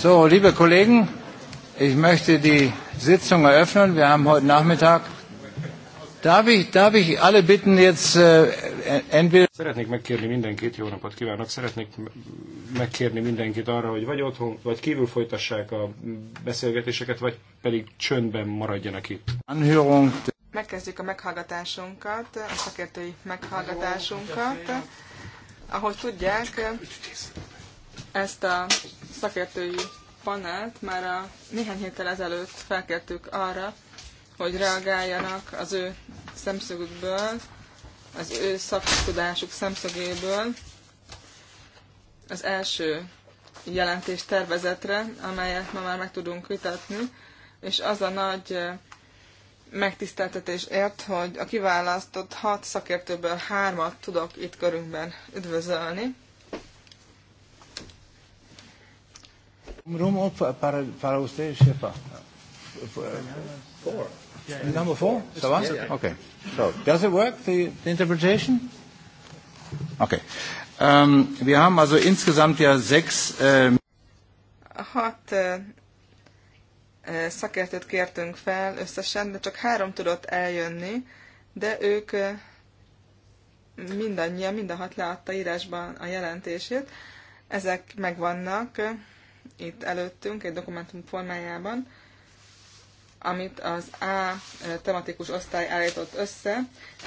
So, liebe Kollegen, ich möchte die Sitzung eröffnen. Wir haben heute Nachmittag. Darf ich, darf ich alle bitten jetzt äh, entweder... Szeretnék megkérni mindenkit, jó napot kívánok, szeretnék megkérni mindenkit arra, hogy vagy otthon, vagy kívül folytassák a beszélgetéseket, vagy pedig csöndben maradjanak itt. Megkezdjük a meghallgatásunkat, a szakértői meghallgatásunkat. Ahogy tudják, ezt a szakértői panelt már a néhány héttel ezelőtt felkértük arra, hogy reagáljanak az ő szemszögükből, az ő szaktudásuk szemszögéből az első jelentés tervezetre, amelyet ma már meg tudunk vitatni, és az a nagy megtiszteltetés ért, hogy a kiválasztott hat szakértőből hármat tudok itt körünkben üdvözölni. Room para, para usted, Shepa. Four. Yeah, Number four? Ça va? Yeah, Okay. So, does it work, the, the interpretation? Okay. um, wir haben also insgesamt ja sechs... Ähm um... Hat äh, äh, szakértőt kértünk fel összesen, de csak három tudott eljönni, de ők äh, mindannyian, mind a hat leadta írásban a jelentését. Ezek megvannak itt előttünk egy dokumentum formájában, amit az A e, tematikus osztály állított össze.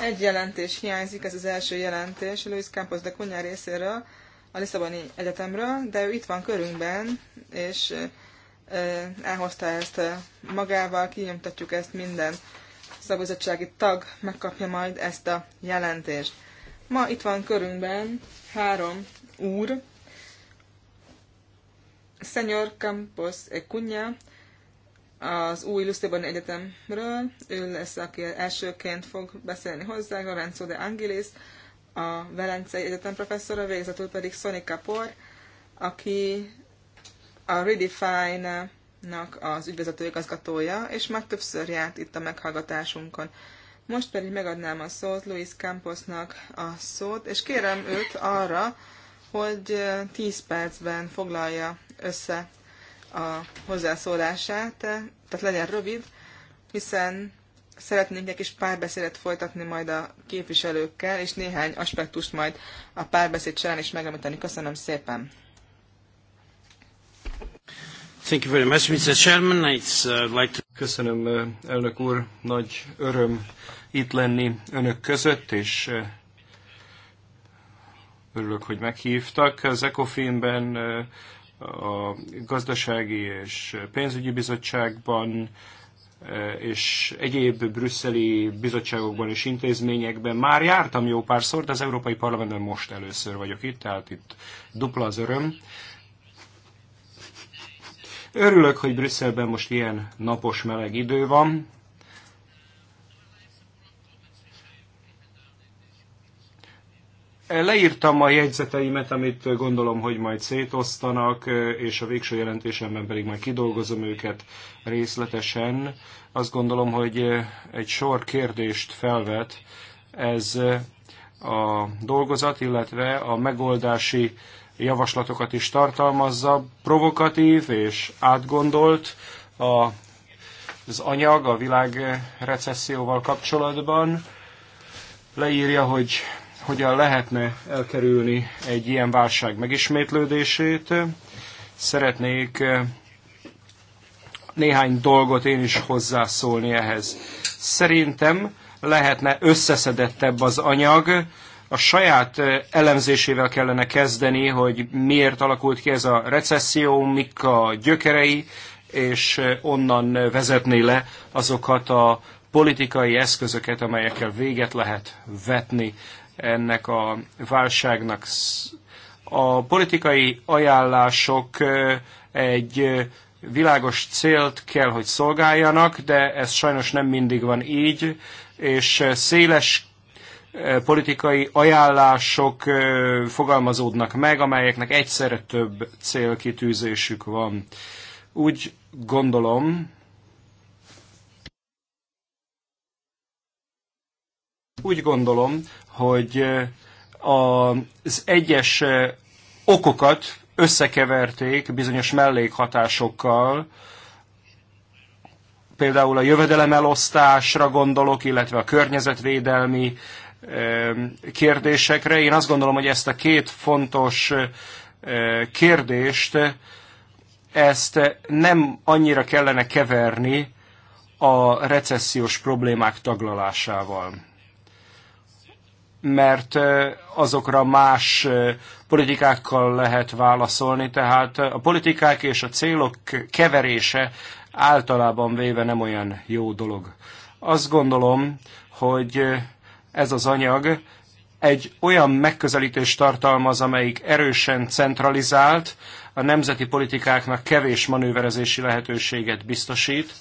Egy jelentés hiányzik, ez az első jelentés Luis Campos de Cunha részéről, a Lisszaboni Egyetemről, de ő itt van körünkben, és e, e, elhozta ezt magával, kinyomtatjuk ezt minden szabadságsági tag megkapja majd ezt a jelentést. Ma itt van körünkben három úr, Senior Campos Ecunya az új Luszébani Egyetemről, ő lesz, aki elsőként fog beszélni hozzá, Lorenzo de Angelis, a Velencei Egyetem professzora, végzetül pedig Sonny Kapor, aki a Redefine-nak az ügyvezető igazgatója, és már többször járt itt a meghallgatásunkon. Most pedig megadnám a szót Luis Camposnak a szót, és kérem őt arra, hogy 10 percben foglalja össze a hozzászólását, tehát legyen rövid, hiszen szeretnénk egy kis párbeszédet folytatni majd a képviselőkkel, és néhány aspektust majd a párbeszéd során is megemlíteni. Köszönöm szépen! Thank you very much, Mr. Chairman. It's, uh, like to... Köszönöm, uh, elnök úr, nagy öröm itt lenni önök között, és uh, örülök, hogy meghívtak. Az Ecofinben uh, a gazdasági és pénzügyi bizottságban, e, és egyéb brüsszeli bizottságokban és intézményekben már jártam jó párszor, de az Európai Parlamentben most először vagyok itt, tehát itt dupla az öröm. Örülök, hogy Brüsszelben most ilyen napos meleg idő van, Leírtam a jegyzeteimet, amit gondolom, hogy majd szétosztanak, és a végső jelentésemben pedig majd kidolgozom őket részletesen. Azt gondolom, hogy egy sor kérdést felvet ez a dolgozat, illetve a megoldási javaslatokat is tartalmazza. Provokatív és átgondolt a, az anyag a világ recesszióval kapcsolatban. Leírja, hogy hogyan lehetne elkerülni egy ilyen válság megismétlődését. Szeretnék eh, néhány dolgot én is hozzászólni ehhez. Szerintem lehetne összeszedettebb az anyag, a saját eh, elemzésével kellene kezdeni, hogy miért alakult ki ez a recesszió, mik a gyökerei, és eh, onnan vezetné le azokat a politikai eszközöket, amelyekkel véget lehet vetni ennek a válságnak. A politikai ajánlások egy világos célt kell, hogy szolgáljanak, de ez sajnos nem mindig van így, és széles politikai ajánlások fogalmazódnak meg, amelyeknek egyszerre több célkitűzésük van. Úgy gondolom, úgy gondolom, hogy az egyes okokat összekeverték bizonyos mellékhatásokkal, például a jövedelemelosztásra gondolok, illetve a környezetvédelmi kérdésekre. Én azt gondolom, hogy ezt a két fontos kérdést, ezt nem annyira kellene keverni a recessziós problémák taglalásával mert azokra más politikákkal lehet válaszolni, tehát a politikák és a célok keverése általában véve nem olyan jó dolog. Azt gondolom, hogy ez az anyag egy olyan megközelítést tartalmaz, amelyik erősen centralizált, a nemzeti politikáknak kevés manőverezési lehetőséget biztosít,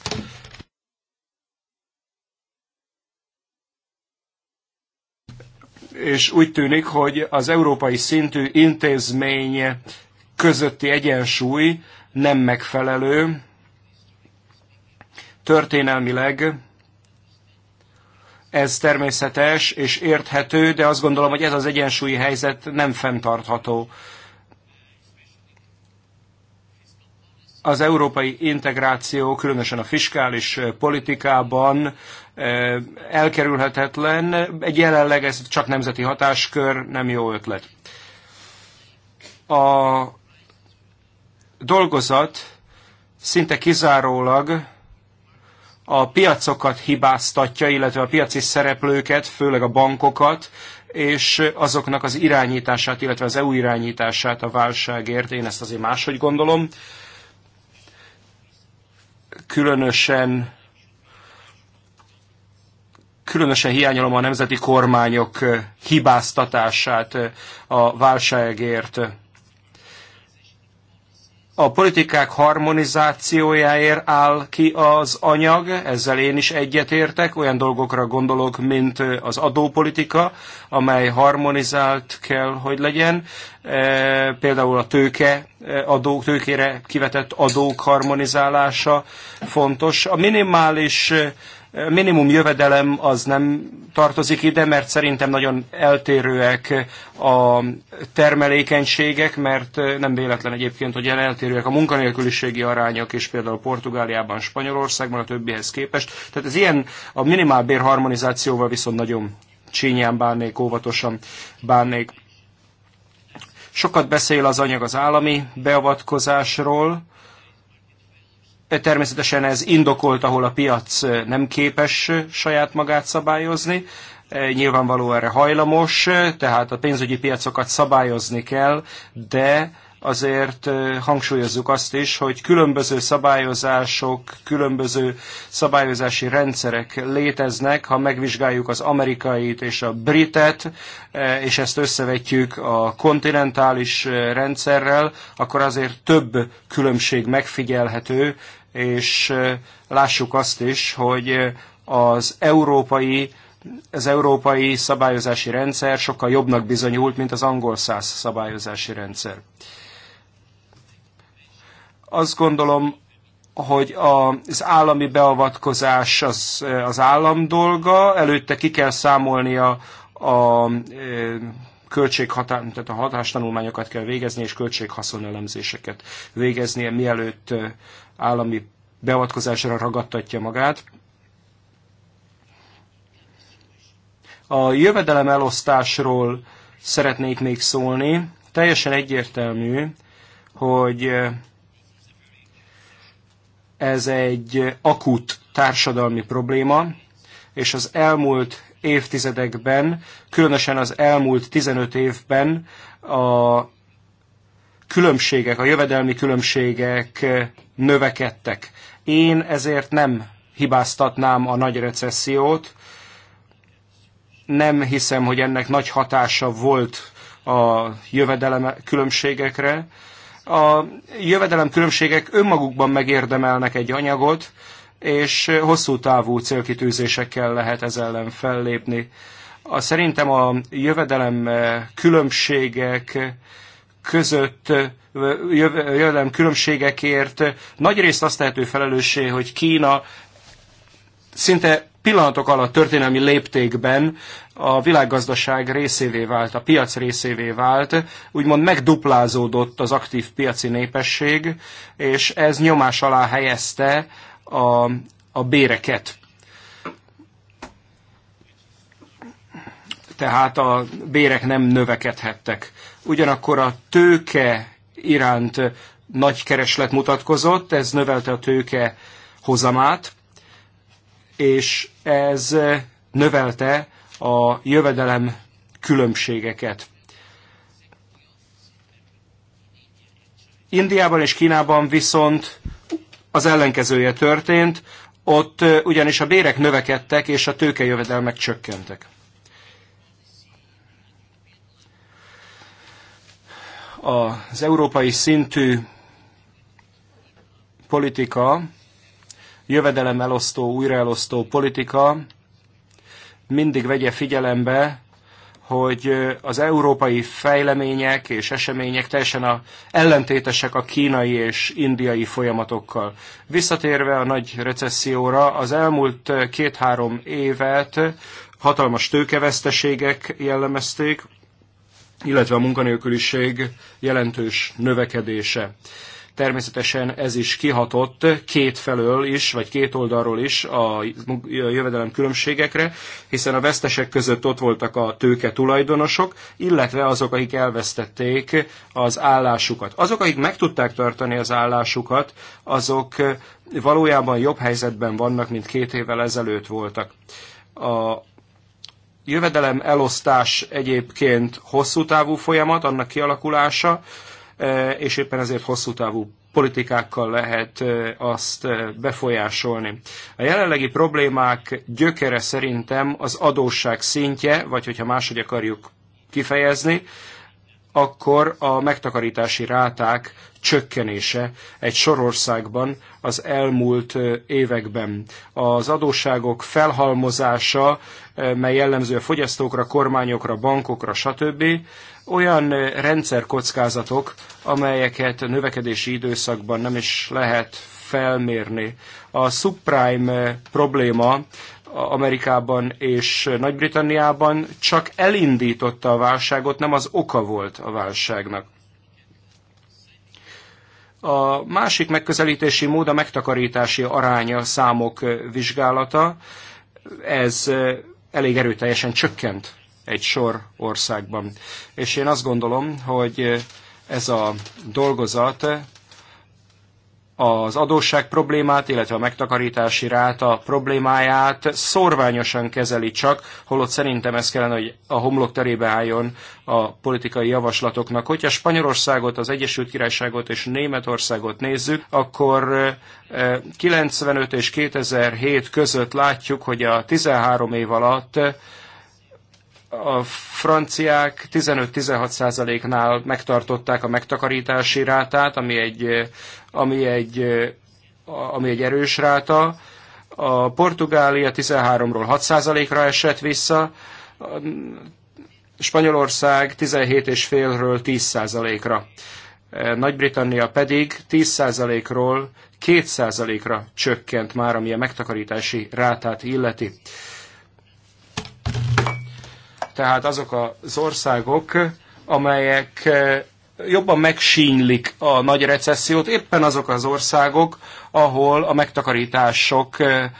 és úgy tűnik, hogy az európai szintű intézmény közötti egyensúly nem megfelelő. Történelmileg ez természetes és érthető, de azt gondolom, hogy ez az egyensúlyi helyzet nem fenntartható. az európai integráció, különösen a fiskális politikában elkerülhetetlen. Egy jelenleg ez csak nemzeti hatáskör, nem jó ötlet. A dolgozat szinte kizárólag a piacokat hibáztatja, illetve a piaci szereplőket, főleg a bankokat, és azoknak az irányítását, illetve az EU irányítását a válságért, én ezt azért máshogy gondolom különösen különösen hiányolom a nemzeti kormányok eh, hibáztatását eh, a válságért a politikák harmonizációjáért áll ki az anyag, ezzel én is egyetértek, olyan dolgokra gondolok, mint az adópolitika, amely harmonizált kell, hogy legyen, e, például a tőke e, adó tőkére kivetett adók harmonizálása fontos. A minimális minimum jövedelem az nem tartozik ide, mert szerintem nagyon eltérőek a termelékenységek, mert nem véletlen egyébként, hogy eltérőek a munkanélküliségi arányok is például Portugáliában, Spanyolországban a többihez képest. Tehát ez ilyen a minimál bérharmonizációval viszont nagyon csínyán bánnék, óvatosan bánnék. Sokat beszél az anyag az állami beavatkozásról, Természetesen ez indokolt, ahol a piac nem képes saját magát szabályozni, nyilvánvaló erre hajlamos, tehát a pénzügyi piacokat szabályozni kell, de azért hangsúlyozzuk azt is, hogy különböző szabályozások, különböző szabályozási rendszerek léteznek, ha megvizsgáljuk az amerikait és a britet, és ezt összevetjük a kontinentális rendszerrel, akkor azért több különbség megfigyelhető és lássuk azt is, hogy az európai az európai szabályozási rendszer sokkal jobbnak bizonyult, mint az angol száz szabályozási rendszer. Azt gondolom, hogy az állami beavatkozás az, az állam dolga, előtte ki kell számolnia a, a költséghatár, tehát a hatástanulmányokat kell végezni, és költséghaszonelemzéseket végeznie, mielőtt állami beavatkozásra ragadtatja magát. A jövedelem elosztásról szeretnék még szólni. Teljesen egyértelmű, hogy ez egy akut társadalmi probléma, és az elmúlt évtizedekben, különösen az elmúlt 15 évben a különbségek, a jövedelmi különbségek eh, növekedtek. Én ezért nem hibáztatnám a nagy recessziót, nem hiszem, hogy ennek nagy hatása volt a jövedelem különbségekre. A jövedelem különbségek önmagukban megérdemelnek egy anyagot, és hosszú távú célkitűzésekkel lehet ez ellen fellépni. A, szerintem a jövedelem eh, különbségek között jövelem különbségekért nagyrészt azt tehető felelőssé, hogy Kína szinte pillanatok alatt történelmi léptékben a világgazdaság részévé vált, a piac részévé vált, úgymond megduplázódott az aktív piaci népesség, és ez nyomás alá helyezte a, a béreket. tehát a bérek nem növekedhettek. Ugyanakkor a tőke iránt nagy kereslet mutatkozott, ez növelte a tőke hozamát, és ez növelte a jövedelem különbségeket. Indiában és Kínában viszont az ellenkezője történt, ott ugyanis a bérek növekedtek, és a tőkejövedelmek csökkentek. Az európai szintű politika, elosztó, újraelosztó politika mindig vegye figyelembe, hogy az európai fejlemények és események teljesen a, ellentétesek a kínai és indiai folyamatokkal. Visszatérve a nagy recesszióra, az elmúlt két-három évet hatalmas tőkeveszteségek jellemezték, illetve a munkanélküliség jelentős növekedése. Természetesen ez is kihatott két felől is, vagy két oldalról is a jövedelem különbségekre, hiszen a vesztesek között ott voltak a tőke tulajdonosok, illetve azok, akik elvesztették az állásukat. Azok, akik meg tudták tartani az állásukat, azok valójában jobb helyzetben vannak, mint két évvel ezelőtt voltak. A jövedelem elosztás egyébként hosszú távú folyamat, annak kialakulása, e, és éppen ezért hosszú távú politikákkal lehet e, azt e, befolyásolni. A jelenlegi problémák gyökere szerintem az adósság szintje, vagy hogyha máshogy akarjuk kifejezni, akkor a megtakarítási ráták csökkenése egy sorországban az elmúlt években. Az adósságok felhalmozása, mely jellemző a fogyasztókra, kormányokra, bankokra, stb. olyan rendszerkockázatok, amelyeket a növekedési időszakban nem is lehet felmérni. A subprime probléma Amerikában és Nagy-Britanniában csak elindította a válságot, nem az oka volt a válságnak. A másik megközelítési mód a megtakarítási aránya számok vizsgálata. Ez elég erőteljesen csökkent egy sor országban. És én azt gondolom, hogy ez a dolgozat az adósság problémát, illetve a megtakarítási ráta problémáját szorványosan kezeli csak, holott szerintem ez kellene, hogy a homlok terébe álljon a politikai javaslatoknak. Hogyha Spanyolországot, az Egyesült Királyságot és Németországot nézzük, akkor 95 eh, és 2007 között látjuk, hogy a 13 év alatt a franciák 15-16%-nál megtartották a megtakarítási rátát, ami egy, ami egy, ami egy erős ráta. A Portugália 13-ról 6%-ra esett vissza, Spanyolország 17,5-ről 10%-ra, Nagy-Britannia pedig 10%-ról 2%-ra csökkent már, ami a megtakarítási rátát illeti. Tehát azok az országok, amelyek eh, jobban megsínylik a nagy recessziót, éppen azok az országok, ahol a megtakarítások eh,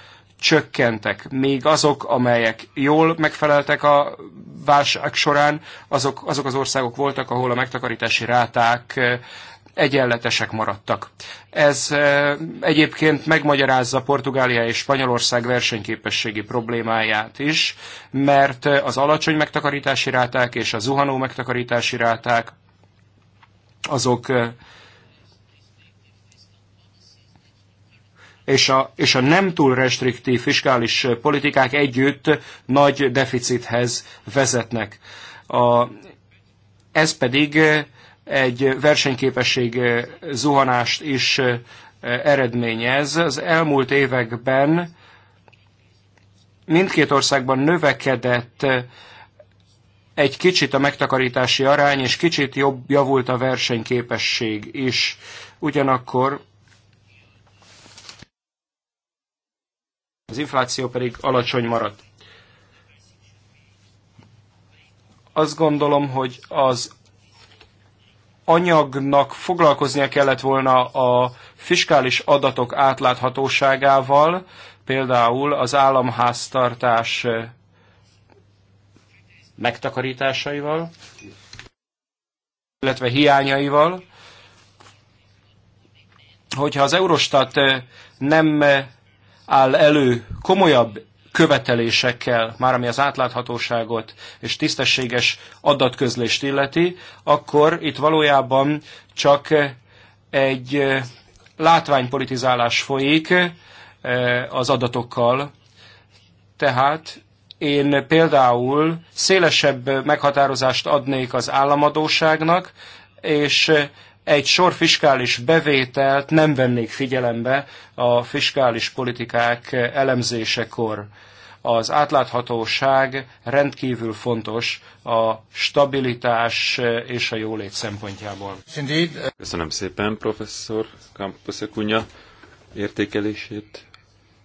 csökkentek. Még azok, amelyek jól megfeleltek a válság során, azok, azok az országok voltak, ahol a megtakarítási ráták eh, egyenletesek maradtak. Ez eh, egyébként megmagyarázza Portugália és Spanyolország versenyképességi problémáját is, mert eh, az alacsony megtakarítási ráták és a zuhanó megtakarítási ráták azok eh, és a, és a nem túl restriktív fiskális politikák együtt nagy deficithez vezetnek. A, ez pedig egy versenyképesség eh, zuhanást is eh, eredményez. Az elmúlt években mindkét országban növekedett eh, egy kicsit a megtakarítási arány, és kicsit jobb javult a versenyképesség is. Ugyanakkor az infláció pedig alacsony maradt. Azt gondolom, hogy az anyagnak foglalkoznia kellett volna a fiskális adatok átláthatóságával, például az államháztartás eh, megtakarításaival, illetve hiányaival. Hogyha az Eurostat eh, nem eh, áll elő komolyabb követelésekkel, már ami az átláthatóságot és tisztességes adatközlést illeti, akkor itt valójában csak egy látványpolitizálás folyik az adatokkal. Tehát én például szélesebb meghatározást adnék az államadóságnak, és egy sor fiskális bevételt nem vennék figyelembe a fiskális politikák elemzésekor. Az átláthatóság rendkívül fontos a stabilitás és a jólét szempontjából. Köszönöm szépen professzor Campos értékelését.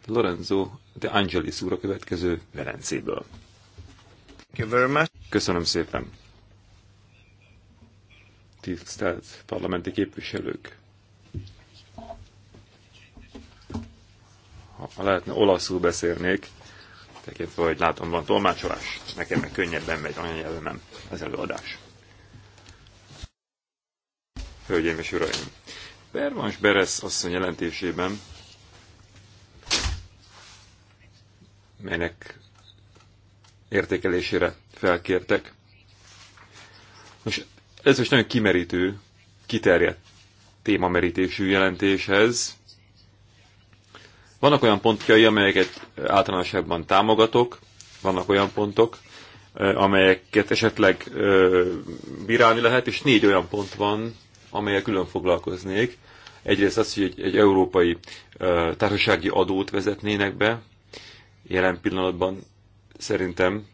Lorenzo de Angelis úr a következő Velencéből. Köszönöm szépen tisztelt parlamenti képviselők! Ha lehetne olaszul beszélnék, tekintve, hogy látom, van tolmácsolás, nekem meg könnyebben megy anyanyelvemen az előadás. Hölgyeim és Uraim! Bervans Beresz asszony jelentésében, melynek értékelésére felkértek. Most ez most nagyon kimerítő, kiterjedt témamerítésű jelentéshez. Vannak olyan pontjai, amelyeket általánosabban támogatok, vannak olyan pontok, amelyeket esetleg bírálni lehet, és négy olyan pont van, amelyek külön foglalkoznék. Egyrészt az, hogy egy, egy európai társasági adót vezetnének be. Jelen pillanatban szerintem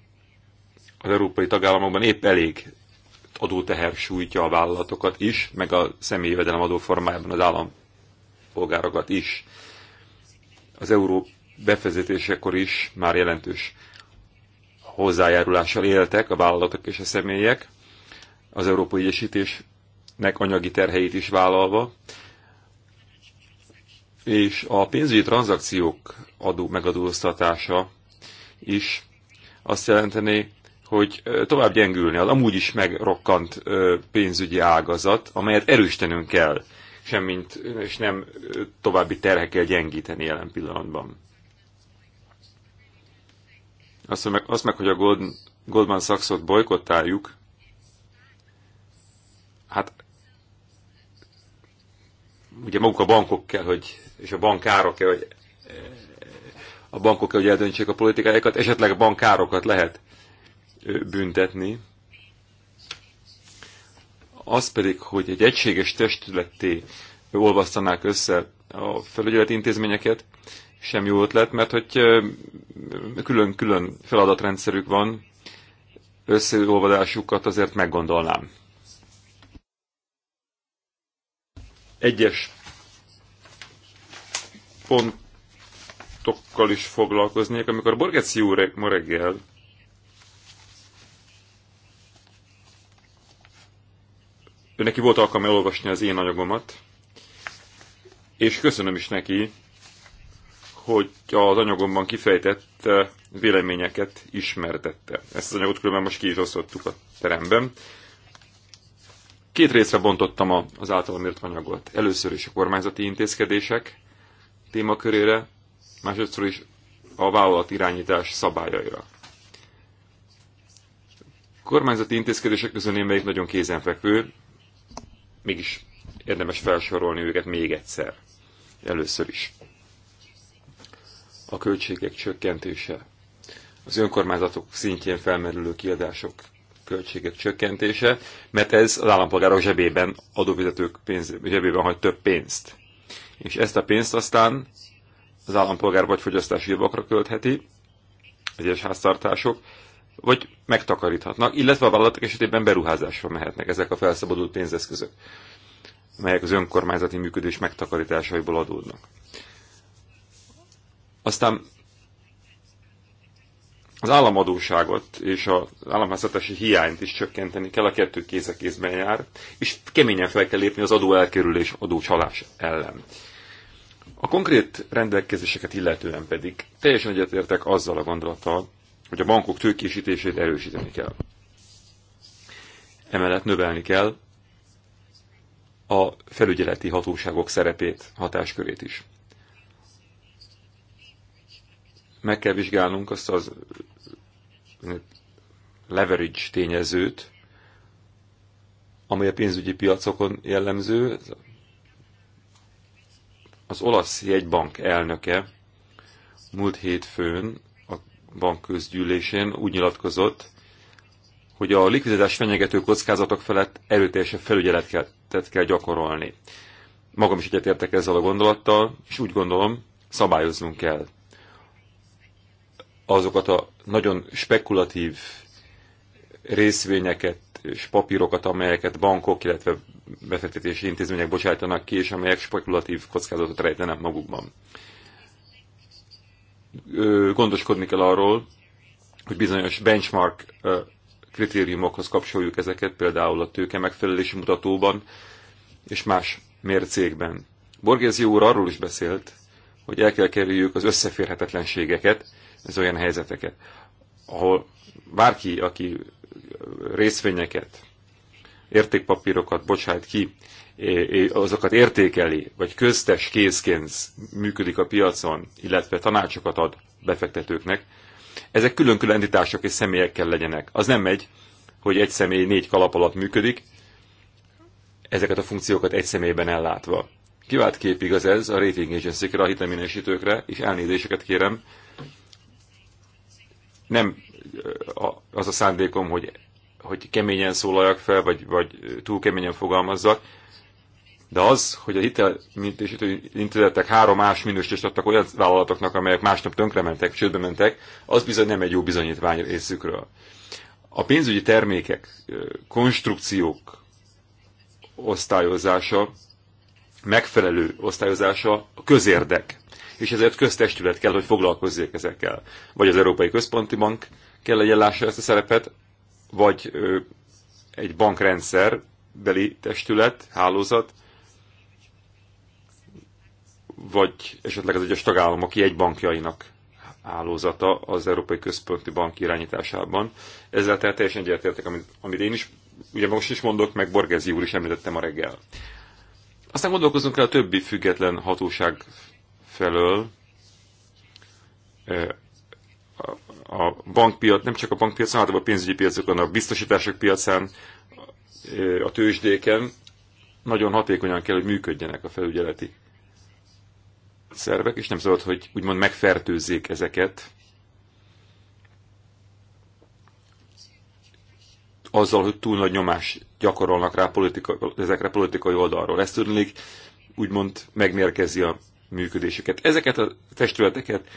az európai tagállamokban épp elég adóteher sújtja a vállalatokat is, meg a személyi adóformájában adó az állampolgárokat is. Az euró befezetésekor is már jelentős hozzájárulással éltek a vállalatok és a személyek, az európai egyesítésnek anyagi terheit is vállalva, és a pénzügyi tranzakciók adó megadóztatása is azt jelenteni, hogy tovább gyengülni az amúgy is megrokkant pénzügyi ágazat, amelyet erőstenünk kell, semmint, és nem további terhekkel gyengíteni jelen pillanatban. Azt meg, azt meg hogy a Gold, Goldman Sachs-ot bolykottáljuk, hát ugye maguk a bankok kell, hogy, és a bankárok kell, hogy a bankok kell, hogy eldöntsék a politikájukat, esetleg bankárokat lehet büntetni, az pedig, hogy egy egységes testületté olvasztanák össze a felügyeleti intézményeket, sem jó ötlet, mert hogy külön-külön feladatrendszerük van, összeolvadásukat azért meggondolnám. Egyes pontokkal is foglalkoznék, amikor Borgeci úr ma reggel ő neki volt alkalma elolvasni az én anyagomat, és köszönöm is neki, hogy az anyagomban kifejtett eh, véleményeket ismertette. Ezt az anyagot különben most ki is osztottuk a teremben. Két részre bontottam az általam írt anyagot. Először is a kormányzati intézkedések témakörére, másodszor is a vállalat irányítás szabályaira. kormányzati intézkedések közül némelyik nagyon kézenfekvő, mégis érdemes felsorolni őket még egyszer, először is. A költségek csökkentése, az önkormányzatok szintjén felmerülő kiadások költségek csökkentése, mert ez az állampolgárok zsebében, adófizetők pénz, zsebében hagy több pénzt. És ezt a pénzt aztán az állampolgár vagy fogyasztási javakra költheti, egyes háztartások, vagy megtakaríthatnak, illetve a vállalatok esetében beruházásra mehetnek ezek a felszabadult pénzeszközök, melyek az önkormányzati működés megtakarításaiból adódnak. Aztán az államadóságot és az államháztartási hiányt is csökkenteni kell, a kettő kéz a kézben jár, és keményen fel kell lépni az adóelkerülés, adócsalás ellen. A konkrét rendelkezéseket illetően pedig teljesen egyetértek azzal a gondolattal, hogy a bankok tőkésítését erősíteni kell. Emellett növelni kell a felügyeleti hatóságok szerepét, hatáskörét is. Meg kell vizsgálnunk azt az leverage tényezőt, amely a pénzügyi piacokon jellemző. Az olasz jegybank elnöke múlt hétfőn bankközgyűlésén úgy nyilatkozott, hogy a likviditás fenyegető kockázatok felett erőteljesebb felügyeletet kell gyakorolni. Magam is egyetértek ezzel a gondolattal, és úgy gondolom, szabályoznunk kell azokat a nagyon spekulatív részvényeket és papírokat, amelyeket bankok, illetve befektetési intézmények bocsájtanak ki, és amelyek spekulatív kockázatot rejtenek magukban gondoskodni kell arról, hogy bizonyos benchmark kritériumokhoz kapcsoljuk ezeket, például a tőke megfelelési mutatóban és más mércékben. Borgézi úr arról is beszélt, hogy el kell kerüljük az összeférhetetlenségeket, ez olyan helyzeteket, ahol bárki, aki részvényeket értékpapírokat bocsát ki, azokat értékeli, vagy köztes kézként működik a piacon, illetve tanácsokat ad befektetőknek, ezek külön-külön entitások és személyek kell legyenek. Az nem megy, hogy egy személy négy kalap alatt működik, ezeket a funkciókat egy személyben ellátva. Kivált kép igaz ez a rating agency a hitelminősítőkre, és elnézéseket kérem. Nem az a szándékom, hogy hogy keményen szólaljak fel, vagy, vagy túl keményen fogalmazzak, de az, hogy a hitelminősítő intézetek három más minősítést adtak olyan vállalatoknak, amelyek másnap tönkrementek, csődbe mentek, az bizony nem egy jó bizonyítvány részükről. A pénzügyi termékek, konstrukciók osztályozása, megfelelő osztályozása a közérdek, és ezért köztestület kell, hogy foglalkozzék ezekkel. Vagy az Európai Központi Bank kell legyen lássa ezt a szerepet, vagy egy bankrendszer, beli testület, hálózat, vagy esetleg az egyes tagállamok bankjainak hálózata az Európai Központi Bank irányításában. Ezzel tehát teljesen egyetértek, amit, amit én is, ugye most is mondok, meg Borgezi úr is említette ma reggel. Aztán gondolkozunk el a többi független hatóság felől, a bankpiac, nem csak a bankpiacon, hanem a pénzügyi piacokon, a biztosítások piacán, eh, a tőzsdéken nagyon hatékonyan kell, hogy működjenek a felügyeleti szervek, és nem szabad, hogy úgymond megfertőzzék ezeket. Azzal, hogy túl nagy nyomás gyakorolnak rá politika, ezekre politikai oldalról. Ezt tudnék, úgymond megmérkezi a működésüket. Ezeket a testületeket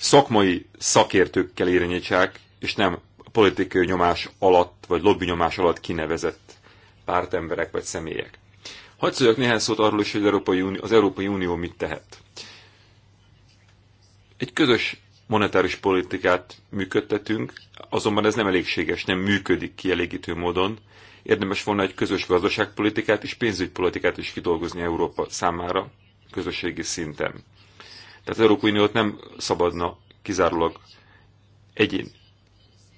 szakmai szakértőkkel érvényítsák, és nem politikai nyomás alatt, vagy lobby nyomás alatt kinevezett pártemberek vagy személyek. Hadd szóljak néhány szót arról is, hogy az Európai, Unió, az Európai Unió mit tehet. Egy közös monetáris politikát működtetünk, azonban ez nem elégséges, nem működik kielégítő módon. Érdemes volna egy közös gazdaságpolitikát és pénzügypolitikát is kidolgozni Európa számára közösségi szinten. Tehát az Európai Uniót nem szabadna kizárólag egy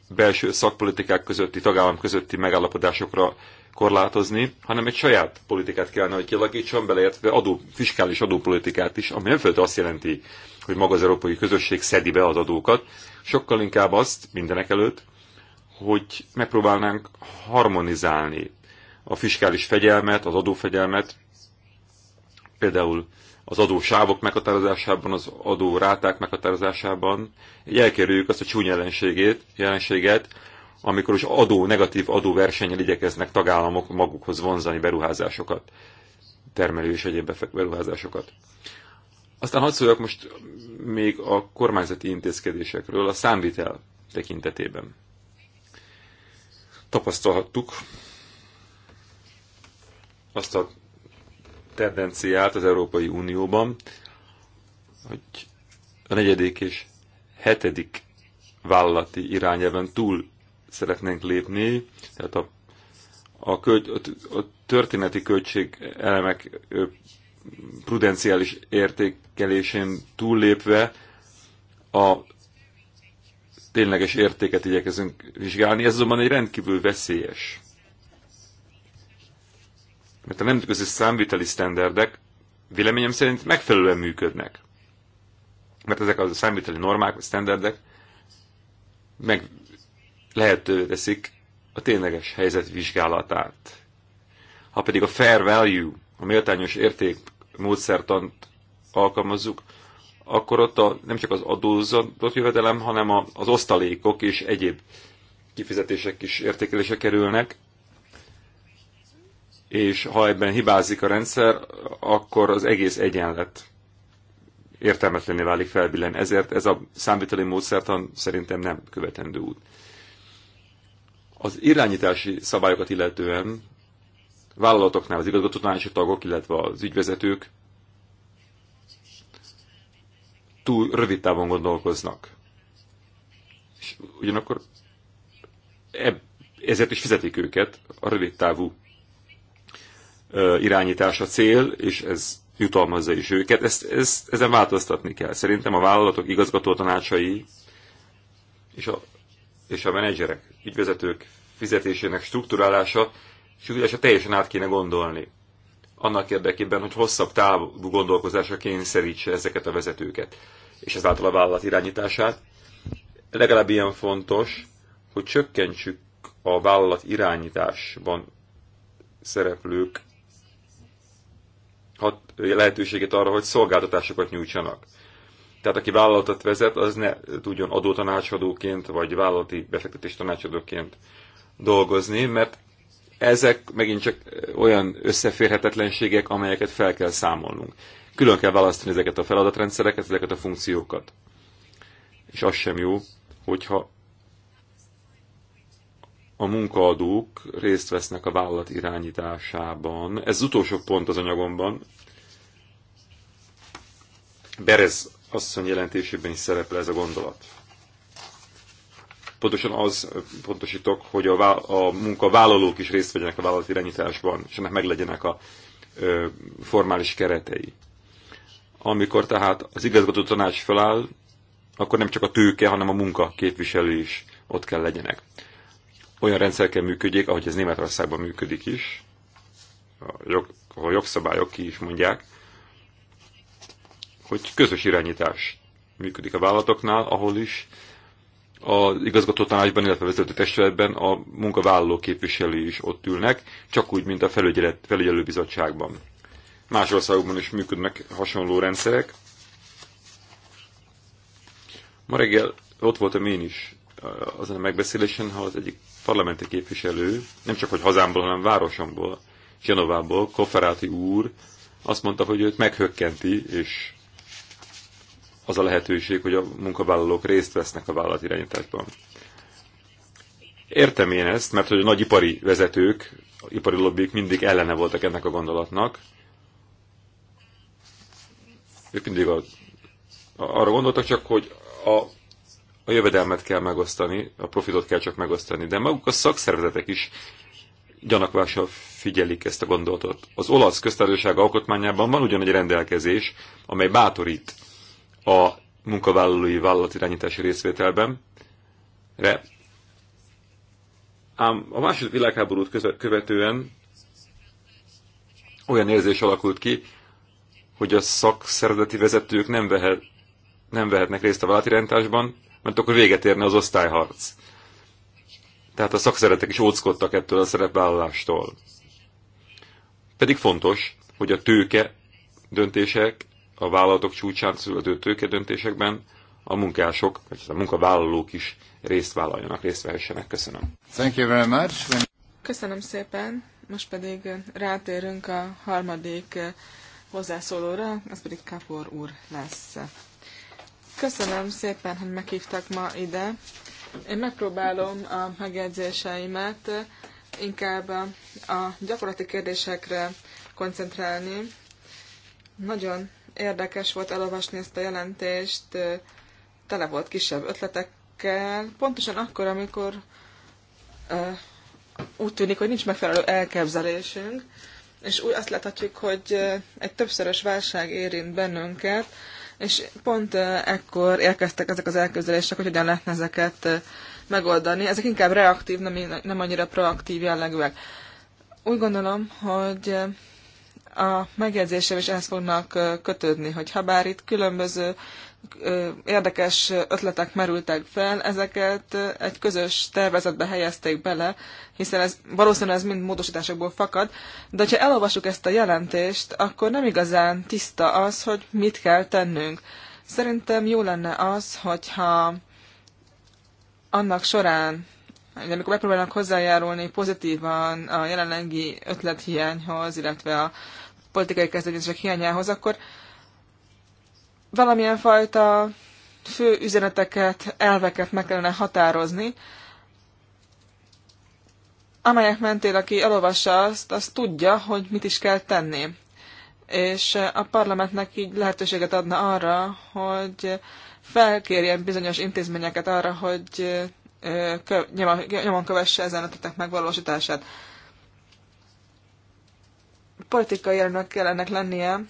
belső szakpolitikák közötti, tagállam közötti megállapodásokra korlátozni, hanem egy saját politikát kellene, hogy kialakítson, beleértve adó, fiskális adópolitikát is, ami nem azt jelenti, hogy maga az európai közösség szedi be az adókat, sokkal inkább azt mindenek előtt, hogy megpróbálnánk harmonizálni a fiskális fegyelmet, az adófegyelmet, például az adósávok meghatározásában, az adó ráták meghatározásában, így elkerüljük azt a csúny jelenségét, jelenséget, amikor is adó, negatív adóversennyel igyekeznek tagállamok magukhoz vonzani beruházásokat, termelő és egyéb beruházásokat. Aztán hadd szóljak most még a kormányzati intézkedésekről, a számvitel tekintetében. Tapasztalhattuk azt a tendenciát az Európai Unióban, hogy a negyedik és hetedik vállalati irányában túl szeretnénk lépni, tehát a, a, költ, a, a történeti költség elemek prudenciális értékelésén túllépve a tényleges értéket igyekezünk vizsgálni. Ez azonban egy rendkívül veszélyes mert a nemzetközi számviteli sztenderdek véleményem szerint megfelelően működnek. Mert ezek a számviteli normák, vagy sztenderdek meg lehetővé teszik a tényleges helyzet vizsgálatát. Ha pedig a fair value, a méltányos érték módszertant alkalmazzuk, akkor ott a, nem csak az adózott jövedelem, hanem a, az osztalékok és egyéb kifizetések is értékelése kerülnek, és ha ebben hibázik a rendszer, akkor az egész egyenlet értelmetlené válik felbillen. Ezért ez a számítani módszertan szerintem nem követendő út. Az irányítási szabályokat illetően vállalatoknál az igazgatótanácsi tagok, illetve az ügyvezetők túl rövid távon gondolkoznak. És ugyanakkor ezért is fizetik őket a rövid távú irányítás a cél, és ez jutalmazza is őket. Ezt, ezt, ezen változtatni kell. Szerintem a vállalatok igazgató tanácsai és a, és a menedzserek, ügyvezetők fizetésének struktúrálása, a teljesen át kéne gondolni. Annak érdekében, hogy hosszabb távú gondolkozásra kényszerítse ezeket a vezetőket, és ezáltal a vállalat irányítását. Legalább ilyen fontos, hogy csökkentsük a vállalat irányításban szereplők hat, lehetőséget arra, hogy szolgáltatásokat nyújtsanak. Tehát aki vállalatot vezet, az ne tudjon adótanácsadóként, vagy vállalati befektetés tanácsadóként dolgozni, mert ezek megint csak olyan összeférhetetlenségek, amelyeket fel kell számolnunk. Külön kell választani ezeket a feladatrendszereket, ezeket a funkciókat. És az sem jó, hogyha a munkaadók részt vesznek a vállalat irányításában. Ez az utolsó pont az anyagomban. Berez asszony jelentésében is szerepel ez a gondolat. Pontosan az, pontosítok, hogy a, vá- a munkavállalók is részt vegyenek a vállalat irányításban, és ennek meglegyenek a ö, formális keretei. Amikor tehát az igazgató tanács feláll, akkor nem csak a tőke, hanem a munka képviselő is ott kell legyenek olyan rendszer kell működjék, ahogy ez Németországban működik is, a jog, a jogszabályok ki is mondják, hogy közös irányítás működik a vállalatoknál, ahol is az igazgató tanácsban, illetve a vezető testületben a munkavállaló képviselői is ott ülnek, csak úgy, mint a felügyelőbizottságban. Más országokban is működnek hasonló rendszerek. Ma reggel ott voltam én is eh, azon a megbeszélésen, ha az egyik parlamenti képviselő, nem csak hogy hazámból, hanem városomból, Genovából, Kofferáti úr azt mondta, hogy őt meghökkenti, és az a lehetőség, hogy a munkavállalók részt vesznek a vállalat irányításban. Értem én ezt, mert hogy a nagyipari vezetők, a ipari lobbik mindig ellene voltak ennek a gondolatnak. Ők mindig a, a, arra gondoltak csak, hogy a jövedelmet kell megosztani, a profitot kell csak megosztani, de maguk a szakszervezetek is gyanakvással figyelik ezt a gondolatot. Az olasz köztársaság alkotmányában van ugyan egy rendelkezés, amely bátorít a munkavállalói vállalatirányítási részvételben, de ám a második világháborút követően olyan érzés alakult ki, hogy a szakszervezeti vezetők nem, vehet, nem vehetnek részt a vállalatirányításban, mert akkor véget érne az osztályharc. Tehát a szakszeretek is óckodtak ettől a szerepvállalástól. Pedig fontos, hogy a tőke döntések, a vállalatok csúcsán születő tőke döntésekben a munkások, vagy a munkavállalók is részt vállaljanak, részt vehessenek. Köszönöm. Thank you very much. Köszönöm szépen. Most pedig rátérünk a harmadik hozzászólóra, az pedig Kapor úr lesz. Köszönöm szépen, hogy meghívtak ma ide. Én megpróbálom a megjegyzéseimet inkább a gyakorlati kérdésekre koncentrálni. Nagyon érdekes volt elolvasni ezt a jelentést, tele volt kisebb ötletekkel, pontosan akkor, amikor úgy tűnik, hogy nincs megfelelő elképzelésünk, és úgy azt láthatjuk, hogy egy többszörös válság érint bennünket, és pont ekkor érkeztek ezek az elképzelések, hogy hogyan lehetne ezeket megoldani. Ezek inkább reaktív, nem, nem annyira proaktív jellegűek. Úgy gondolom, hogy a megjegyzésem is ehhez fognak kötődni, hogy ha bár itt különböző érdekes ötletek merültek fel, ezeket egy közös tervezetbe helyezték bele, hiszen ez valószínűleg ez mind módosításokból fakad, de ha elolvassuk ezt a jelentést, akkor nem igazán tiszta az, hogy mit kell tennünk. Szerintem jó lenne az, hogyha annak során, amikor megpróbálnak hozzájárulni pozitívan a jelenlegi ötlethiányhoz, illetve a politikai kezdeményezések hiányához, akkor valamilyen fajta fő üzeneteket, elveket meg kellene határozni, amelyek mentén, aki elolvassa azt, az tudja, hogy mit is kell tenni. És a parlamentnek így lehetőséget adna arra, hogy felkérjen bizonyos intézményeket arra, hogy nyomon kövesse ezen ötletek megvalósítását. Politikai jelenek kell ennek lennie,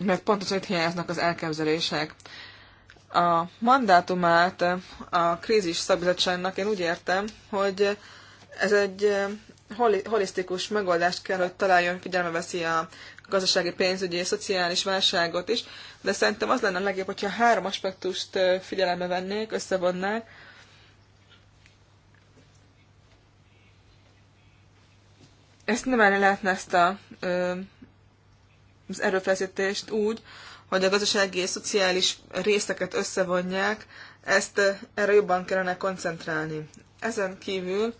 mert pontosan itt hiányoznak az elképzelések. A mandátumát a krízis szabizatságnak én úgy értem, hogy ez egy holisztikus megoldást kell, hogy találjon, figyelme veszi a gazdasági, pénzügyi és szociális válságot is, de szerintem az lenne a legjobb, hogyha három aspektust figyelembe vennék, összevonnák, ezt nem el lehetne ezt a ö, az erőfeszítést úgy, hogy a gazdasági és szociális részeket összevonják, ezt eh, erre jobban kellene koncentrálni. Ezen kívül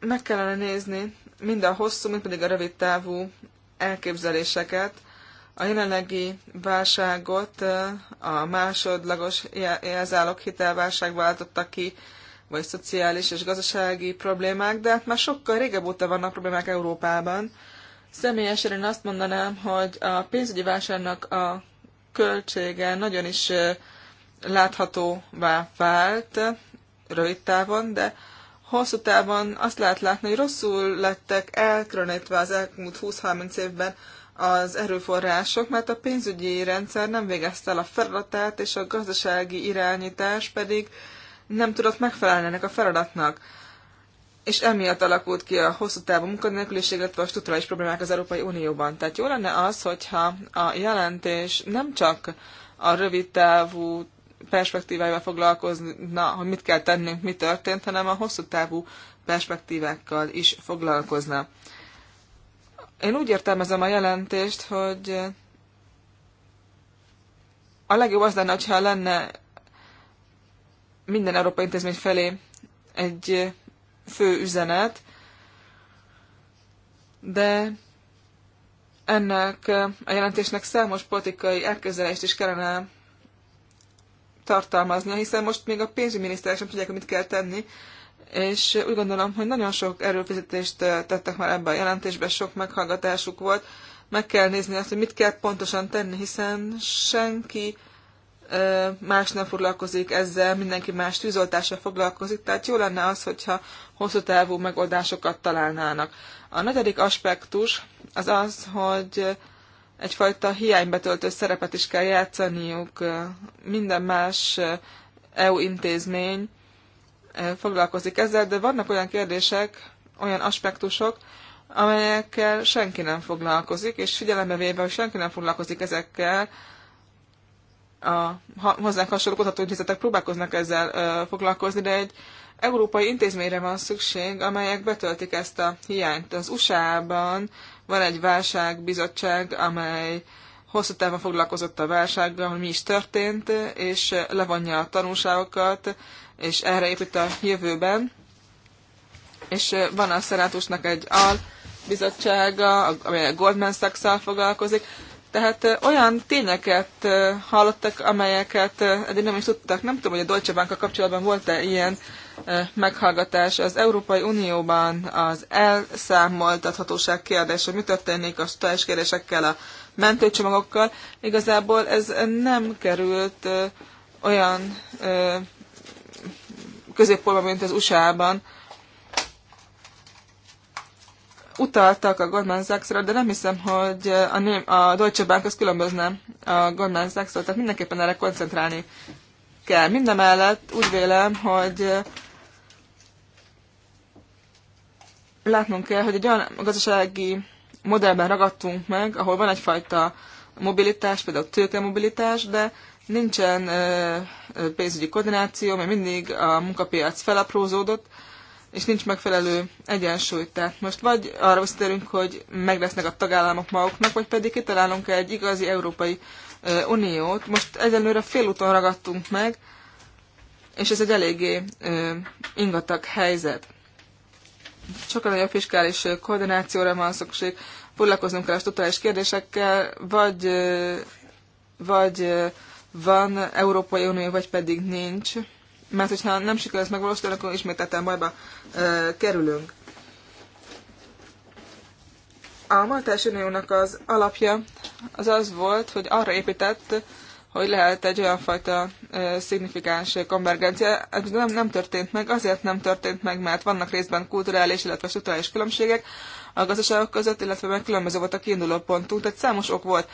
meg kellene nézni mind a hosszú, mind pedig a rövid távú elképzeléseket, a jelenlegi válságot eh, a másodlagos jelzálok hitelválság váltotta ki, vagy szociális és gazdasági problémák, de hát már sokkal régebb óta vannak problémák Európában, Személyesen én azt mondanám, hogy a pénzügyi vásárnak a költsége nagyon is láthatóvá vált rövid távon, de hosszú távon azt lehet látni, hogy rosszul lettek elkülönítve az elmúlt 20-30 évben az erőforrások, mert a pénzügyi rendszer nem végezte el a feladatát, és a gazdasági irányítás pedig nem tudott megfelelni ennek a feladatnak és emiatt alakult ki a hosszú távú munkanélküliség, illetve a struktúrális problémák az Európai Unióban. Tehát jó lenne az, hogyha a jelentés nem csak a rövid távú perspektíváival foglalkozna, hogy mit kell tennünk, mi történt, hanem a hosszú távú perspektívákkal is foglalkozna. Én úgy értelmezem a jelentést, hogy a legjobb az lenne, hogyha lenne minden európai intézmény felé egy fő üzenet, de ennek a jelentésnek számos politikai elközelést is kellene tartalmaznia, hiszen most még a pénzügyminiszter sem tudják, hogy mit kell tenni, és úgy gondolom, hogy nagyon sok erőfizetést tettek már ebbe a jelentésbe, sok meghallgatásuk volt, meg kell nézni azt, hogy mit kell pontosan tenni, hiszen senki más nem foglalkozik ezzel, mindenki más tűzoltással foglalkozik, tehát jó lenne az, hogyha hosszú távú megoldásokat találnának. A negyedik aspektus az az, hogy egyfajta hiánybetöltő szerepet is kell játszaniuk. Minden más EU intézmény foglalkozik ezzel, de vannak olyan kérdések, olyan aspektusok, amelyekkel senki nem foglalkozik, és figyelembe véve, hogy senki nem foglalkozik ezekkel, a hozzánk hasonló kutatóintézetek próbálkoznak ezzel ö, foglalkozni, de egy európai intézményre van szükség, amelyek betöltik ezt a hiányt. Az USA-ban van egy válságbizottság, amely hosszú távon foglalkozott a válsággal, hogy mi is történt, és levonja a tanulságokat, és erre épít a jövőben. És van a szerátusnak egy al bizottsága, amely a Goldman Sachs-szal foglalkozik. Tehát olyan tényeket hallottak, amelyeket eddig nem is tudtak. Nem tudom, hogy a Deutsche Bank kapcsolatban volt-e ilyen meghallgatás. Az Európai Unióban az elszámoltathatóság kérdése, hogy mi történik a stális kérdésekkel, a mentőcsomagokkal. Igazából ez nem került olyan középpontba, mint az USA-ban utaltak a Goldman sachs de nem hiszem, hogy a, ném, a Deutsche Bank az különbözne a Goldman sachs tehát mindenképpen erre koncentrálni kell. Mindemellett úgy vélem, hogy látnunk kell, hogy egy olyan gazdasági modellben ragadtunk meg, ahol van egyfajta mobilitás, például mobilitás, de nincsen pénzügyi koordináció, mert mindig a munkapiac felaprózódott, és nincs megfelelő egyensúly. Tehát most vagy arra visszatérünk, hogy meg lesznek a tagállamok maguknak, vagy pedig kitalálunk egy igazi Európai Uniót. Most egyenlőre félúton ragadtunk meg, és ez egy eléggé ingatag helyzet. Sokkal nagyobb fiskális koordinációra van szükség, foglalkoznunk kell a totális kérdésekkel, vagy, vagy van Európai Unió, vagy pedig nincs mert hogyha nem sikerül ezt megvalósítani, akkor ismételten bajba e, kerülünk. A Maltás Uniónak az alapja az az volt, hogy arra épített, hogy lehet egy olyan fajta e, szignifikáns konvergencia. Ez nem, nem történt meg, azért nem történt meg, mert vannak részben kulturális, illetve struktúrális különbségek a gazdaságok között, illetve meg különböző volt a kiinduló pontunk, tehát számos ok volt.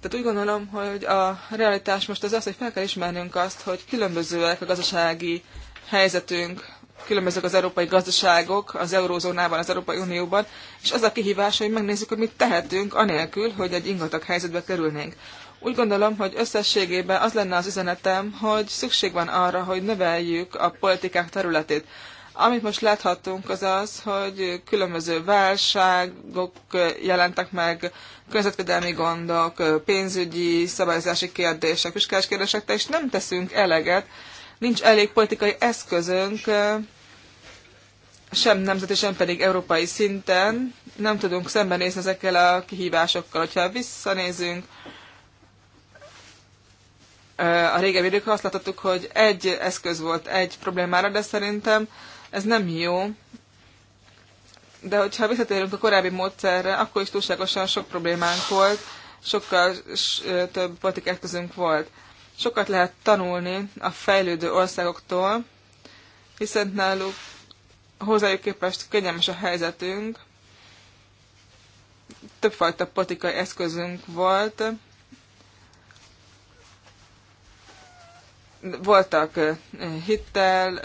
Tehát úgy gondolom, hogy a realitás most az az, hogy fel kell ismernünk azt, hogy különbözőek a gazdasági helyzetünk, különbözők az európai gazdaságok az eurózónában, az Európai Unióban, és az a kihívás, hogy megnézzük, hogy mit tehetünk anélkül, hogy egy ingatag helyzetbe kerülnénk. Úgy gondolom, hogy összességében az lenne az üzenetem, hogy szükség van arra, hogy növeljük a politikák területét. Amit most láthatunk az az, hogy különböző válságok jelentek meg, környezetvédelmi gondok, pénzügyi, szabályozási kérdések, fiskális kérdések, és nem teszünk eleget, nincs elég politikai eszközünk, sem nemzeti, sem pedig európai szinten nem tudunk szembenézni ezekkel a kihívásokkal. Hogyha visszanézünk, a régebbi időkhoz azt hogy egy eszköz volt egy problémára, de szerintem ez nem jó, de hogyha visszatérünk a korábbi módszerre, akkor is túlságosan sok problémánk volt, sokkal több politikát volt. Sokat lehet tanulni a fejlődő országoktól, hiszen náluk hozzájuk képest kényelmes a helyzetünk, többfajta politikai eszközünk volt, voltak hittel,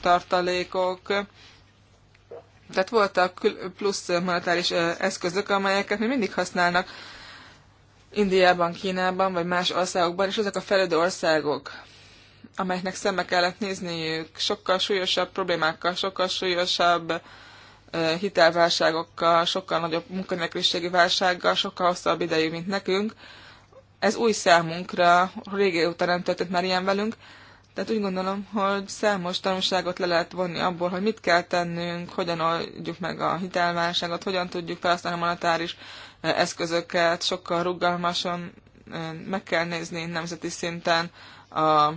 tartalékok, tehát voltak plusz monetáris eszközök, amelyeket mi mindig használnak Indiában, Kínában, vagy más országokban, és ezek a fejlődő országok, amelyeknek szembe kellett nézniük sokkal súlyosabb problémákkal, sokkal súlyosabb hitelválságokkal, sokkal nagyobb munkanélküliségi válsággal, sokkal hosszabb idejű, mint nekünk. Ez új számunkra, óta nem történt már ilyen velünk, tehát úgy gondolom, hogy számos tanulságot le lehet vonni abból, hogy mit kell tennünk, hogyan oldjuk meg a hitelválságot, hogyan tudjuk felhasználni a monetáris eh, eszközöket, sokkal rugalmasan eh, meg kell nézni nemzeti szinten a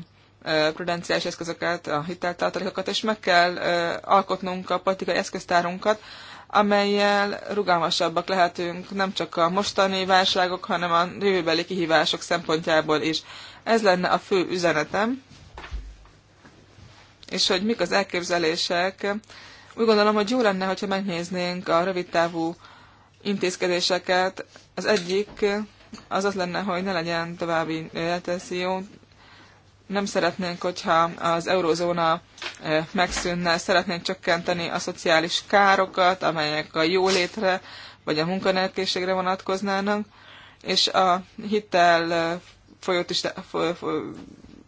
eh, prudenciális eszközöket, a hiteltartalékokat, és meg kell alkotnunk a politikai eszköztárunkat, amelyel rugalmasabbak lehetünk nem csak a mostani válságok, hanem a jövőbeli kihívások szempontjából is. Ez lenne a fő üzenetem és hogy mik az elképzelések. Úgy gondolom, hogy jó lenne, hogyha megnéznénk a rövidtávú intézkedéseket. Az egyik az az lenne, hogy ne legyen további recesszió. Nem szeretnénk, hogyha az eurozóna eh, megszűnne, szeretnénk csökkenteni a szociális károkat, amelyek a jólétre vagy a munkanélkülségre vonatkoznának, és a hitel eh, folyót is eh,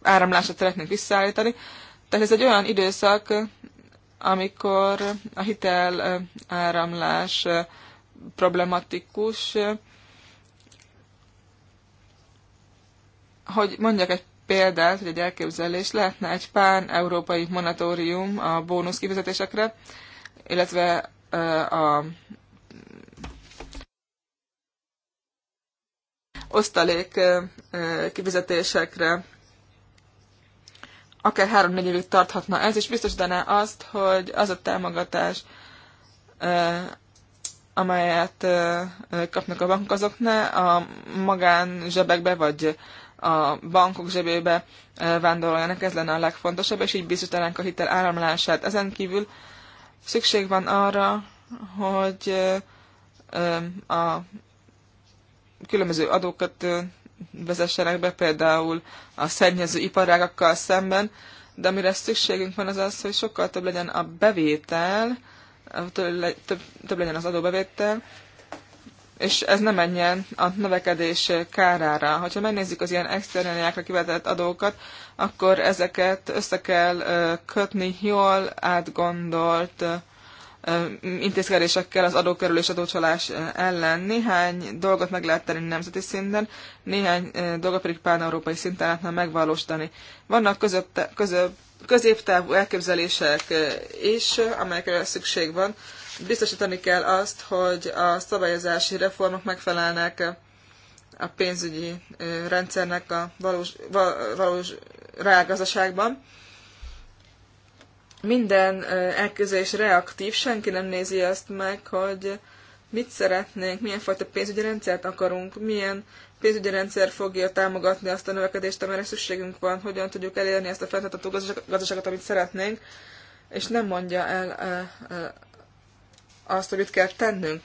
áramlását szeretnénk visszaállítani, tehát ez egy olyan időszak, amikor a hitel áramlás problematikus. Hogy mondjak egy példát, hogy egy elképzelés lehetne egy pán-európai monatórium a bónusz kifizetésekre, illetve a osztalék kifizetésekre akár három-négy évig tarthatna ez, és biztosítaná azt, hogy az a támogatás, amelyet kapnak a bankok, azok ne a magán zsebekbe vagy a bankok zsebébe vándoroljanak, ez lenne a legfontosabb, és így biztosítanánk a hitel áramlását. Ezen kívül szükség van arra, hogy a különböző adókat vezessenek be, például a szennyező iparágakkal szemben, de amire szükségünk van az az, hogy sokkal több legyen a bevétel, több, több legyen az adóbevétel, és ez nem menjen a növekedés kárára. Ha megnézzük az ilyen externáliákra kivetett adókat, akkor ezeket össze kell kötni jól átgondolt intézkedésekkel az adókerülés adócsalás ellen. Néhány dolgot meg lehet tenni nemzeti szinten, néhány dolgot pedig pán-európai szinten lehetne megvalósítani. Vannak közöpte, közöp, középtávú elképzelések is, amelyekre szükség van. Biztosítani kell azt, hogy a szabályozási reformok megfelelnek a pénzügyi rendszernek a valós, valós reálgazdaságban minden elképzelés reaktív, senki nem nézi azt meg, hogy mit szeretnénk, milyen fajta pénzügyi rendszert akarunk, milyen pénzügyi rendszer fogja támogatni azt a növekedést, amire szükségünk van, hogyan tudjuk elérni ezt a fenntartható gazdaságot, amit szeretnénk, és nem mondja el azt, hogy mit kell tennünk.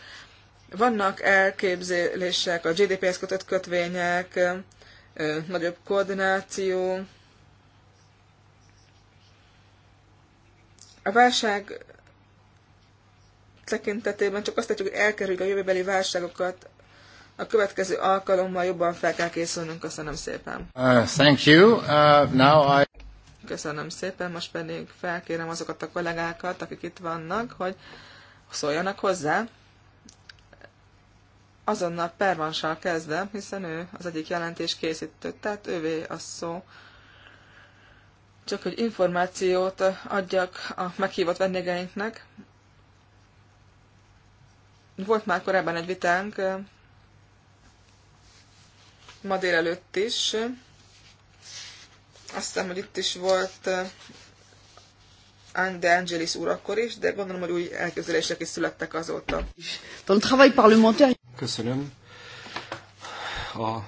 Vannak elképzelések, a GDP-hez kötött kötvények, nagyobb koordináció, A válság tekintetében csak azt tudjuk, hogy elkerüljük a jövőbeli válságokat, a következő alkalommal jobban fel kell készülnünk. Köszönöm szépen. Uh, thank you. Uh, now I... Köszönöm szépen, most pedig felkérem azokat a kollégákat, akik itt vannak, hogy szóljanak hozzá. Azonnal Pervansal kezdem, hiszen ő az egyik jelentés készítő, tehát ővé a szó csak hogy információt adjak a meghívott vendégeinknek. Volt már korábban egy vitánk, eh, ma délelőtt is. Azt hiszem, hogy itt is volt eh, Anne de Angelis úr akkor is, de gondolom, hogy új elképzelések is születtek azóta. Köszönöm. A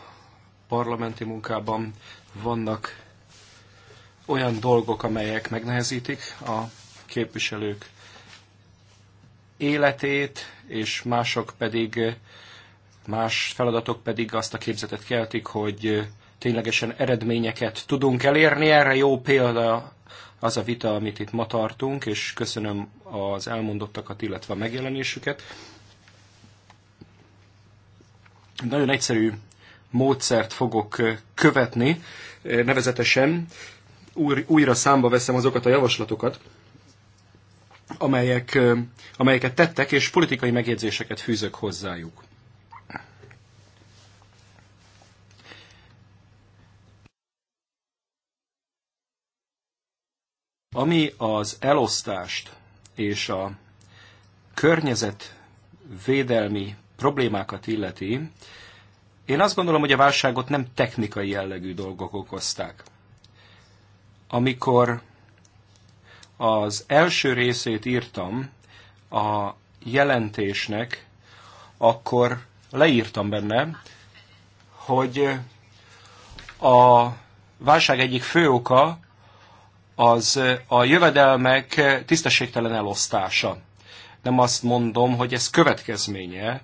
parlamenti munkában vannak olyan dolgok, amelyek megnehezítik a képviselők életét, és mások pedig, más feladatok pedig azt a képzetet keltik, hogy ténylegesen eredményeket tudunk elérni. Erre jó példa az a vita, amit itt ma tartunk, és köszönöm az elmondottakat, illetve a megjelenésüket. Nagyon egyszerű módszert fogok követni, nevezetesen újra számba veszem azokat a javaslatokat, amelyek, amelyeket tettek, és politikai megjegyzéseket fűzök hozzájuk. Ami az elosztást és a környezetvédelmi problémákat illeti, én azt gondolom, hogy a válságot nem technikai jellegű dolgok okozták. Amikor az első részét írtam a jelentésnek, akkor leírtam benne, hogy a válság egyik fő oka az a jövedelmek tisztességtelen elosztása. Nem azt mondom, hogy ez következménye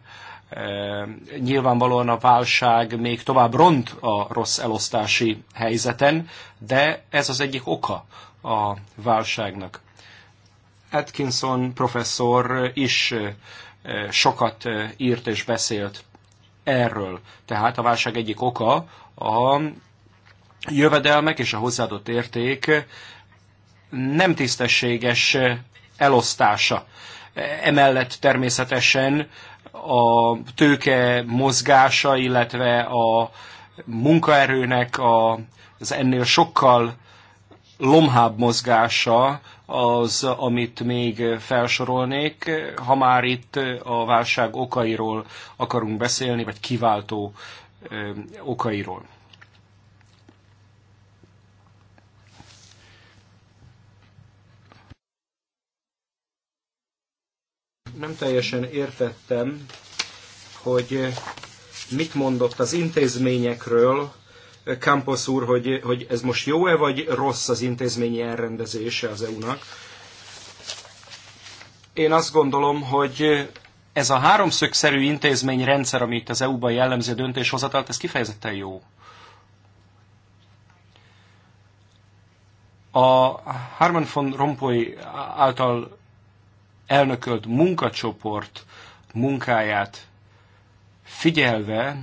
Eh, nyilvánvalóan a válság még tovább ront a rossz elosztási helyzeten, de ez az egyik oka a válságnak. Atkinson professzor is eh, sokat eh, írt és beszélt erről. Tehát a válság egyik oka a jövedelmek és a hozzáadott érték nem tisztességes elosztása. Emellett természetesen a tőke mozgása, illetve a munkaerőnek a, az ennél sokkal lomhább mozgása az, amit még felsorolnék, ha már itt a válság okairól akarunk beszélni, vagy kiváltó okairól. nem teljesen értettem, hogy mit mondott az intézményekről Campos úr, hogy, hogy ez most jó-e vagy rossz az intézményi elrendezése az EU-nak. Én azt gondolom, hogy ez a háromszögszerű intézményrendszer, amit az EU-ban jellemző döntéshozatalt, ez kifejezetten jó. A Harman von Rompuy által elnökölt munkacsoport munkáját figyelve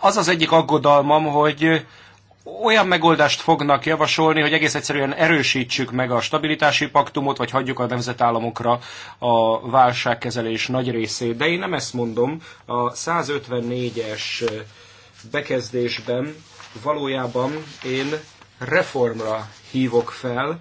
az az egyik aggodalmam, hogy olyan megoldást fognak javasolni, hogy egész egyszerűen erősítsük meg a stabilitási paktumot, vagy hagyjuk a nemzetállamokra a válságkezelés nagy részét. De én nem ezt mondom. A 154-es bekezdésben valójában én reformra hívok fel.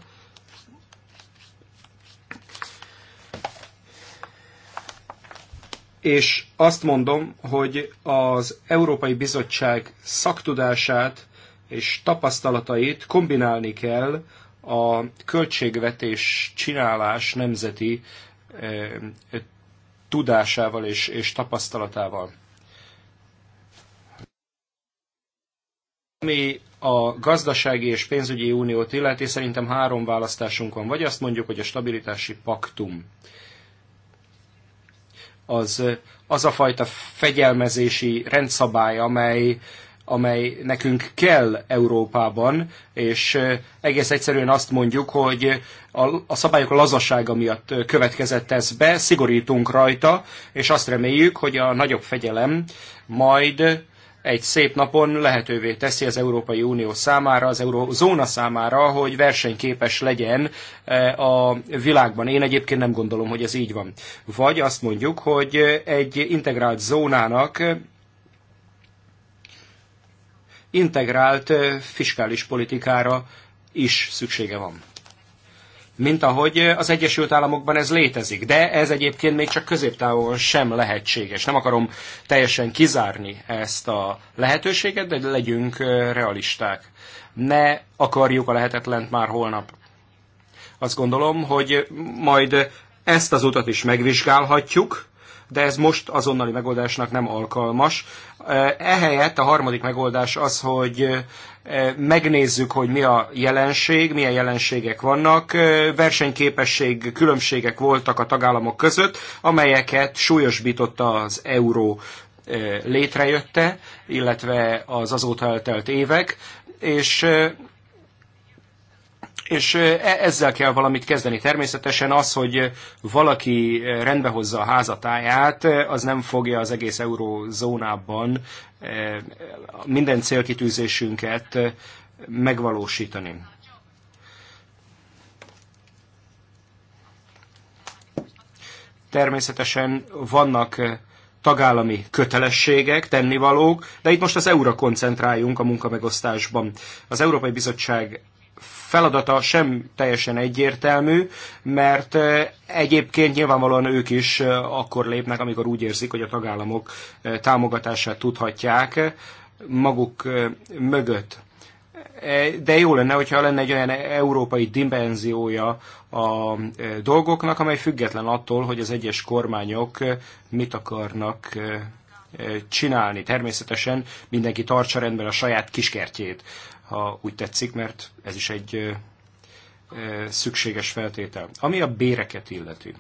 És azt mondom, hogy az Európai Bizottság szaktudását és tapasztalatait kombinálni kell a költségvetés csinálás nemzeti eh, tudásával és, és tapasztalatával. Ami a gazdasági és pénzügyi uniót illeti, szerintem három választásunk van. Vagy azt mondjuk, hogy a stabilitási paktum az, az a fajta fegyelmezési rendszabály, amely, amely nekünk kell Európában, és egész egyszerűen azt mondjuk, hogy a, a szabályok lazasága miatt következett ez be, szigorítunk rajta, és azt reméljük, hogy a nagyobb fegyelem majd egy szép napon lehetővé teszi az Európai Unió számára, az Eurózóna számára, hogy versenyképes legyen eh, a világban. Én egyébként nem gondolom, hogy ez így van. Vagy azt mondjuk, hogy egy integrált zónának integrált eh, fiskális politikára is szüksége van mint ahogy az Egyesült Államokban ez létezik. De ez egyébként még csak középtávon sem lehetséges. Nem akarom teljesen kizárni ezt a lehetőséget, de legyünk realisták. Ne akarjuk a lehetetlent már holnap. Azt gondolom, hogy majd ezt az utat is megvizsgálhatjuk, de ez most azonnali megoldásnak nem alkalmas. E, ehelyett a harmadik megoldás az, hogy e, megnézzük, hogy mi a jelenség, milyen jelenségek vannak. E, versenyképesség különbségek voltak a tagállamok között, amelyeket súlyosbította az euró létrejötte, illetve az azóta eltelt évek, és és e-, ezzel kell valamit kezdeni. Természetesen az, hogy valaki rendbe hozza a házatáját, az nem fogja az egész eurózónában minden célkitűzésünket megvalósítani. Természetesen vannak tagállami kötelességek, tennivalók, de itt most az EU-ra koncentráljunk a munkamegosztásban. Az Európai Bizottság feladata sem teljesen egyértelmű, mert egyébként nyilvánvalóan ők is akkor lépnek, amikor úgy érzik, hogy a tagállamok támogatását tudhatják maguk mögött. E, de jó lenne, hogyha lenne egy olyan európai dimenziója a dolgoknak, amely független attól, hogy az egyes kormányok mit akarnak csinálni. Természetesen mindenki tartsa rendben a saját kiskertjét ha úgy tetszik, mert ez is egy szükséges feltétel. Ami a béreket illeti,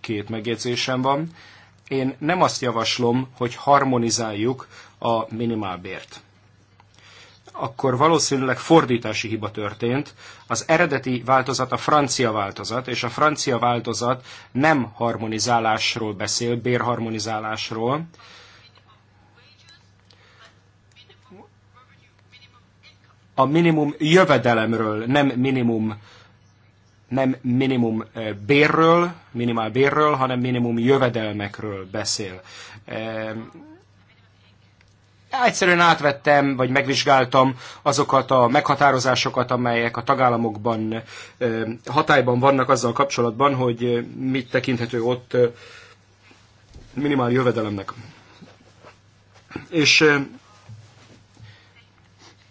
két megjegyzésem van. Én nem azt javaslom, hogy harmonizáljuk a minimálbért. Akkor valószínűleg fordítási hiba történt. Az eredeti változat a francia változat, és a francia változat nem harmonizálásról beszél, bérharmonizálásról, a minimum jövedelemről, nem minimum nem minimum eh, bérről, minimál bérről, hanem minimum jövedelmekről beszél. Eh, egyszerűen átvettem, vagy megvizsgáltam azokat a meghatározásokat, amelyek a tagállamokban eh, hatályban vannak azzal kapcsolatban, hogy mit tekinthető ott minimál jövedelemnek. És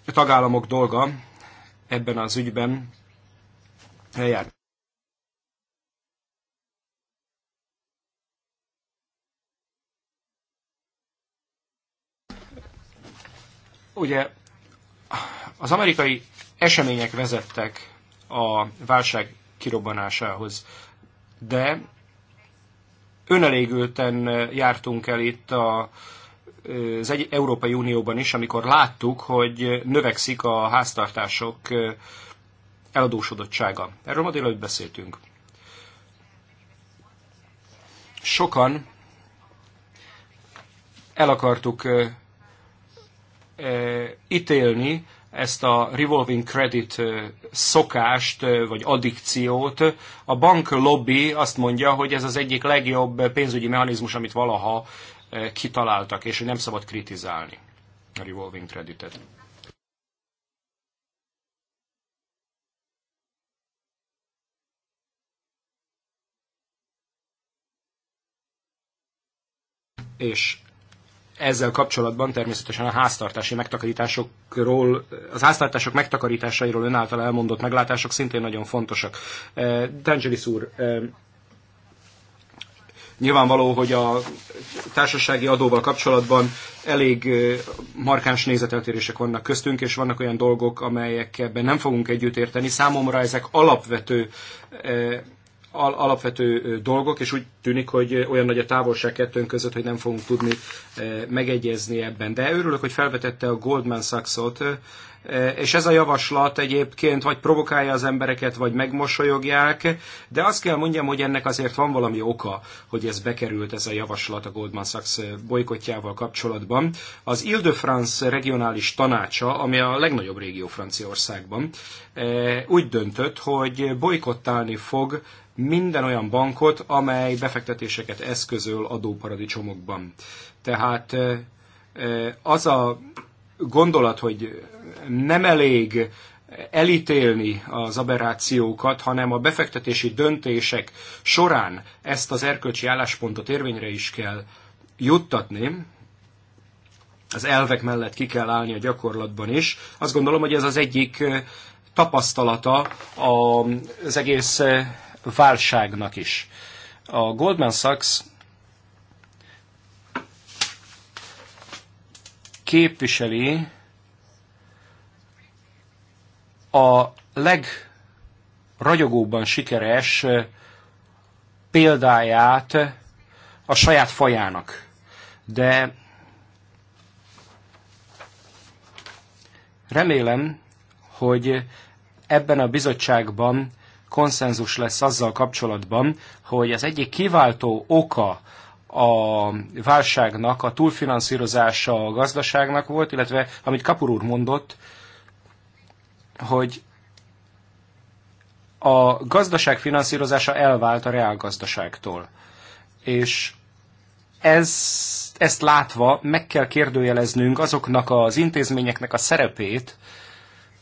a tagállamok dolga ebben az ügyben eljárt. Ugye az amerikai események vezettek a válság kirobbanásához, de önelégülten jártunk el itt a az egy, Európai Unióban is, amikor láttuk, hogy növekszik a háztartások eladósodottsága. Erről ma délelőtt beszéltünk. Sokan el akartuk ítélni ezt a revolving credit szokást, vagy addikciót. A bank lobby azt mondja, hogy ez az egyik legjobb pénzügyi mechanizmus, amit valaha kitaláltak, és hogy nem szabad kritizálni a revolving creditet. És ezzel kapcsolatban természetesen a háztartási megtakarításokról, az háztartások megtakarításairól ön által elmondott meglátások szintén nagyon fontosak. D'Angelis úr, Nyilvánvaló, hogy a társasági adóval kapcsolatban elég markáns nézeteltérések vannak köztünk, és vannak olyan dolgok, amelyekben nem fogunk együtt érteni. Számomra ezek alapvető al- alapvető dolgok, és úgy tűnik, hogy olyan nagy a távolság kettőnk között, hogy nem fogunk tudni megegyezni ebben. De örülök, hogy felvetette a Goldman Sachs-ot, és ez a javaslat egyébként vagy provokálja az embereket, vagy megmosolyogják, de azt kell mondjam, hogy ennek azért van valami oka, hogy ez bekerült ez a javaslat a Goldman Sachs bolykotjával kapcsolatban. Az Ile-de-France regionális tanácsa, ami a legnagyobb régió Franciaországban, úgy döntött, hogy bolykottálni fog minden olyan bankot, amely befektetéseket eszközöl adóparadicsomokban. Tehát az a gondolat, hogy nem elég elítélni az aberrációkat, hanem a befektetési döntések során ezt az erkölcsi álláspontot érvényre is kell juttatni, az elvek mellett ki kell állni a gyakorlatban is. Azt gondolom, hogy ez az egyik tapasztalata az egész válságnak is. A Goldman Sachs képviseli a legragyogóbban sikeres példáját a saját fajának. De remélem, hogy ebben a bizottságban konszenzus lesz azzal kapcsolatban, hogy az egyik kiváltó oka a válságnak, a túlfinanszírozása a gazdaságnak volt, illetve amit Kapur úr mondott, hogy a gazdaság finanszírozása elvált a reálgazdaságtól. És ez, ezt látva meg kell kérdőjeleznünk azoknak az intézményeknek a szerepét,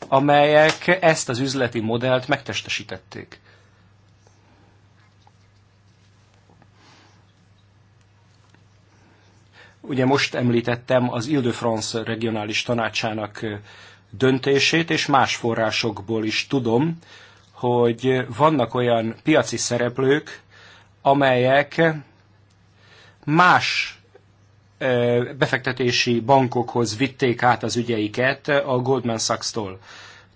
amelyek ezt az üzleti modellt megtestesítették. Ugye most említettem az Ile-de-France regionális tanácsának döntését, és más forrásokból is tudom, hogy vannak olyan piaci szereplők, amelyek más befektetési bankokhoz vitték át az ügyeiket a Goldman Sachs-tól.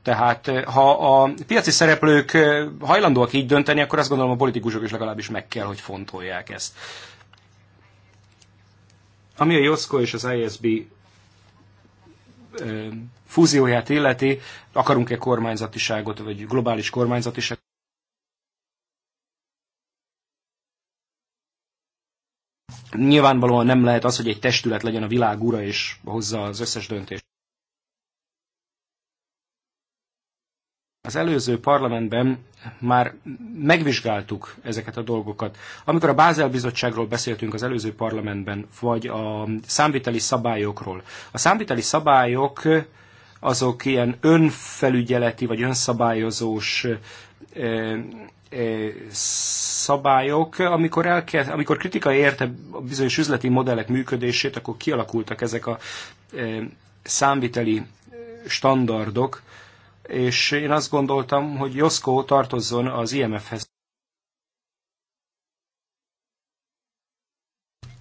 Tehát ha a piaci szereplők hajlandóak így dönteni, akkor azt gondolom a politikusok is legalábbis meg kell, hogy fontolják ezt. Ami a Joszko és az ISB fúzióját illeti, akarunk-e kormányzatiságot, vagy globális kormányzatiságot? Nyilvánvalóan nem lehet az, hogy egy testület legyen a világ ura és hozza az összes döntést. Az előző parlamentben már megvizsgáltuk ezeket a dolgokat. Amikor a Bázel bizottságról beszéltünk az előző parlamentben, vagy a számviteli szabályokról. A számviteli szabályok azok ilyen önfelügyeleti vagy önszabályozós eh, szabályok, amikor, elkezd, amikor kritika érte a bizonyos üzleti modellek működését, akkor kialakultak ezek a számviteli standardok, és én azt gondoltam, hogy Joszkó tartozzon az IMF-hez.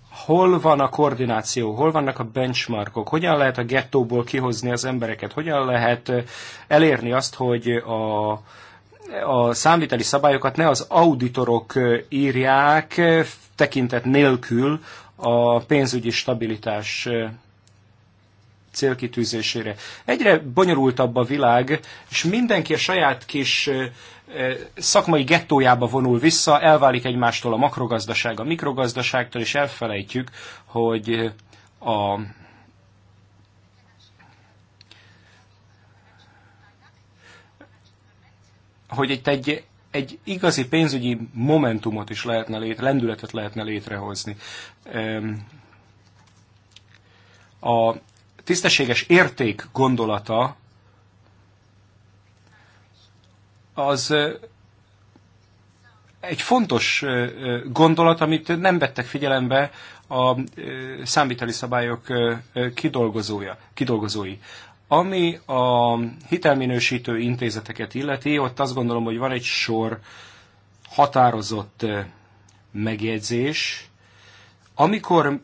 Hol van a koordináció, hol vannak a benchmarkok, hogyan lehet a gettóból kihozni az embereket, hogyan lehet elérni azt, hogy a, a számviteli szabályokat ne az auditorok írják tekintet nélkül a pénzügyi stabilitás célkitűzésére. Egyre bonyolultabb a világ, és mindenki a saját kis szakmai gettójába vonul vissza, elválik egymástól a makrogazdaság a mikrogazdaságtól, és elfelejtjük, hogy a hogy itt egy, egy igazi pénzügyi momentumot is lehetne létre, lendületet lehetne létrehozni. A tisztességes érték gondolata az egy fontos gondolat, amit nem vettek figyelembe a számviteli szabályok kidolgozója, kidolgozói. Ami a hitelminősítő intézeteket illeti, ott azt gondolom, hogy van egy sor határozott eh, megjegyzés. Amikor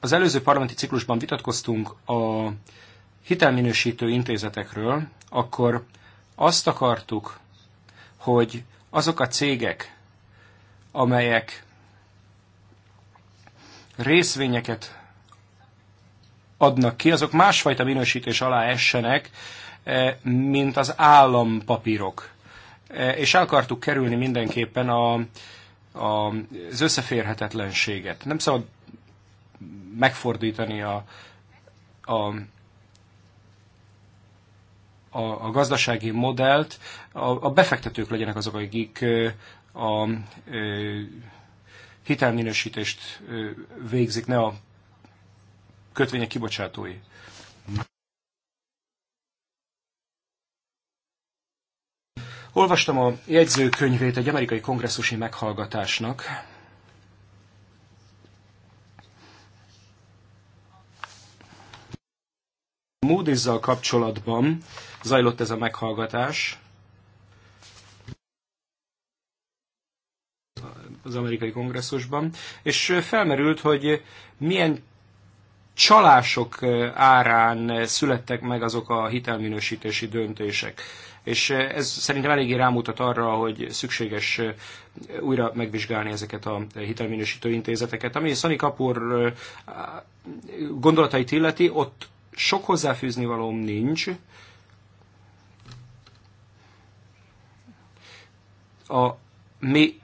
az előző parlamenti ciklusban vitatkoztunk a hitelminősítő intézetekről, akkor azt akartuk, hogy azok a cégek, amelyek részvényeket adnak ki, azok másfajta minősítés alá essenek, e, mint az állampapírok. E, és el akartuk kerülni mindenképpen a, a, az összeférhetetlenséget. Nem szabad megfordítani a, a, a, a gazdasági modellt, a, a befektetők legyenek azok, akik e, a, a, a hitelminősítést végzik, ne a kötvények kibocsátói. Olvastam a jegyzőkönyvét egy amerikai kongresszusi meghallgatásnak. Moody's-zal kapcsolatban zajlott ez a meghallgatás. az amerikai kongresszusban, és felmerült, hogy milyen csalások árán születtek meg azok a hitelminősítési döntések. És ez szerintem eléggé rámutat arra, hogy szükséges újra megvizsgálni ezeket a hitelminősítő intézeteket. Ami Szani Kapur gondolatait illeti, ott sok hozzáfűzni valóm nincs. A mi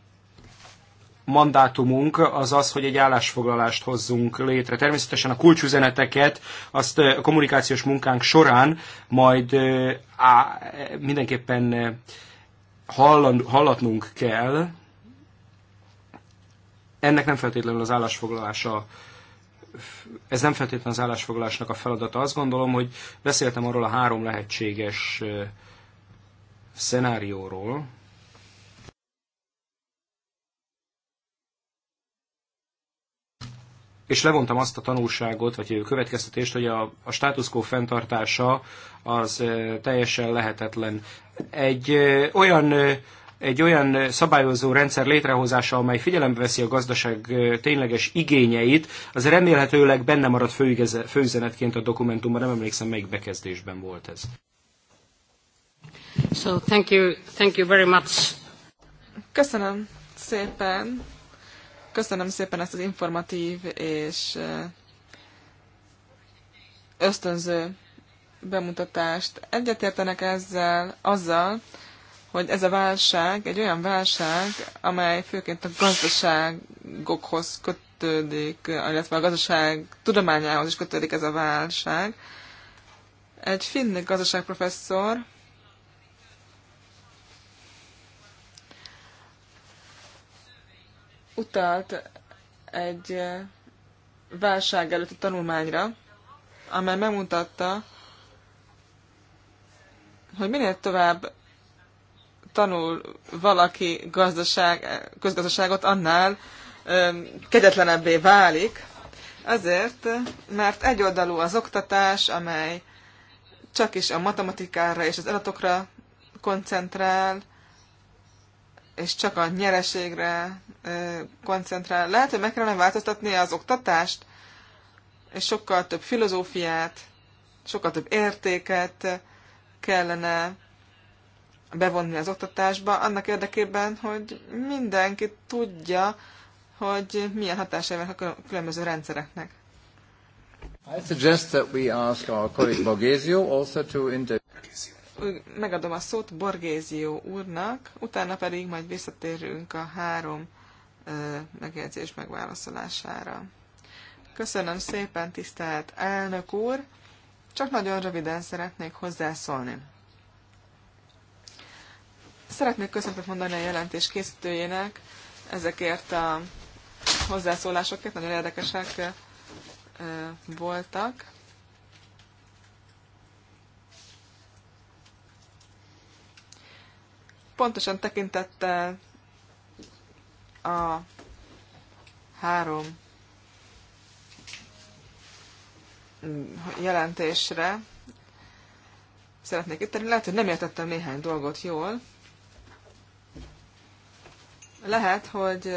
mandátumunk az az, hogy egy állásfoglalást hozzunk létre. Természetesen a kulcsüzeneteket azt eh, a kommunikációs munkánk során majd eh, á, mindenképpen eh, hallan, hallatnunk kell. Ennek nem feltétlenül az állásfoglalása ez nem feltétlenül az állásfoglalásnak a feladata. Azt gondolom, hogy beszéltem arról a három lehetséges szenárióról, és levontam azt a tanulságot, vagy a következtetést, hogy a, a status quo fenntartása az teljesen lehetetlen. Egy olyan egy olyan szabályozó rendszer létrehozása, amely figyelembe veszi a gazdaság tényleges igényeit, az remélhetőleg benne marad főüzenetként a dokumentumban, nem emlékszem, melyik bekezdésben volt ez. So, thank you, thank you very much. Köszönöm szépen Köszönöm szépen ezt az informatív és eh, ösztönző bemutatást. Egyetértenek ezzel, azzal, hogy ez a válság egy olyan válság, amely főként a gazdaságokhoz kötődik, illetve a gazdaság tudományához is kötődik ez a válság. Egy finn gazdaságprofesszor utalt egy válság előtti tanulmányra, amely megmutatta, hogy minél tovább tanul valaki gazdaság, közgazdaságot, annál kegyetlenebbé válik. Azért, mert egyoldalú az oktatás, amely csak is a matematikára és az adatokra koncentrál, és csak a nyereségre koncentrál. Lehet, hogy meg kellene változtatni az oktatást, és sokkal több filozófiát, sokkal több értéket kellene bevonni az oktatásba, annak érdekében, hogy mindenki tudja, hogy milyen hatásai vannak a különböző rendszereknek. I suggest that we ask our colleague Borghesio also to interview megadom a szót Borgézió úrnak, utána pedig majd visszatérünk a három megjegyzés megválaszolására. Köszönöm szépen, tisztelt elnök úr! Csak nagyon röviden szeretnék hozzászólni. Szeretnék köszöntet mondani a jelentés készítőjének ezekért a hozzászólásokért, nagyon érdekesek voltak. pontosan tekintette a három jelentésre szeretnék itt Lehet, hogy nem értettem néhány dolgot jól. Lehet, hogy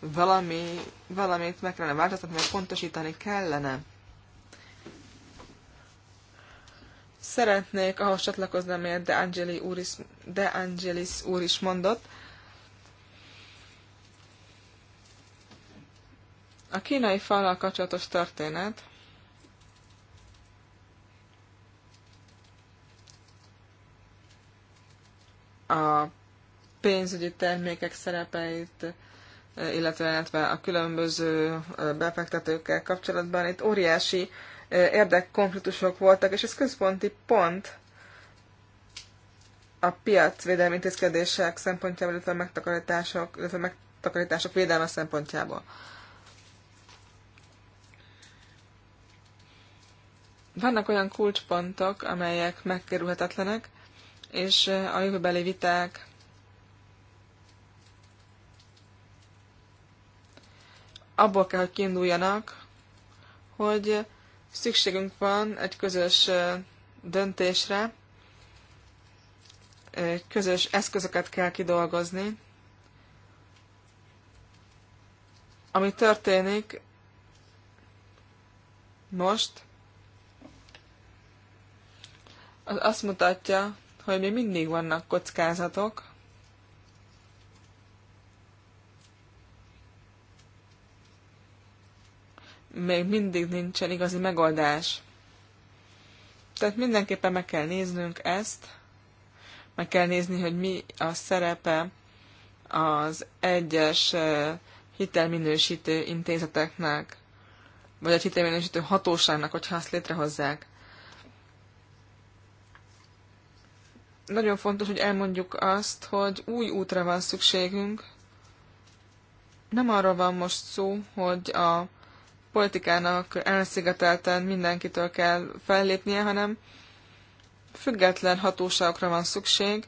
valami, valamit meg kellene változtatni, vagy pontosítani kellene. Szeretnék ahhoz csatlakozni, amelyet De, Angeli úr is, De Angelis úr is mondott. A kínai fallal kapcsolatos történet a pénzügyi termékek szerepeit, illetve, a különböző befektetőkkel kapcsolatban itt óriási érdekkonfliktusok voltak, és ez központi pont a piacvédelmi intézkedések szempontjából, illetve a megtakarítások, illetve a megtakarítások védelme szempontjából. Vannak olyan kulcspontok, amelyek megkerülhetetlenek, és a jövőbeli viták abból kell, hogy kiinduljanak, hogy Szükségünk van egy közös döntésre, közös eszközöket kell kidolgozni. Ami történik most, az azt mutatja, hogy még mindig vannak kockázatok, még mindig nincsen igazi megoldás. Tehát mindenképpen meg kell néznünk ezt, meg kell nézni, hogy mi a szerepe az egyes eh, hitelminősítő intézeteknek, vagy egy hitelminősítő hatóságnak, hogyha azt létrehozzák. Nagyon fontos, hogy elmondjuk azt, hogy új útra van szükségünk. Nem arról van most szó, hogy a politikának elszigetelten mindenkitől kell fellépnie, hanem független hatóságokra van szükség,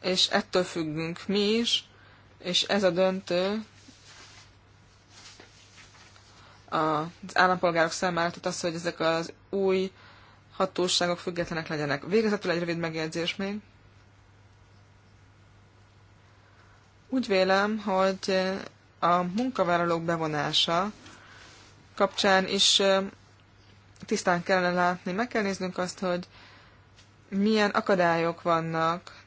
és ettől függünk mi is, és ez a döntő az állampolgárok számára, tehát az, hogy ezek az új hatóságok függetlenek legyenek. Végezetül egy rövid megjegyzés még. Úgy vélem, hogy a munkavállalók bevonása kapcsán is tisztán kellene látni. Meg kell néznünk azt, hogy milyen akadályok vannak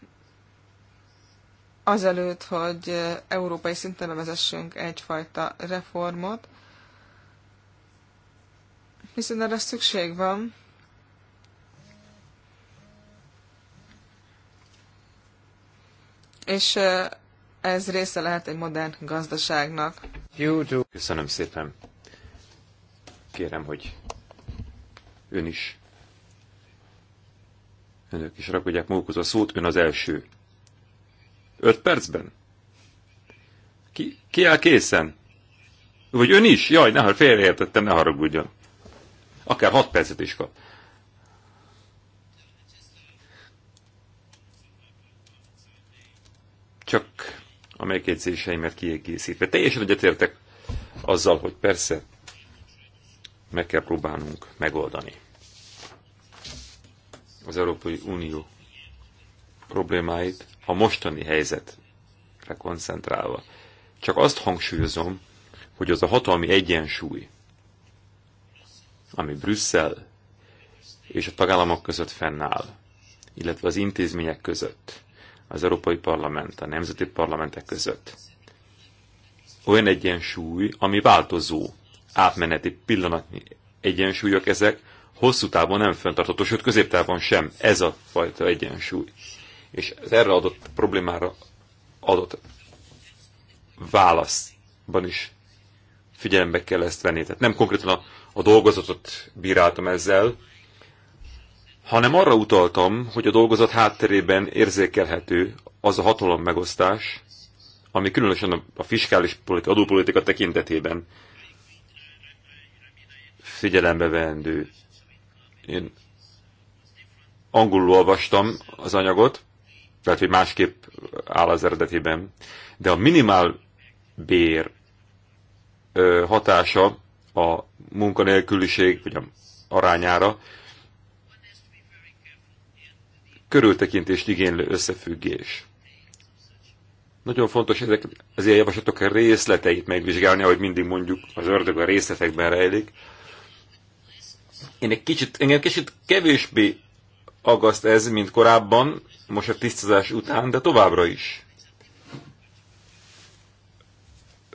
azelőtt, hogy európai szinten bevezessünk egyfajta reformot, hiszen erre szükség van. És ez része lehet egy modern gazdaságnak. Köszönöm szépen. Kérem, hogy ön is, önök is rakodják magukhoz a szót, ön az első. Öt percben? Ki, ki áll készen? Vagy ön is? Jaj, ne, félreértettem, ne haragudjon. Akár hat percet is kap. Csak a megjegyzéseimet kiegészítve. Teljesen egyetértek azzal, hogy persze meg kell próbálnunk megoldani. Az Európai Unió problémáit a mostani helyzetre koncentrálva. Csak azt hangsúlyozom, hogy az a hatalmi egyensúly, ami Brüsszel és a tagállamok között fennáll, illetve az intézmények között, az Európai Parlament, a nemzeti parlamentek között. Olyan egyensúly, ami változó, átmeneti pillanatnyi egyensúlyok ezek, hosszú távon nem fenntartható, sőt középtávon sem ez a fajta egyensúly. És az erre adott problémára adott válaszban is figyelembe kell ezt venni. Tehát nem konkrétan a, a dolgozatot bíráltam ezzel, hanem arra utaltam, hogy a dolgozat hátterében érzékelhető az a hatalom megosztás, ami különösen a, a fiskális politika, adópolitika tekintetében figyelembe vendő. Én angolul olvastam az anyagot, tehát, hogy másképp áll az eredetiben, de a minimál bér hatása a munkanélküliség vagy a arányára körültekintést igénylő összefüggés. Nagyon fontos ezek, az javaslatok a részleteit megvizsgálni, ahogy mindig mondjuk, az ördög a részletekben rejlik, én egy kicsit, engem kicsit kevésbé agaszt ez, mint korábban, most a tisztázás után, de továbbra is.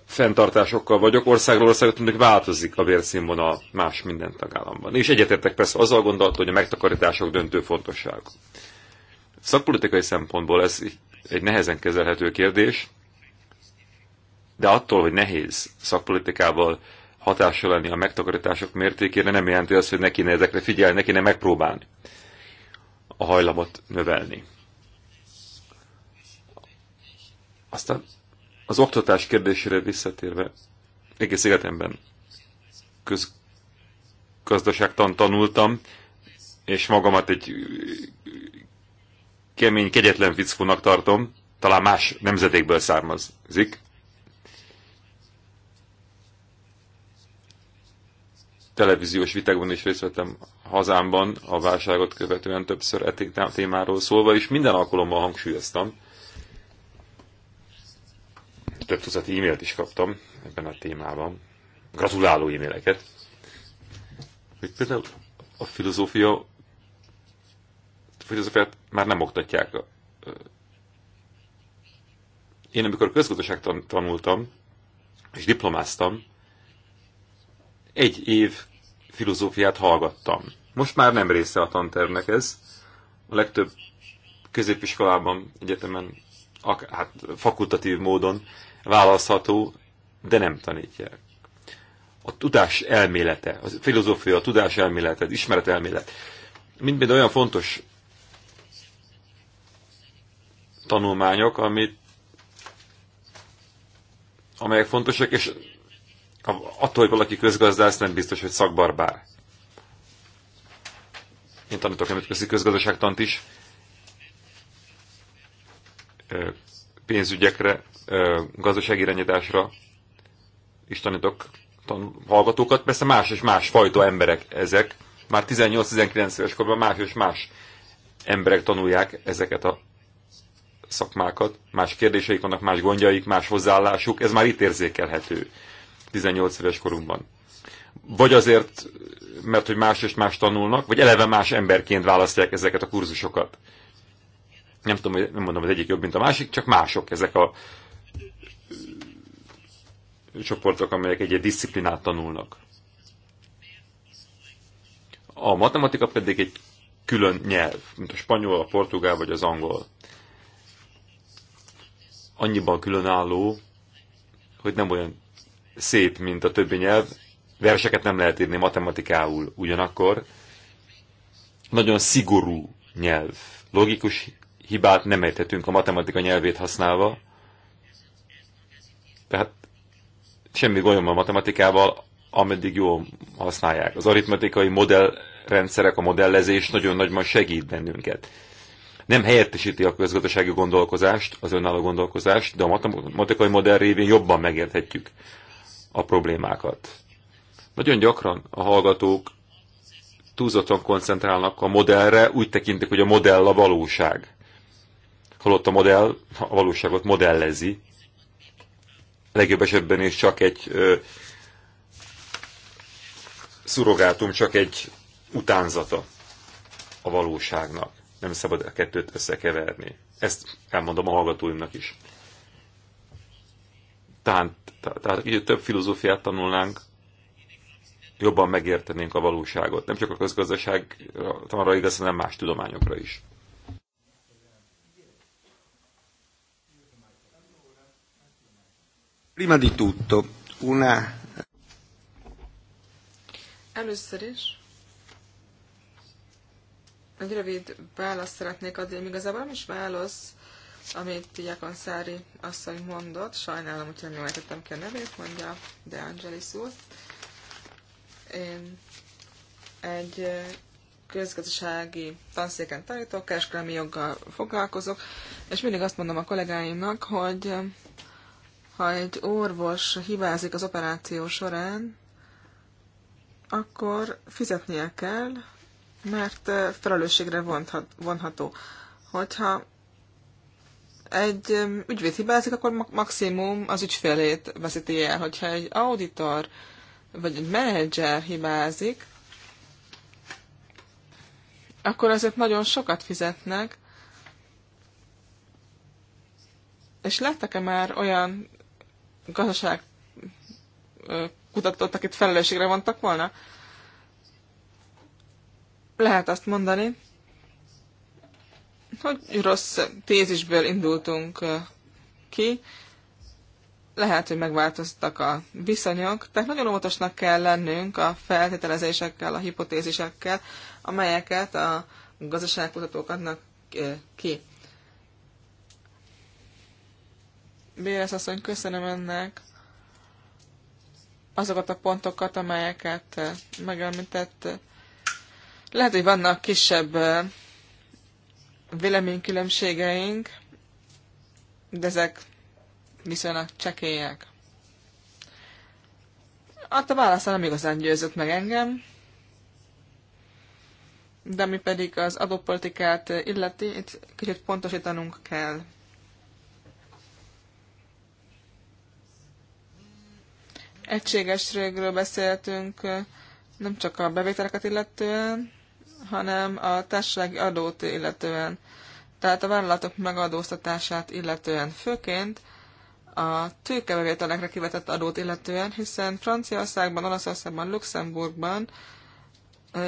Fentartásokkal vagyok, országról országot, tudnak változik a vérszínvonal más minden tagállamban. És egyetértek persze azzal gondolat, hogy a megtakarítások döntő fontosságú. Szakpolitikai szempontból ez egy nehezen kezelhető kérdés, de attól, hogy nehéz szakpolitikával hatással lenni a megtakarítások mértékére, nem jelenti azt, hogy ne ezekre figyelni, ne megpróbálni a hajlamot növelni. Aztán az oktatás kérdésére visszatérve, egész életemben közgazdaságtan tanultam, és magamat egy kemény, kegyetlen fickónak tartom, talán más nemzetékből származik. televíziós vitákban is részt vettem hazámban, a válságot követően többször e témáról szólva, és minden alkalommal hangsúlyoztam. Több tucat e-mailt is kaptam ebben a témában. Gratuláló e-maileket. Hogy például a filozófia a filozófiát már nem oktatják. Én amikor közgazdaság tanultam, és diplomáztam, egy év filozófiát hallgattam. Most már nem része a tantervnek ez. A legtöbb középiskolában, egyetemen, ak- hát fakultatív módon választható, de nem tanítják. A tudás elmélete, a filozófia, a tudás elmélete, az ismeret elmélet, mind olyan fontos tanulmányok, amit, amelyek fontosak, és attól, hogy valaki közgazdász, nem biztos, hogy szakbarbár. Én tanítok nemzetközi közgazdaságtant is, pénzügyekre, gazdasági irányításra is tanítok tan hallgatókat. Persze más és más fajta emberek ezek. Már 18-19 éves korban más és más emberek tanulják ezeket a szakmákat. Más kérdéseik vannak, más gondjaik, más hozzáállásuk. Ez már itt érzékelhető. 18 éves korunkban. Vagy azért, mert hogy más és más tanulnak, vagy eleve más emberként választják ezeket a kurzusokat. Nem tudom, nem mondom, az egyik jobb, mint a másik, csak mások ezek a csoportok, amelyek egy -egy disziplinát tanulnak. A matematika pedig egy külön nyelv, mint a spanyol, a portugál vagy az angol. Annyiban különálló, hogy nem olyan szép, mint a többi nyelv, verseket nem lehet írni matematikául ugyanakkor. Nagyon szigorú nyelv. Logikus hibát nem ejthetünk a matematika nyelvét használva. Tehát semmi gondom a matematikával, ameddig jól használják. Az aritmetikai modellrendszerek, a modellezés nagyon nagyban segít bennünket. Nem helyettesíti a közgazdasági gondolkozást, az önálló gondolkozást, de a matematikai modell révén jobban megérthetjük a problémákat. Nagyon gyakran a hallgatók túlzottan koncentrálnak a modellre, úgy tekintik, hogy a modell a valóság. Holott a modell a valóságot modellezi. Legjobb esetben is csak egy ö, szurogátum, csak egy utánzata a valóságnak. Nem szabad a kettőt összekeverni. Ezt elmondom a hallgatóimnak is tán, tehát így több filozófiát tanulnánk, jobban megértenénk a valóságot. Nem csak a közgazdaság, közgazdaságra igaz, hanem más tudományokra is. Prima di tutto, una... Először is egy rövid választ szeretnék adni, még igazából nem is válasz, amit Jakon Szári asszony mondott, sajnálom, hogy nem lehetettem ki a nevét, mondja De Angelis úr. Én egy közgazdasági tanszéken tanítok, kereskedelmi joggal foglalkozok, és mindig azt mondom a kollégáimnak, hogy ha egy orvos hibázik az operáció során, akkor fizetnie kell, mert felelősségre vonhat, vonható. Hogyha egy um, ügyvéd hibázik, akkor maximum az ügyfélét veszíti el. Hogyha egy auditor vagy egy menedzser hibázik, akkor azért nagyon sokat fizetnek. És láttak-e már olyan gazdaság kutatót, akit felelősségre vontak volna? Lehet azt mondani, hogy rossz tézisből indultunk ki. Lehet, hogy megváltoztak a viszonyok, tehát nagyon óvatosnak kell lennünk a feltételezésekkel, a hipotézisekkel, amelyeket a gazdaságkutatók adnak ki. Bérez asszony, köszönöm ennek, azokat a pontokat, amelyeket megelmített. Lehet, hogy vannak kisebb véleménykülönbségeink, de ezek viszonylag csekélyek. Hát a válaszán nem igazán győzött meg engem, de mi pedig az adópolitikát illeti, itt kicsit pontosítanunk kell. régről beszéltünk nem csak a bevételeket illetően, hanem a társasági adót illetően, tehát a vállalatok megadóztatását illetően, főként a tőkebevételekre kivetett adót illetően, hiszen Franciaországban, Olaszországban, Luxemburgban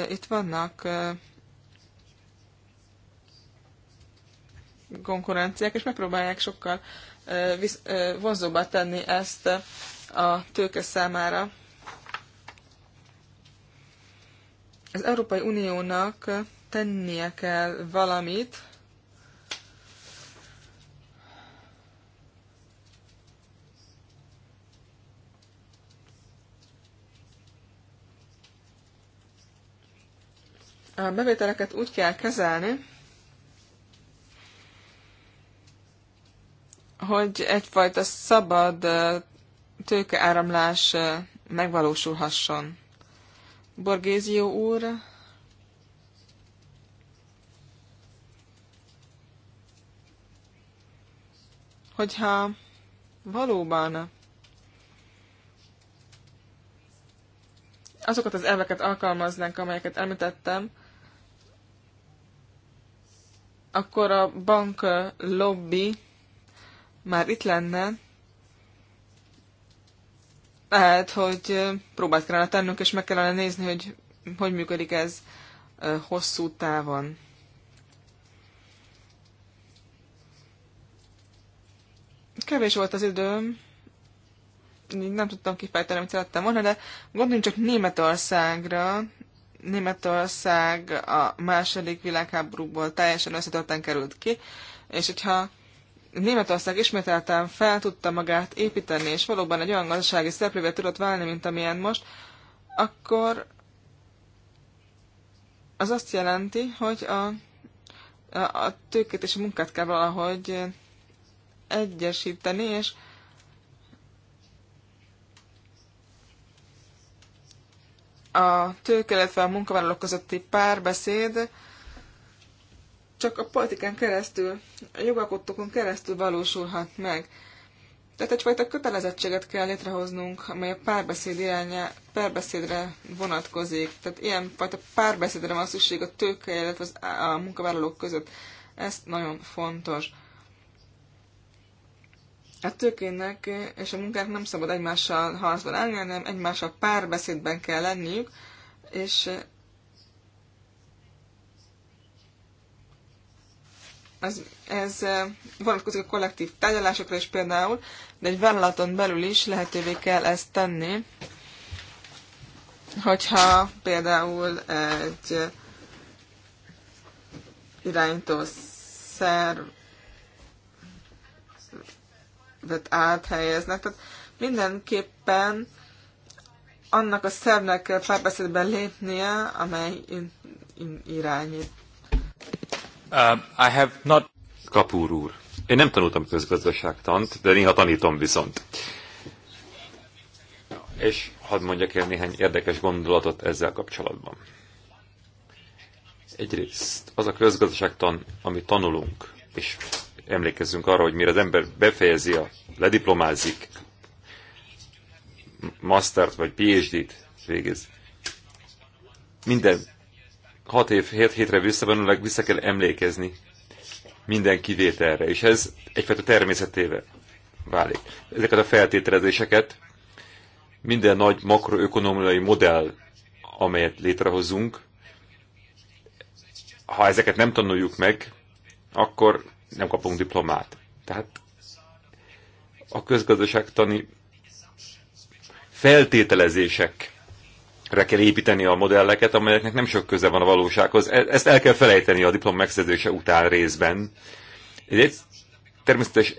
itt vannak konkurenciák, és megpróbálják sokkal vonzóbbá tenni ezt a tőke számára. Az Európai Uniónak tennie kell valamit, a bevételeket úgy kell kezelni, hogy egyfajta szabad tőkeáramlás megvalósulhasson. Borgézió úr. Hogyha valóban azokat az elveket alkalmaznánk, amelyeket említettem, akkor a bank lobby már itt lenne, lehet, hogy próbát kellene tennünk, és meg kellene nézni, hogy hogy működik ez hosszú távon. Kevés volt az időm, nem tudtam kifejteni, amit szerettem volna, de gondoljunk csak Németországra. Németország a második világháborúból teljesen összetörten került ki, és hogyha Németország ismételten fel tudta magát építeni, és valóban egy olyan gazdasági szereplővé tudott válni, mint amilyen most, akkor az azt jelenti, hogy a, a, a tőkét és a munkát kell valahogy egyesíteni, és a tőke, illetve a munkavállalók közötti párbeszéd csak a politikán keresztül, a jogalkotókon keresztül valósulhat meg. Tehát egyfajta kötelezettséget kell létrehoznunk, amely a párbeszéd irányá, párbeszédre vonatkozik. Tehát ilyenfajta párbeszédre van szükség a tőke, illetve az, a munkavállalók között. Ez nagyon fontos. A tőkének és a munkának nem szabad egymással harcban állni, hanem egymással párbeszédben kell lenniük, és ez, ez vonatkozik a kollektív tárgyalásokra is például, de egy vállalaton belül is lehetővé kell ezt tenni, hogyha például egy irányító szervet áthelyeznek. Tehát mindenképpen annak a szervnek kell párbeszédben lépnie, amely irányít Uh, I have not... Kapúr úr. Én nem tanultam közgazdaságtant, de néha tanítom viszont. És hadd mondjak el néhány érdekes gondolatot ezzel kapcsolatban. Egyrészt az a közgazdaságtan, amit tanulunk, és emlékezzünk arra, hogy mire az ember befejezi, a, lediplomázik, mastert vagy PhD-t végez, minden hat év, hét hétre visszavonulnak, vissza kell emlékezni minden kivételre, és ez egyfajta természetével válik. Ezeket a feltételezéseket minden nagy makroökonomiai modell, amelyet létrehozunk, ha ezeket nem tanuljuk meg, akkor nem kapunk diplomát. Tehát a közgazdaságtani feltételezések re kell építeni a modelleket, amelyeknek nem sok köze van a valósághoz. E- ezt el kell felejteni a diplom megszerzése után részben. Ezért természetes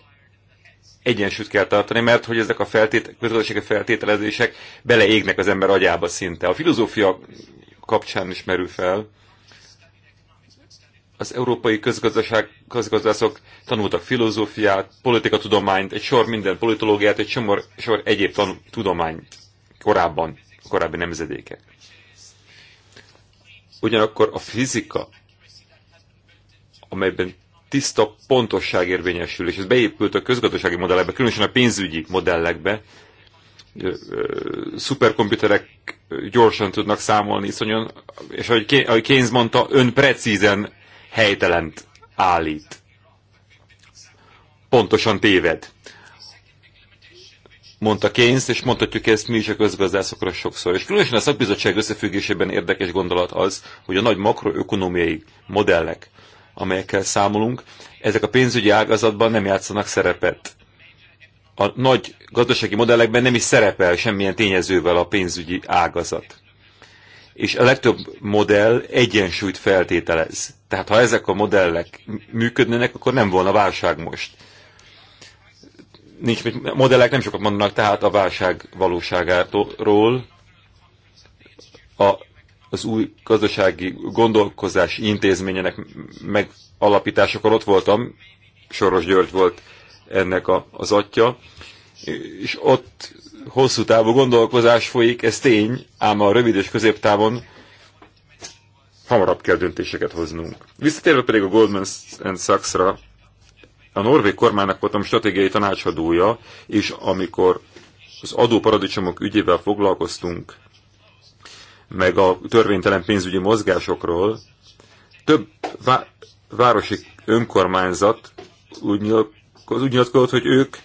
egyensúlyt kell tartani, mert hogy ezek a feltét, feltételezések beleégnek az ember agyába szinte. A filozófia kapcsán is merül fel. Az európai közgazdaság, közgazdászok tanultak filozófiát, politikatudományt, egy sor minden politológiát, egy sor, sor egyéb tan- tudományt korábban korábbi nemzedékek. Ugyanakkor a fizika, amelyben tiszta pontosság érvényesül, és ez beépült a közgazdasági modellekbe, különösen a pénzügyi modellekbe, szuperkomputerek gyorsan tudnak számolni, iszonyon, és ahogy Keynes mondta, ön precízen helytelent állít. Pontosan téved mondta Keynes, és mondhatjuk ezt mi is a közgazdászokra sokszor. És különösen a szakbizottság összefüggésében érdekes gondolat az, hogy a nagy makroökonomiai modellek, amelyekkel számolunk, ezek a pénzügyi ágazatban nem játszanak szerepet. A nagy gazdasági modellekben nem is szerepel semmilyen tényezővel a pénzügyi ágazat. És a legtöbb modell egyensúlyt feltételez. Tehát ha ezek a modellek működnének, akkor nem volna válság most nincs, modellek nem sokat mondanak tehát a válság valóságáról, a, az új gazdasági gondolkozási intézményének megalapításakor ott voltam, Soros György volt ennek a, az atya, és ott hosszú távú gondolkozás folyik, ez tény, ám a rövid és középtávon hamarabb kell döntéseket hoznunk. Visszatérve pedig a Goldman Sachs-ra, a norvég kormánynak voltam stratégiai tanácsadója, és amikor az adóparadicsomok ügyével foglalkoztunk, meg a törvénytelen pénzügyi mozgásokról, több vá városi önkormányzat úgy, nyilatkoz, úgy nyilatkozott, hogy ők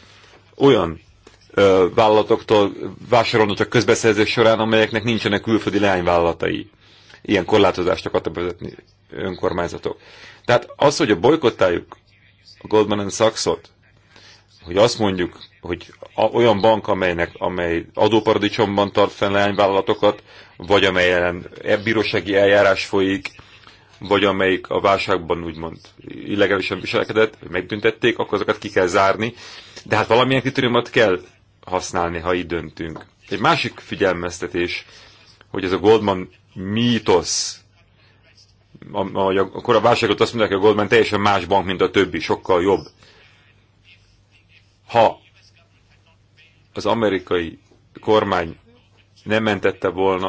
olyan ö, vállalatoktól vásárolnak csak közbeszerzés során, amelyeknek nincsenek külföldi leányvállalatai. Ilyen korlátozást akartak vezetni önkormányzatok. Tehát az, hogy a bolykottájuk a Goldman Sachs-ot, hogy azt mondjuk, hogy olyan bank, amelynek, amely adóparadicsomban tart fenn leányvállalatokat, vagy amelyen e, bírósági eljárás folyik, vagy amelyik a válságban úgymond illegálisan viselkedett, vagy megbüntették, akkor azokat ki kell zárni. De hát valamilyen kritériumot kell használni, ha így döntünk. Egy másik figyelmeztetés, hogy ez a Goldman mítosz ahogy a válságot azt mondják, hogy a Goldman teljesen más bank, mint a többi, sokkal jobb. Ha az amerikai kormány nem mentette volna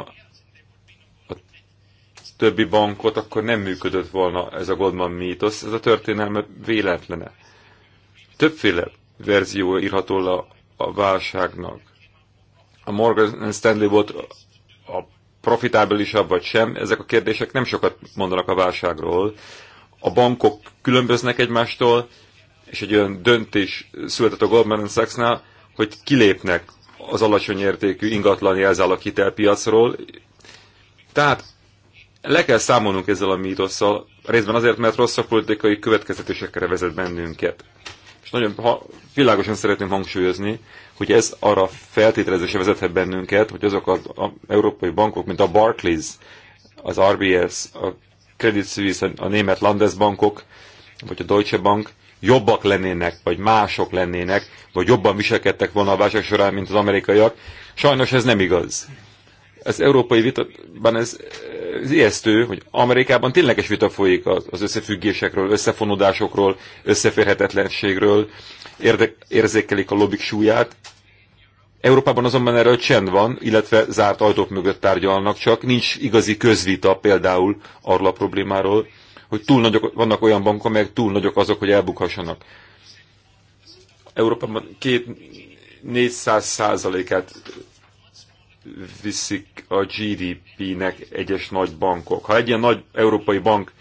a többi bankot, akkor nem működött volna ez a Goldman mítosz, ez a történelme véletlene. Többféle verzió írható a válságnak. A Morgan Stanley volt a profitábilisabb vagy sem, ezek a kérdések nem sokat mondanak a válságról. A bankok különböznek egymástól, és egy olyan döntés született a Goldman Sachsnál, hogy kilépnek az alacsony értékű ingatlan a hitelpiacról. Tehát le kell számolnunk ezzel a mítosszal, részben azért, mert rossz a politikai következtetésekre vezet bennünket és nagyon ha, világosan szeretném hangsúlyozni, hogy ez arra feltételezésre vezethet bennünket, hogy azok az a, európai bankok, mint a Barclays, az RBS, a Credit Suisse, a, a német Landesbankok, vagy a Deutsche Bank jobbak lennének, vagy mások lennének, vagy jobban viselkedtek volna a válság során, mint az amerikaiak. Sajnos ez nem igaz az európai vitában ez, ez ijesztő, hogy Amerikában tényleges vita folyik az, az összefüggésekről, összefonódásokról, összeférhetetlenségről, érde, érzékelik a lobbik súlyát. Európában azonban erről csend van, illetve zárt ajtók mögött tárgyalnak, csak nincs igazi közvita például arról a problémáról, hogy túl nagyok, vannak olyan bankok, amelyek túl nagyok azok, hogy elbukhassanak. Európában két 400 százalékát viszik a GDP-nek egyes nagy bankok. Ha egy ilyen nagy európai bank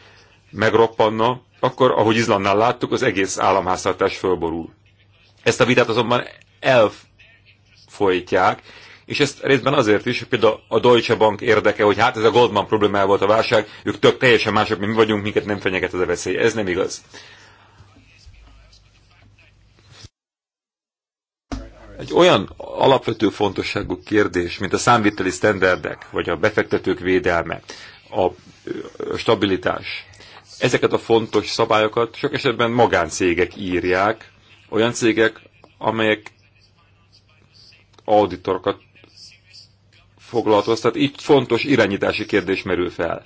megroppanna, akkor, ahogy Izlandnál láttuk, az egész államháztartás fölborul. Ezt a vitát azonban elfolytják, és ezt részben azért is, hogy például a Deutsche Bank érdeke, hogy hát ez a Goldman problémája volt a válság, ők tök teljesen mások, mint mi vagyunk, minket nem fenyeget ez a veszély. Ez nem igaz. egy olyan alapvető fontosságú kérdés, mint a számviteli sztenderdek, vagy a befektetők védelme, a stabilitás, ezeket a fontos szabályokat sok esetben magáncégek írják, olyan cégek, amelyek auditorokat foglalkoztat, így fontos irányítási kérdés merül fel.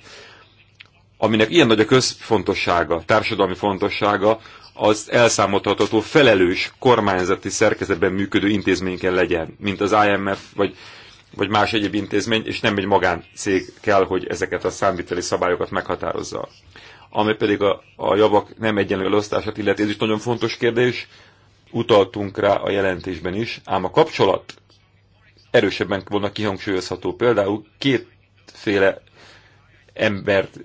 Aminek ilyen nagy a közfontossága, társadalmi fontossága, az elszámoltatható felelős kormányzati szerkezetben működő intézményken legyen, mint az IMF vagy, vagy más egyéb intézmény, és nem egy magáncég kell, hogy ezeket a számviteli szabályokat meghatározza. Ami pedig a, a javak nem egyenlő elosztását illeti, ez is nagyon fontos kérdés, utaltunk rá a jelentésben is, ám a kapcsolat erősebben volna kihangsúlyozható. Például kétféle embert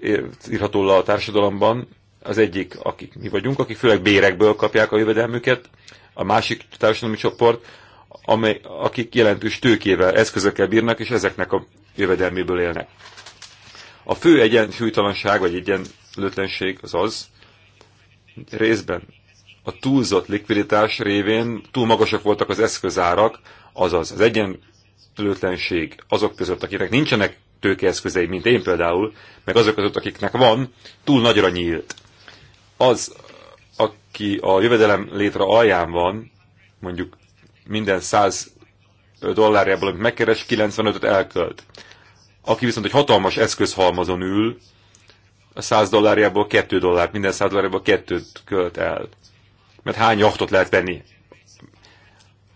írható le a társadalomban, az egyik, akik mi vagyunk, akik főleg bérekből kapják a jövedelmüket, a másik társadalmi csoport, amely, akik jelentős tőkével, eszközökkel bírnak, és ezeknek a jövedelméből élnek. A fő egyensúlytalanság, vagy egyenlőtlenség az az, részben a túlzott likviditás révén túl magasak voltak az eszközárak, azaz az egyenlőtlenség azok között, akiknek nincsenek tőkeeszközei, mint én például, meg azok között, akiknek van, túl nagyra nyílt az, aki a jövedelem létre alján van, mondjuk minden 100 dollárjából, amit megkeres, 95-öt elkölt. Aki viszont egy hatalmas eszközhalmazon ül, a 100 dollárjából 2 dollárt, minden 100 dollárjából 2-t költ el. Mert hány jachtot lehet venni?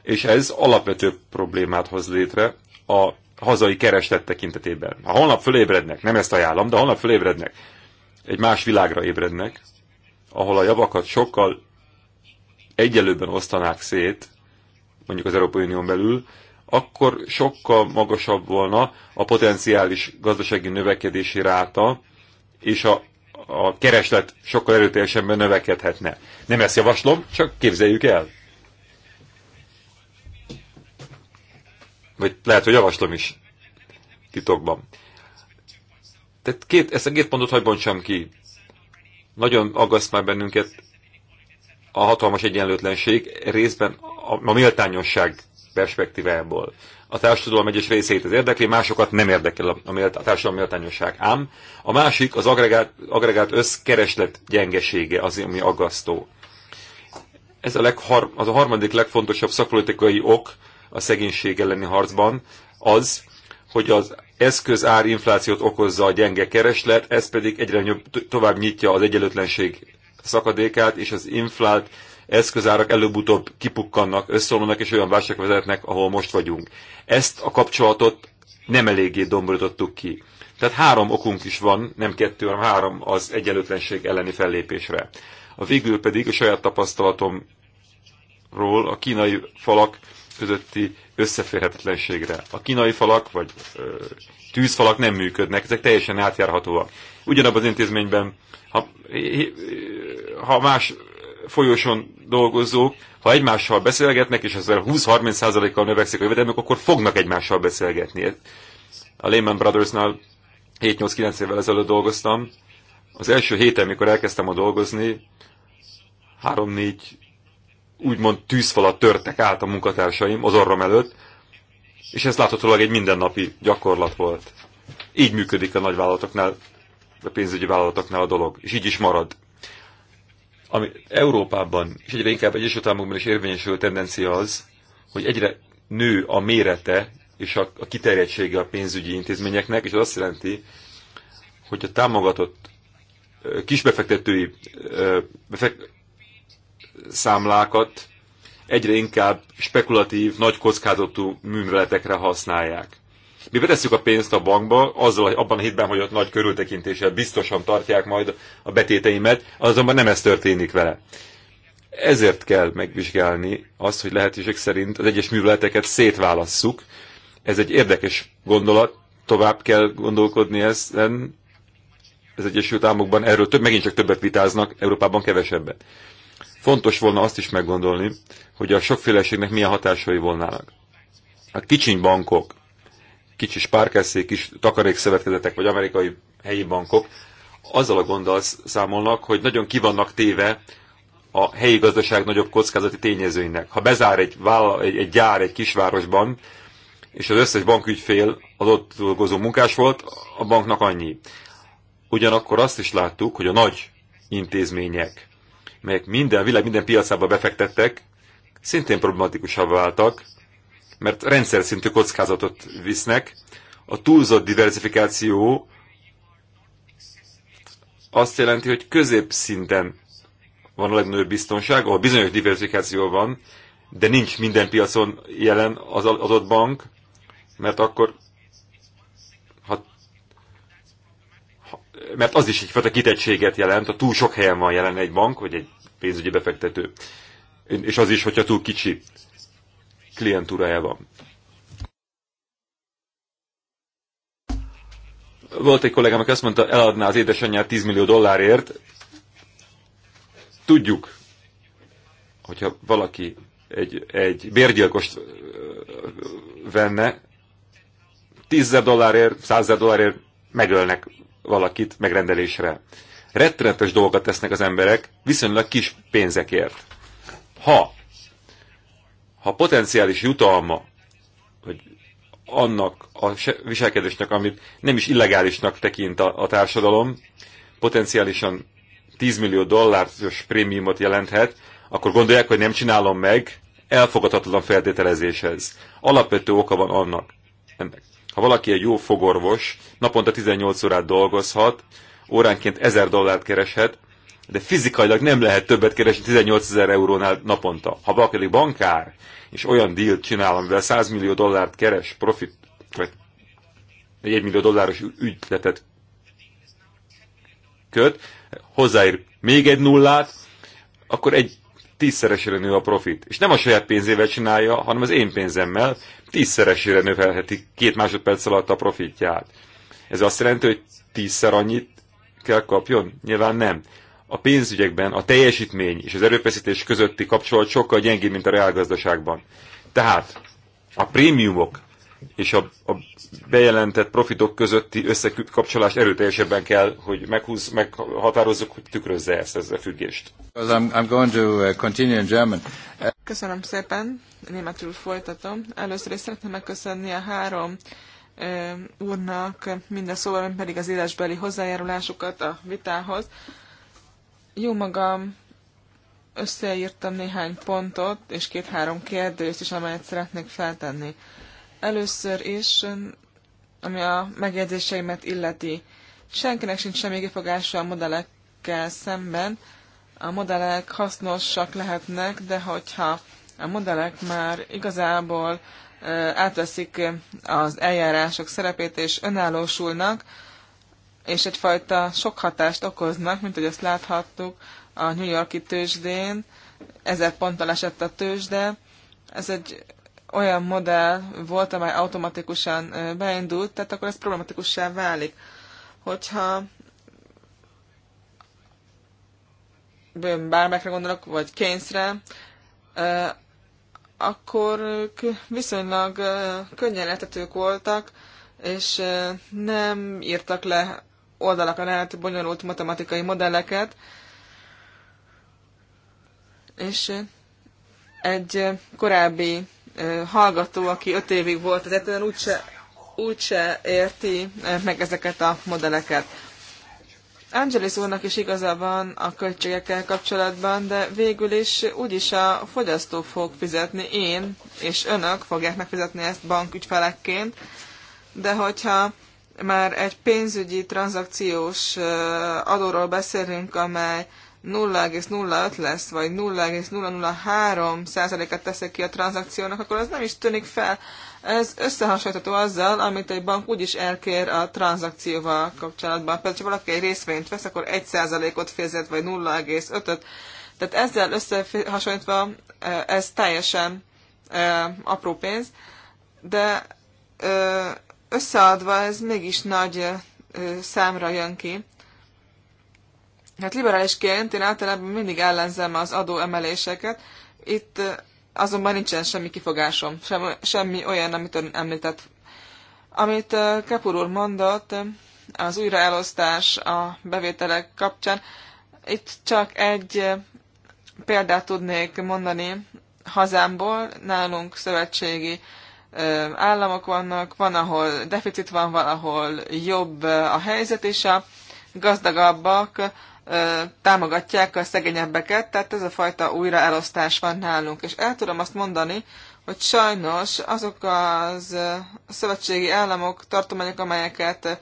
És ez alapvető problémát hoz létre a hazai kereslet tekintetében. Ha holnap fölébrednek, nem ezt ajánlom, de holnap fölébrednek, egy más világra ébrednek, ahol a javakat sokkal egyelőbben osztanák szét, mondjuk az Európai Unión belül, akkor sokkal magasabb volna a potenciális gazdasági növekedési ráta, és a, a kereslet sokkal erőteljesebben növekedhetne. Nem ezt javaslom, csak képzeljük el. Vagy lehet, hogy javaslom is titokban. Tehát két, ezt a két pontot hagyd bontsam ki. Nagyon aggaszt már bennünket a hatalmas egyenlőtlenség részben a, a méltányosság perspektívából. A társadalom egyes részeit az érdekli, másokat nem érdekel a, a, mélt, a társadalom méltányosság. Ám a másik az agregát, agregát összkereslet gyengesége az, ami aggasztó. Ez a leghar, az a harmadik legfontosabb szakpolitikai ok a szegénység elleni harcban az, hogy az eszközár inflációt okozza a gyenge kereslet, ez pedig egyre nyobb, tovább nyitja az egyenlőtlenség szakadékát, és az inflált eszközárak előbb-utóbb kipukkannak, összeomlanak, és olyan válság vezetnek, ahol most vagyunk. Ezt a kapcsolatot nem eléggé domborítottuk ki. Tehát három okunk is van, nem kettő, hanem három az egyenlőtlenség elleni fellépésre. A végül pedig a saját tapasztalatomról a kínai falak közötti összeférhetetlenségre. A kínai falak vagy ö, tűzfalak nem működnek, ezek teljesen átjárhatóak. Ugyanabban az intézményben, ha, ha más folyosón dolgozók, ha egymással beszélgetnek, és ezzel 20-30%-kal növekszik a jövedelmük, akkor fognak egymással beszélgetni. A Lehman Brothersnál 7-8-9 évvel ezelőtt dolgoztam. Az első héten, mikor elkezdtem a dolgozni, 3-4 úgymond tűzfalat törtek át a munkatársaim az orrom előtt, és ez láthatólag egy mindennapi gyakorlat volt. Így működik a nagyvállalatoknál, a pénzügyi vállalatoknál a dolog, és így is marad. Ami Európában, és egyre inkább Egyesült Államokban is érvényesülő tendencia az, hogy egyre nő a mérete és a, a kiterjedtsége a pénzügyi intézményeknek, és az azt jelenti, hogy a támogatott kisbefektetői számlákat egyre inkább spekulatív, nagy kockázatú műveletekre használják. Mi betesszük a pénzt a bankba, azzal, abban a hitben, hogy ott nagy körültekintéssel biztosan tartják majd a betéteimet, azonban nem ez történik vele. Ezért kell megvizsgálni azt, hogy lehetőség szerint az egyes műveleteket szétválasszuk. Ez egy érdekes gondolat, tovább kell gondolkodni ezen. Az Egyesült Államokban erről több, megint csak többet vitáznak, Európában kevesebbet fontos volna azt is meggondolni, hogy a sokféleségnek milyen hatásai volnának. A kicsiny bankok, kicsi spárkeszék, kis takarékszövetkezetek, vagy amerikai helyi bankok azzal a gonddal számolnak, hogy nagyon kivannak téve a helyi gazdaság nagyobb kockázati tényezőinek. Ha bezár egy, vállal, egy, egy gyár egy kisvárosban, és az összes bankügyfél az ott dolgozó munkás volt, a banknak annyi. Ugyanakkor azt is láttuk, hogy a nagy intézmények, melyek minden, a világ minden piacába befektettek, szintén problematikusabbá váltak, mert rendszer szintű kockázatot visznek. A túlzott diversifikáció azt jelenti, hogy középszinten van a legnagyobb biztonság, ahol bizonyos diversifikáció van, de nincs minden piacon jelen az adott bank, mert akkor mert az is egyfajta kitettséget jelent, ha túl sok helyen van jelen egy bank, vagy egy pénzügyi befektető. És az is, hogyha túl kicsi klientúrája van. Volt egy kollégám, aki azt mondta, eladná az édesanyját 10 millió dollárért. Tudjuk, hogyha valaki egy, egy bérgyilkost venne, 10 dollárért, 100 dollárért megölnek valakit megrendelésre. Rettenetes dolgokat tesznek az emberek viszonylag kis pénzekért. Ha, ha potenciális jutalma, vagy annak a viselkedésnek, amit nem is illegálisnak tekint a, a társadalom, potenciálisan 10 millió dolláros prémiumot jelenthet, akkor gondolják, hogy nem csinálom meg, elfogadhatatlan feltételezéshez. Alapvető oka van annak, ennek. Ha valaki egy jó fogorvos, naponta 18 órát dolgozhat, óránként 1000 dollárt kereshet, de fizikailag nem lehet többet keresni 18 ezer eurónál naponta. Ha valaki bankár, és olyan deal csinál, amivel 100 millió dollárt keres profit, vagy egy 1 millió dolláros ügyletet köt, hozzáír még egy nullát, akkor egy tízszeresére nő a profit. És nem a saját pénzével csinálja, hanem az én pénzemmel tízszeresére növelheti két másodperc alatt a profitját. Ez azt jelenti, hogy tízszer annyit kell kapjon? Nyilván nem. A pénzügyekben a teljesítmény és az erőfeszítés közötti kapcsolat sokkal gyengébb, mint a reálgazdaságban. Tehát a prémiumok és a, a bejelentett profitok közötti összekapcsolást erőteljesebben kell, hogy meghúz, meghatározzuk, hogy tükrözze ezt, ezt a függést. Uh, Köszönöm szépen, németül folytatom. Először is szeretném megköszönni a három úrnak minden szóval, pedig az élesbeli hozzájárulásukat a vitához. Jó magam, összeírtam néhány pontot, és két-három kérdést is, amelyet szeretnék feltenni. Először is, ami a megjegyzéseimet illeti, senkinek sincs semmi kifogása a modellekkel szemben. A modellek hasznosak lehetnek, de hogyha a modellek már igazából átveszik az eljárások szerepét és önállósulnak, és egyfajta sok hatást okoznak, mint hogy azt láthattuk a New Yorki tőzsdén, ezer ponttal esett a tőzsde, ez egy olyan modell volt, amely automatikusan beindult, tehát akkor ez problematikussá válik. Hogyha bármekre gondolok, vagy kényszre, akkor ők viszonylag könnyen értetők voltak, és nem írtak le oldalakon át bonyolult matematikai modelleket, és egy korábbi hallgató, aki öt évig volt az egyetemen, úgyse, úgyse érti meg ezeket a modelleket. Angelis úrnak is igaza van a költségekkel kapcsolatban, de végül is úgyis a fogyasztó fog fizetni, én és önök fogják megfizetni ezt bankügyfelekként, de hogyha már egy pénzügyi tranzakciós adóról beszélünk, amely 0,05 lesz, vagy 0,003 százaléket teszek ki a tranzakciónak, akkor az nem is tűnik fel. Ez összehasonlítható azzal, amit egy bank úgyis elkér a tranzakcióval kapcsolatban. Például, ha valaki egy részvényt vesz, akkor 1 százalékot fizet, vagy 0,5-öt. Tehát ezzel összehasonlítva ez teljesen apró pénz, de összeadva ez mégis nagy számra jön ki. Hát liberálisként én általában mindig ellenzem az adóemeléseket, itt azonban nincsen semmi kifogásom, sem, semmi olyan, amit ön említett. Amit Kapur úr mondott, az újraelosztás a bevételek kapcsán, itt csak egy példát tudnék mondani hazámból, nálunk szövetségi államok vannak, van, ahol deficit van, valahol jobb a helyzet, és a gazdagabbak támogatják a szegényebbeket, tehát ez a fajta újraelosztás van nálunk. És el tudom azt mondani, hogy sajnos azok az szövetségi államok, tartományok, amelyeket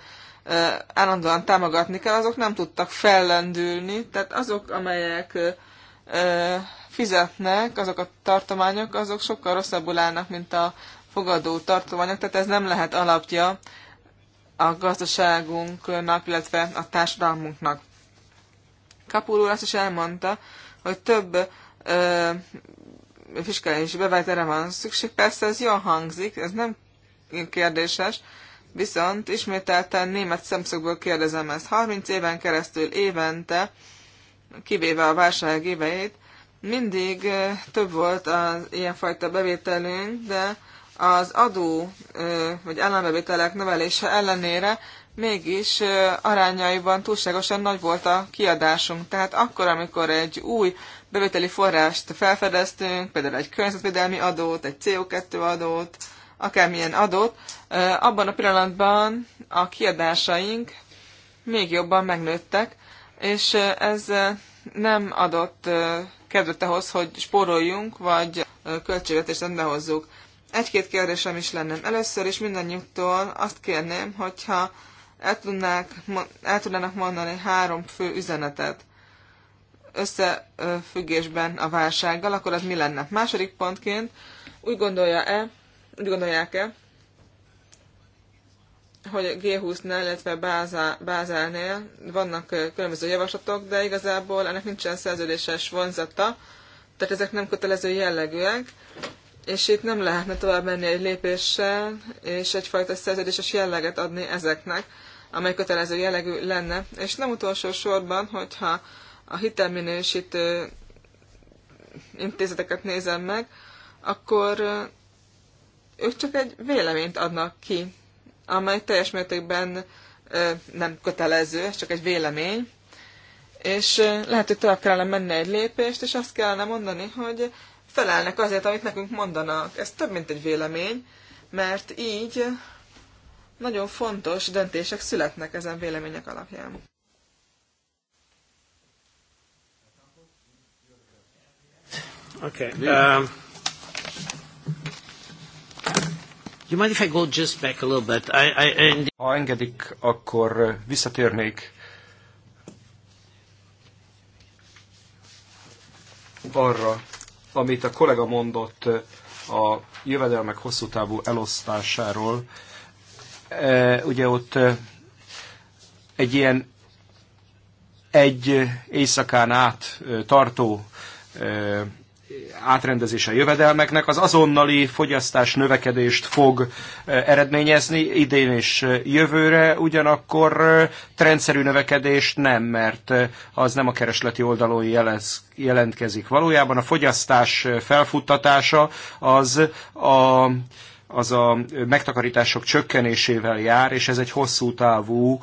állandóan támogatni kell, azok nem tudtak fellendülni, tehát azok, amelyek fizetnek, azok a tartományok, azok sokkal rosszabbul állnak, mint a fogadó tartományok, tehát ez nem lehet alapja a gazdaságunknak, illetve a társadalmunknak. Kapul úr azt is elmondta, hogy több ö, fiskális bevételre van szükség. Persze ez jól hangzik, ez nem kérdéses, viszont ismételten német szemszögből kérdezem ezt. 30 éven keresztül évente, kivéve a válság éveit, mindig több volt az ilyenfajta bevételünk, de az adó vagy állambevételek növelése ellenére mégis arányaiban túlságosan nagy volt a kiadásunk. Tehát akkor, amikor egy új bevételi forrást felfedeztünk, például egy környezetvédelmi adót, egy CO2 adót, akármilyen adót, abban a pillanatban a kiadásaink még jobban megnőttek, és ez nem adott kedvet ahhoz, hogy spóroljunk, vagy költségvetést rendbe Egy-két kérdésem is lenne. Először is mindannyiuktól azt kérném, hogyha el, tudnák, el tudnának mondani három fő üzenetet összefüggésben a válsággal, akkor az mi lenne? Második pontként úgy gondolja-e, úgy gondolják-e, hogy G20-nál, illetve Bázelnél vannak különböző javaslatok, de igazából ennek nincsen szerződéses vonzata, tehát ezek nem kötelező jellegűek, és itt nem lehetne tovább menni egy lépéssel, és egyfajta szerződéses jelleget adni ezeknek amely kötelező jellegű lenne, és nem utolsó sorban, hogyha a hitelminősítő intézeteket nézem meg, akkor ők csak egy véleményt adnak ki, amely teljes mértékben nem kötelező, ez csak egy vélemény, és lehet, hogy tovább kellene menni egy lépést, és azt kellene mondani, hogy felelnek azért, amit nekünk mondanak. Ez több, mint egy vélemény, mert így nagyon fontos döntések születnek ezen vélemények alapján. Okay. Um, you mind if I go just back a little bit? I, I, and... Ha engedik, akkor visszatérnék arra, amit a kollega mondott a jövedelmek hosszú távú elosztásáról, Eh, ugye ott eh, egy ilyen egy éjszakán át eh, tartó átrendezés a jövedelmeknek, az azonnali fogyasztás növekedést fog eredményezni idén és jövőre, ugyanakkor trendszerű növekedést nem, mert az nem a keresleti oldalon jelez, jelentkezik. Valójában a fogyasztás felfuttatása az a az a megtakarítások csökkenésével jár, és ez egy hosszú távú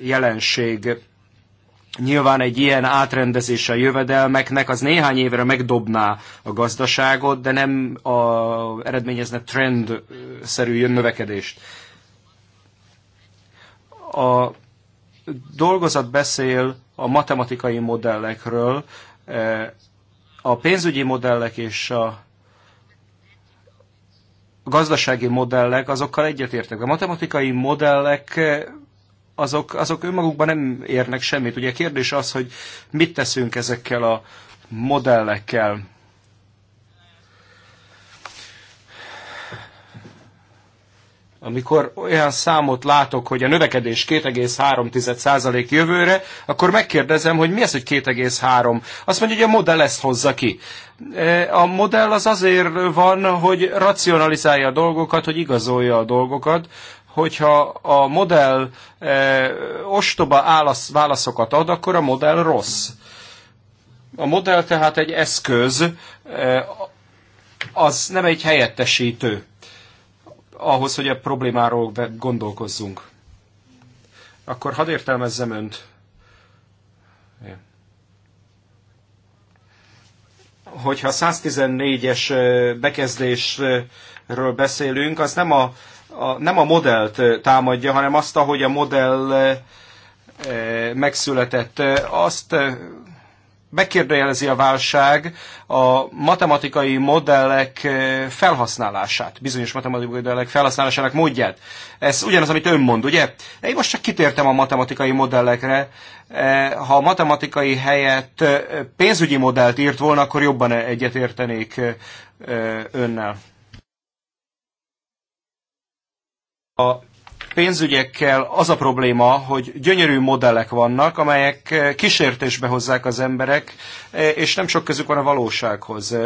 jelenség. Nyilván egy ilyen átrendezés a jövedelmeknek az néhány évre megdobná a gazdaságot, de nem a, eredményezne trendszerű növekedést. A dolgozat beszél a matematikai modellekről, a pénzügyi modellek és a gazdasági modellek, azokkal egyetértek. A matematikai modellek azok, azok önmagukban nem érnek semmit. Ugye a kérdés az, hogy mit teszünk ezekkel a modellekkel. amikor olyan számot látok, hogy a növekedés 2,3% jövőre, akkor megkérdezem, hogy mi az, hogy 2,3? Azt mondja, hogy a modell ezt hozza ki. E, a modell az azért van, hogy racionalizálja a dolgokat, hogy igazolja a dolgokat, hogyha a modell e, ostoba válaszokat ad, akkor a modell rossz. A modell tehát egy eszköz, e, az nem egy helyettesítő ahhoz, hogy a problémáról gondolkozzunk. Akkor hadd értelmezzem önt. Hogyha 114-es bekezdésről beszélünk, az nem a, a, nem a modellt támadja, hanem azt, ahogy a modell megszületett. Azt megkérdőjelezi a válság a matematikai modellek eh, felhasználását, bizonyos matematikai modellek felhasználásának módját. Ez ugyanaz, amit ön mond, ugye? Én most csak kitértem a matematikai modellekre. Eh, ha a matematikai helyett eh, pénzügyi modellt írt volna, akkor jobban egyetértenék önnel. A pénzügyekkel az a probléma, hogy gyönyörű modellek vannak, amelyek eh, kísértésbe hozzák az emberek, eh, és nem sok közük van a valósághoz.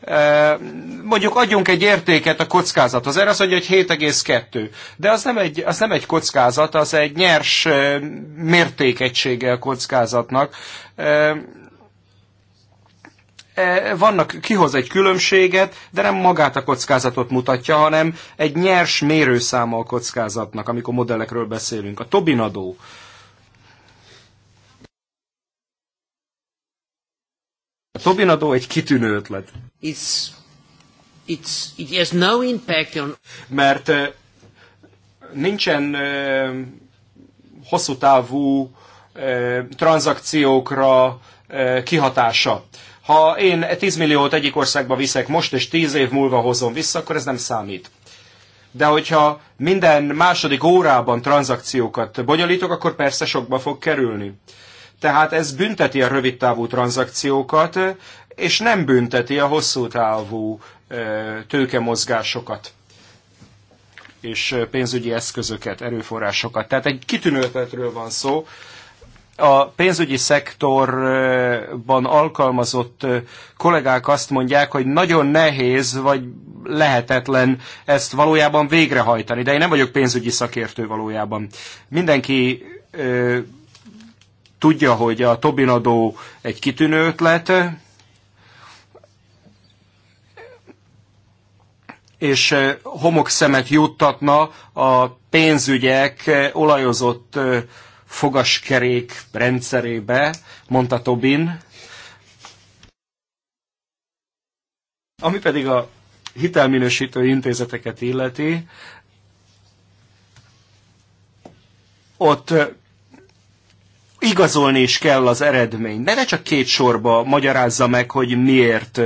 Eh, mondjuk adjunk egy értéket a kockázathoz. Erre az, hogy egy 7,2. De az nem, egy, az nem egy kockázat, az egy nyers mértékegysége a kockázatnak Eh, vannak, kihoz egy különbséget, de nem magát a kockázatot mutatja, hanem egy nyers mérőszáma a kockázatnak, amikor modellekről beszélünk. A Tobin adó, A Tobin adó egy kitűnő ötlet. It's, it's, it has no impact on... Mert eh, nincsen eh, hosszú távú tranzakciókra kihatása. Ha én 10 milliót egyik országba viszek most, és 10 év múlva hozom vissza, akkor ez nem számít. De hogyha minden második órában tranzakciókat bonyolítok, akkor persze sokba fog kerülni. Tehát ez bünteti a rövidtávú tranzakciókat, és nem bünteti a hosszú távú tőkemozgásokat és pénzügyi eszközöket, erőforrásokat. Tehát egy kitűnő van szó, a pénzügyi szektorban alkalmazott kollégák azt mondják, hogy nagyon nehéz vagy lehetetlen ezt valójában végrehajtani. De én nem vagyok pénzügyi szakértő valójában. Mindenki ö, tudja, hogy a Tobin adó egy kitűnő ötlet, és homokszemet juttatna a pénzügyek olajozott fogaskerék rendszerébe, mondta Tobin, ami pedig a hitelminősítő intézeteket illeti, ott igazolni is kell az eredmény. De ne csak két sorba magyarázza meg, hogy miért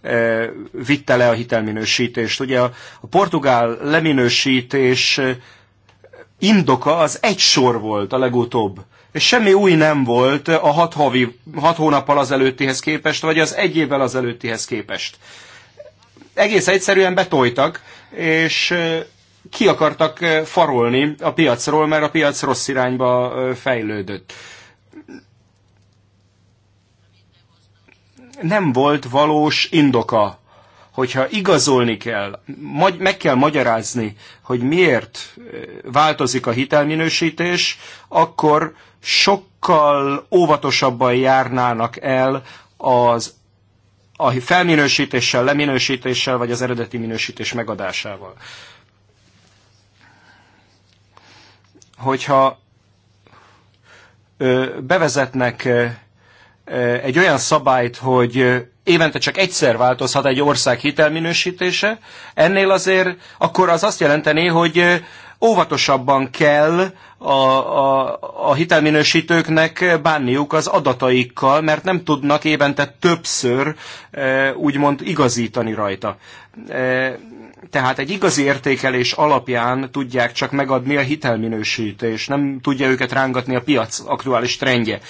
e, vitte le a hitelminősítést. Ugye a, a portugál leminősítés indoka az egy sor volt a legutóbb. És semmi új nem volt a hat, havi, hat hónappal az előttihez képest, vagy az egy évvel az előttihez képest. Egész egyszerűen betoltak, és ki akartak farolni a piacról, mert a piac rossz irányba fejlődött. Nem volt valós indoka hogyha igazolni kell, meg kell magyarázni, hogy miért változik a hitelminősítés, akkor sokkal óvatosabban járnának el az a felminősítéssel, leminősítéssel, vagy az eredeti minősítés megadásával. Hogyha bevezetnek egy olyan szabályt, hogy évente csak egyszer változhat egy ország hitelminősítése, ennél azért akkor az azt jelenteni, hogy óvatosabban kell a, a, a hitelminősítőknek bánniuk az adataikkal, mert nem tudnak évente többször e, úgymond igazítani rajta. E, tehát egy igazi értékelés alapján tudják csak megadni a hitelminősítést, nem tudja őket rángatni a piac aktuális trendje.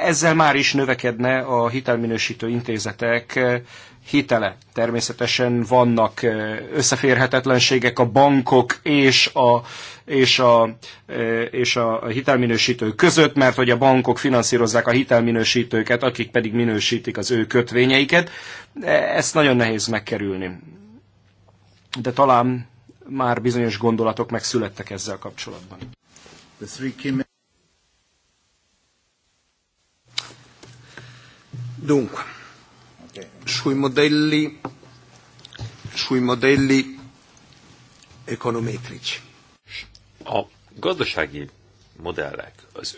Ezzel már is növekedne a hitelminősítő intézetek eh, hitele. Természetesen vannak eh, összeférhetetlenségek a bankok és a, és a, eh, és a hitelminősítők között, mert hogy a bankok finanszírozzák a hitelminősítőket, akik pedig minősítik az ő kötvényeiket. Ezt nagyon nehéz megkerülni de talán már bizonyos gondolatok megszülettek ezzel kapcsolatban. Dunque, sui modelli, sui modelli econometrici. A gazdasági modellek, az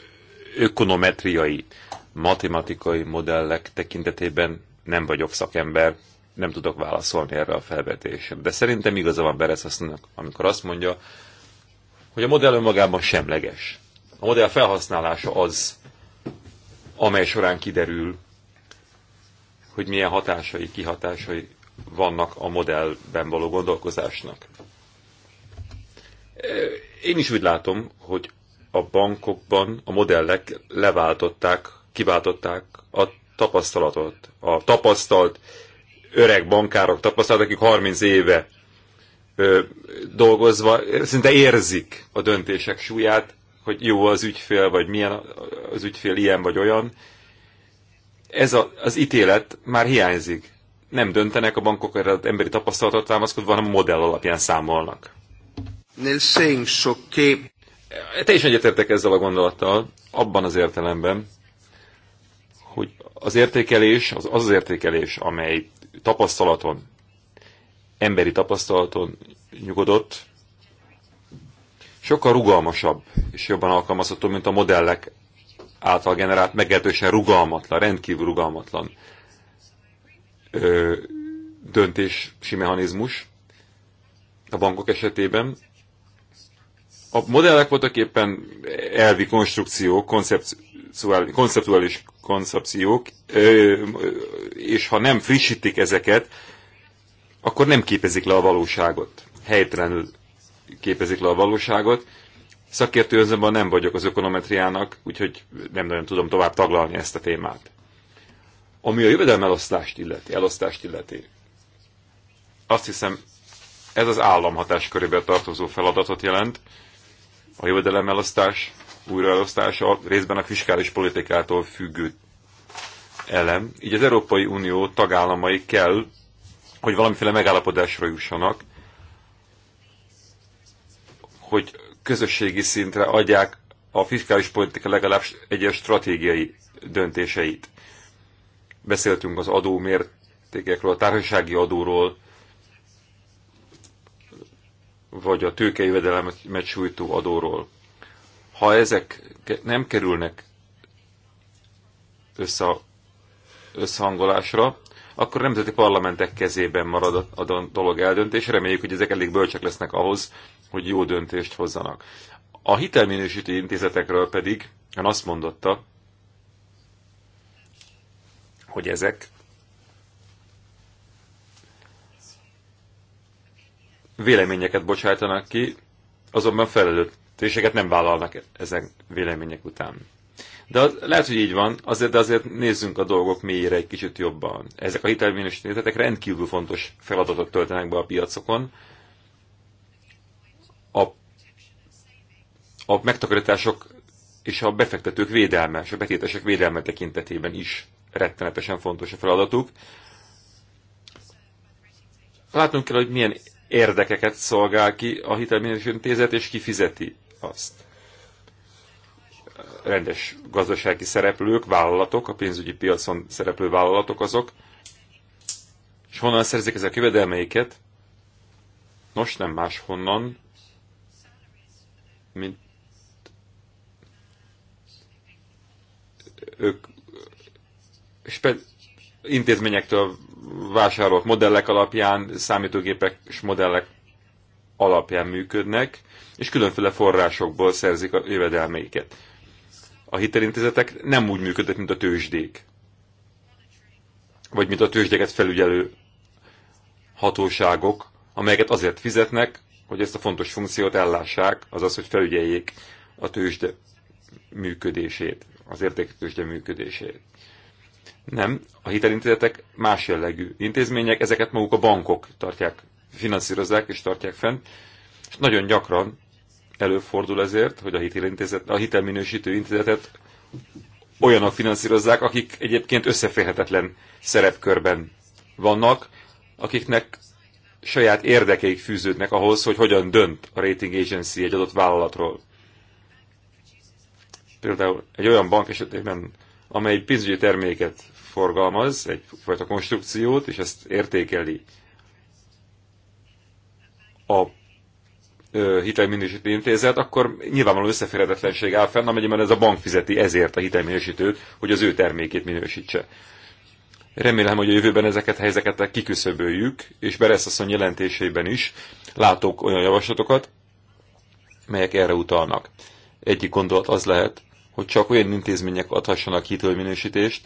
ökonometriai, matematikai modellek tekintetében nem vagyok szakember, nem tudok válaszolni erre a felvetésre. De szerintem igaza van Beresz amikor azt mondja, hogy a modell önmagában semleges. A modell felhasználása az, amely során kiderül, hogy milyen hatásai, kihatásai vannak a modellben való gondolkozásnak. Én is úgy látom, hogy a bankokban a modellek leváltották, kiváltották a tapasztalatot, a tapasztalt öreg bankárok tapasztalat, akik 30 éve ö, dolgozva szinte érzik a döntések súlyát, hogy jó az ügyfél, vagy milyen az ügyfél ilyen vagy olyan. Ez a, az ítélet már hiányzik. Nem döntenek a bankok erre az emberi tapasztalatot támaszkodva, hanem a modell alapján számolnak. Nel senso che... Teljesen egyetértek ezzel a gondolattal, abban az értelemben, hogy az értékelés, az az értékelés, amely tapasztalaton, emberi tapasztalaton nyugodott, sokkal rugalmasabb és jobban alkalmazható, mint a modellek által generált, meglehetősen rugalmatlan, rendkívül rugalmatlan ö, döntési mechanizmus a bankok esetében. A modellek voltak éppen elvi konstrukciók, koncepció, konceptuális koncepciók, és ha nem frissítik ezeket, akkor nem képezik le a valóságot. Helytelenül képezik le a valóságot. Szakértő azonban nem vagyok az ökonometriának, úgyhogy nem nagyon tudom tovább taglalni ezt a témát. Ami a jövedelmelosztást illeti, elosztást illeti, azt hiszem, ez az állam körében tartozó feladatot jelent, a jövedelemelosztás újraelosztása részben a fiskális politikától függő elem, így az Európai Unió tagállamai kell, hogy valamiféle megállapodásra jussanak, hogy közösségi szintre adják a fiskális politika legalább egyes stratégiai döntéseit. Beszéltünk az adó mértékekről, a társasági adóról, vagy a tőkejövedelemet sújtó adóról. Ha ezek nem kerülnek össze, összhangolásra, akkor a nemzeti parlamentek kezében marad a dolog eldöntés. Reméljük, hogy ezek elég bölcsek lesznek ahhoz, hogy jó döntést hozzanak. A hitelminősítő intézetekről pedig ön azt mondotta, hogy ezek véleményeket bocsájtanak ki, azonban felelőtt térséget nem vállalnak ezek vélemények után. De az, lehet, hogy így van, azért, de azért nézzünk a dolgok mélyére egy kicsit jobban. Ezek a hitelminősítéletek rendkívül fontos feladatot töltenek be a piacokon. A, a megtakarítások és a befektetők védelme, és a betétesek védelme tekintetében is rettenetesen fontos a feladatuk. Látnunk kell, hogy milyen érdekeket szolgál ki a hitelminősítő intézet, és ki fizeti azt. Rendes gazdasági szereplők, vállalatok, a pénzügyi piacon szereplő vállalatok azok, és honnan szerzik ezek a jövedelmeiket? Nos, nem más honnan, mint ők spe- intézményektől vásárolt modellek alapján, számítógépek és modellek alapján működnek, és különféle forrásokból szerzik a jövedelmeiket. A hitelintézetek nem úgy működnek, mint a tőzsdék, vagy mint a tőzsdéket felügyelő hatóságok, amelyeket azért fizetnek, hogy ezt a fontos funkciót ellássák, azaz, hogy felügyeljék a tőzsde működését, az értéktőzsde működését. Nem, a hitelintézetek más jellegű intézmények, ezeket maguk a bankok tartják finanszírozzák és tartják fenn. És nagyon gyakran előfordul ezért, hogy a, hitelintézet, a hitelminősítő intézetet olyanok finanszírozzák, akik egyébként összeférhetetlen szerepkörben vannak, akiknek saját érdekeik fűződnek ahhoz, hogy hogyan dönt a rating agency egy adott vállalatról. Például egy olyan bank esetében, amely pénzügyi terméket forgalmaz, egyfajta konstrukciót, és ezt értékeli a hitelminősítő intézet, akkor nyilvánvalóan összeférhetetlenség áll fenn, amelyben ez a bank fizeti ezért a hitelminősítőt, hogy az ő termékét minősítse. Remélem, hogy a jövőben ezeket a helyzeteket kiküszöböljük, és Beresz asszony jelentésében is látok olyan javaslatokat, melyek erre utalnak. Egyik gondolat az lehet, hogy csak olyan intézmények adhassanak hitelminősítést,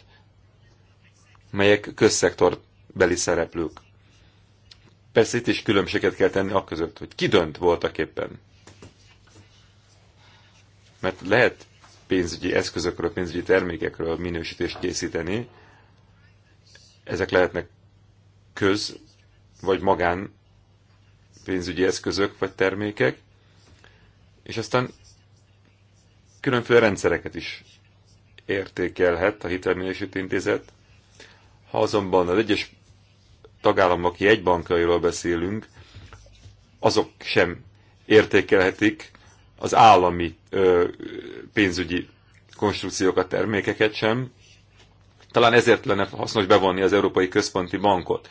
melyek közszektorbeli szereplők. Persze itt is különbséget kell tenni a között, hogy ki dönt voltak éppen. Mert lehet pénzügyi eszközökről, pénzügyi termékekről minősítést készíteni. Ezek lehetnek köz, vagy magán pénzügyi eszközök, vagy termékek. És aztán különféle rendszereket is értékelhet a hitelminősítő intézet. Ha azonban az egyes tagállamok jegybankairól beszélünk, azok sem értékelhetik az állami ö, pénzügyi konstrukciókat, termékeket sem. Talán ezért lenne hasznos bevonni az Európai Központi Bankot.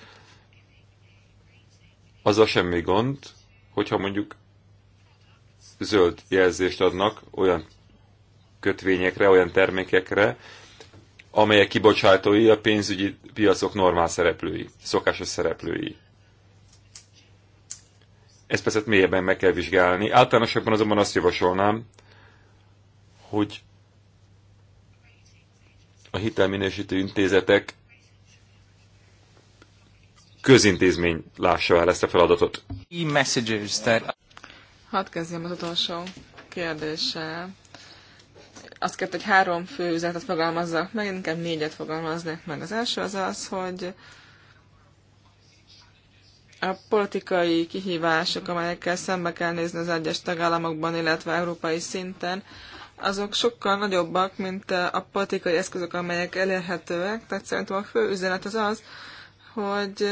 Az a semmi gond, hogyha mondjuk zöld jelzést adnak olyan kötvényekre, olyan termékekre, amelyek kibocsátói a pénzügyi piacok normál szereplői, szokásos szereplői. Ezt persze mélyebben meg kell vizsgálni. Általánosabban azonban azt javasolnám, hogy a hitelminősítő intézetek közintézmény lássa el ezt a feladatot. Hadd kezdjem az utolsó kérdéssel azt kért, hogy három fő üzenetet fogalmazzak meg, én inkább négyet fogalmaznék meg. Az első az az, hogy a politikai kihívások, amelyekkel szembe kell nézni az egyes tagállamokban, illetve európai szinten, azok sokkal nagyobbak, mint a politikai eszközök, amelyek elérhetőek. Tehát szerintem a fő üzenet az az, hogy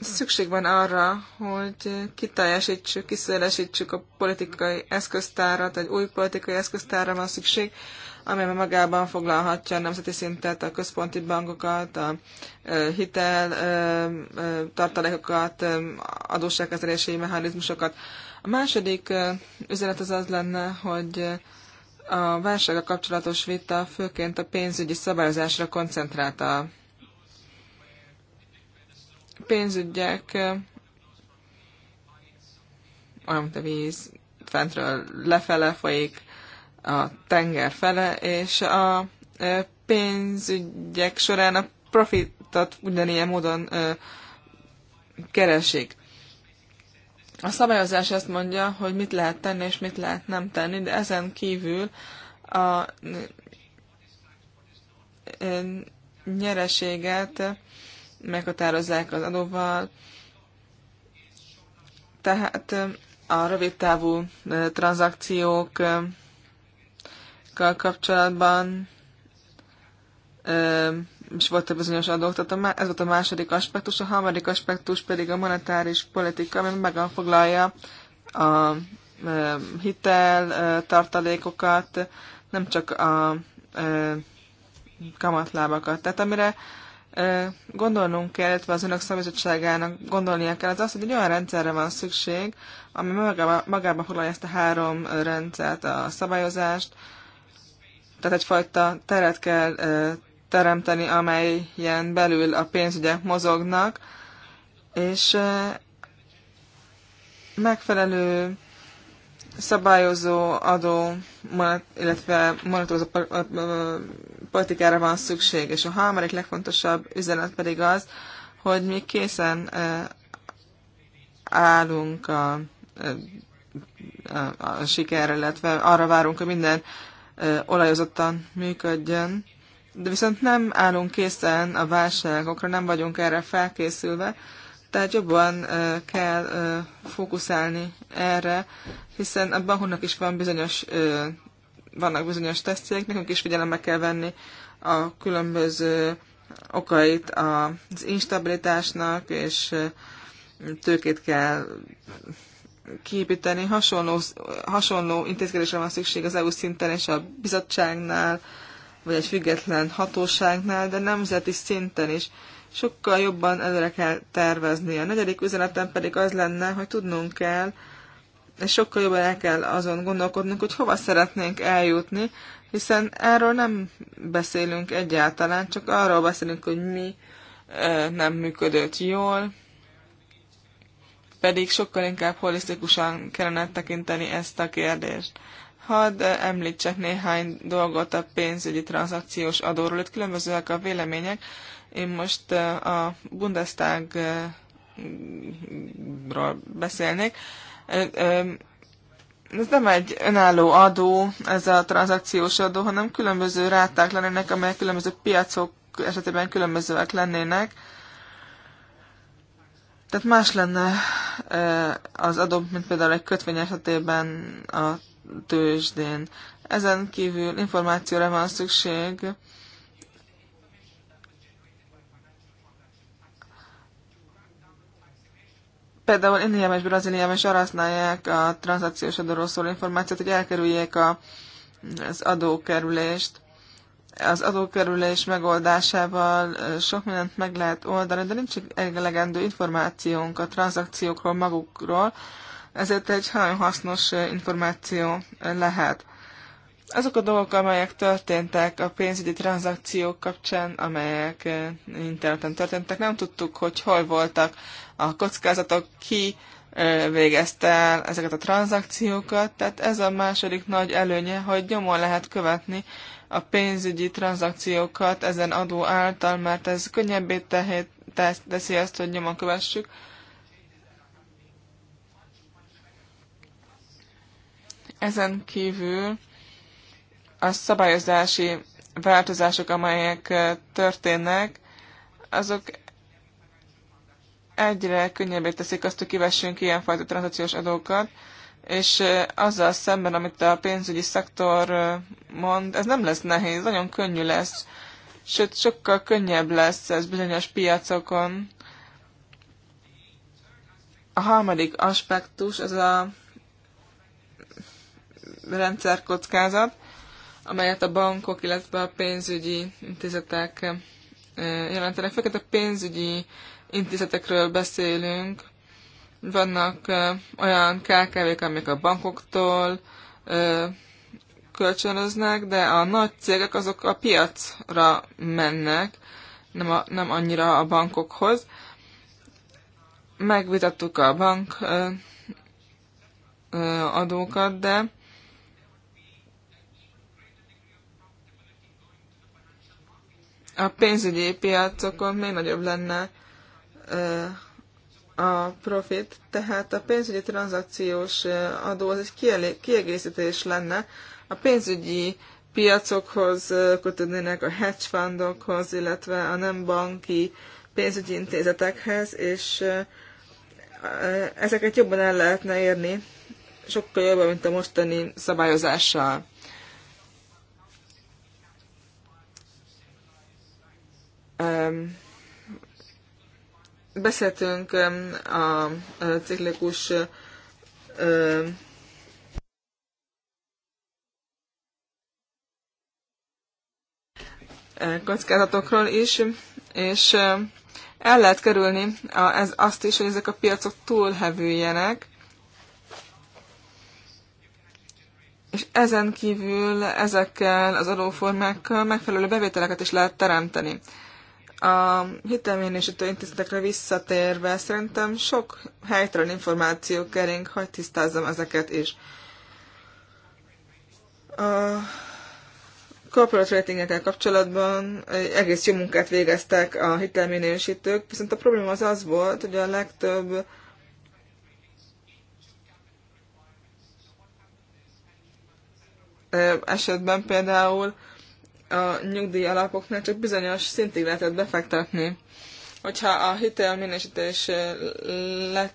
szükség van arra, hogy kiteljesítsük, kiszélesítsük a politikai eszköztárat, egy új politikai eszköztárra van szükség, amelyben magában foglalhatja a nemzeti szintet, a központi bankokat, a hitel tartalékokat, adósságkezelési mechanizmusokat. A második üzenet az az lenne, hogy a válsága kapcsolatos vita főként a pénzügyi szabályozásra koncentrált a pénzügyek olyan, mint a víz, fentről lefele folyik, a tenger fele, és a pénzügyek során a profitot ugyanilyen módon keresik. A szabályozás azt mondja, hogy mit lehet tenni és mit lehet nem tenni, de ezen kívül a nyereséget meghatározzák az adóval. Tehát a rövidtávú tranzakciókkal kapcsolatban és volt egy bizonyos adók, tehát ez volt a második aspektus, a harmadik aspektus pedig a monetáris politika, ami megfoglalja a hitel tartalékokat, nem csak a kamatlábakat. Tehát amire gondolnunk kell, illetve az önök szabadságának gondolnia kell, az az, hogy egy olyan rendszerre van szükség, ami magába, magába foglalja ezt a három rendszert, a szabályozást, tehát egyfajta teret kell teremteni, amelyen belül a pénzügyek mozognak, és megfelelő szabályozó adó, illetve monitorozó politikára van szükség, és a harmadik legfontosabb üzenet pedig az, hogy mi készen állunk a, a, a sikerre, illetve arra várunk, hogy minden olajozottan működjön, de viszont nem állunk készen a válságokra, nem vagyunk erre felkészülve, tehát jobban kell fókuszálni erre, hiszen a bankoknak is van bizonyos, vannak bizonyos tesztjeik, nekünk is figyelembe kell venni a különböző okait az instabilitásnak, és tőkét kell kiépíteni. Hasonló, hasonló intézkedésre van szükség az EU szinten és a bizottságnál, vagy egy független hatóságnál, de nemzeti szinten is sokkal jobban előre kell tervezni. A negyedik üzenetem pedig az lenne, hogy tudnunk kell, és sokkal jobban el kell azon gondolkodnunk, hogy hova szeretnénk eljutni, hiszen erről nem beszélünk egyáltalán, csak arról beszélünk, hogy mi nem működött jól, pedig sokkal inkább holisztikusan kellene tekinteni ezt a kérdést. Hadd említsek néhány dolgot a pénzügyi tranzakciós adóról. Itt különbözőek a vélemények, én most a Bundestagról beszélnék. Ez nem egy önálló adó, ez a tranzakciós adó, hanem különböző ráták lennének, amelyek különböző piacok esetében különbözőek lennének. Tehát más lenne az adó, mint például egy kötvény esetében a tőzsdén. Ezen kívül információra van szükség Például Indiában és Brazíliában is arra használják a tranzakciós adóról szóló információt, hogy elkerüljék a, az adókerülést. Az adókerülés megoldásával sok mindent meg lehet oldani, de nincs elegendő információnk a tranzakciókról magukról, ezért egy nagyon hasznos információ lehet. Azok a dolgok, amelyek történtek a pénzügyi tranzakciók kapcsán, amelyek interneten történtek, nem tudtuk, hogy hol voltak a kockázatok, ki végezte el ezeket a tranzakciókat, tehát ez a második nagy előnye, hogy nyomon lehet követni a pénzügyi tranzakciókat ezen adó által, mert ez könnyebbé teszi azt, hogy nyomon kövessük. Ezen kívül a szabályozási változások, amelyek történnek, azok egyre könnyebbé teszik azt, hogy kivessünk ilyenfajta transzakciós adókat, és azzal szemben, amit a pénzügyi szektor mond, ez nem lesz nehéz, nagyon könnyű lesz, sőt, sokkal könnyebb lesz ez bizonyos piacokon. A harmadik aspektus, az a rendszerkockázat, amelyet a bankok, illetve a pénzügyi intézetek jelentenek. Főként a pénzügyi intézetekről beszélünk, vannak olyan KKV-k, amik a bankoktól kölcsönöznek, de a nagy cégek azok a piacra mennek, nem, a, nem annyira a bankokhoz. Megvitattuk a bank adókat, de a pénzügyi piacokon még nagyobb lenne a profit, tehát a pénzügyi tranzakciós adó az egy kiegészítés lenne a pénzügyi piacokhoz kötődnének, a hedge fundokhoz, illetve a nem banki pénzügyi intézetekhez, és ezeket jobban el lehetne érni, sokkal jobban, mint a mostani szabályozással. Um, Beszéltünk a ciklikus kockázatokról is, és el lehet kerülni a, ez, azt is, hogy ezek a piacok túlhevüljenek, és ezen kívül ezekkel az adóformákkal megfelelő bevételeket is lehet teremteni. A hitelminősítő intézetekre visszatérve szerintem sok helytelen információ kering, hogy tisztázzam ezeket is. A corporate ratingekkel kapcsolatban eh, egész jó munkát végeztek a hitelminősítők, viszont a probléma az az volt, hogy a legtöbb eh, esetben például a nyugdíj alapoknál csak bizonyos szintig lehetett befektetni. Hogyha a hitel minősítés eh, lett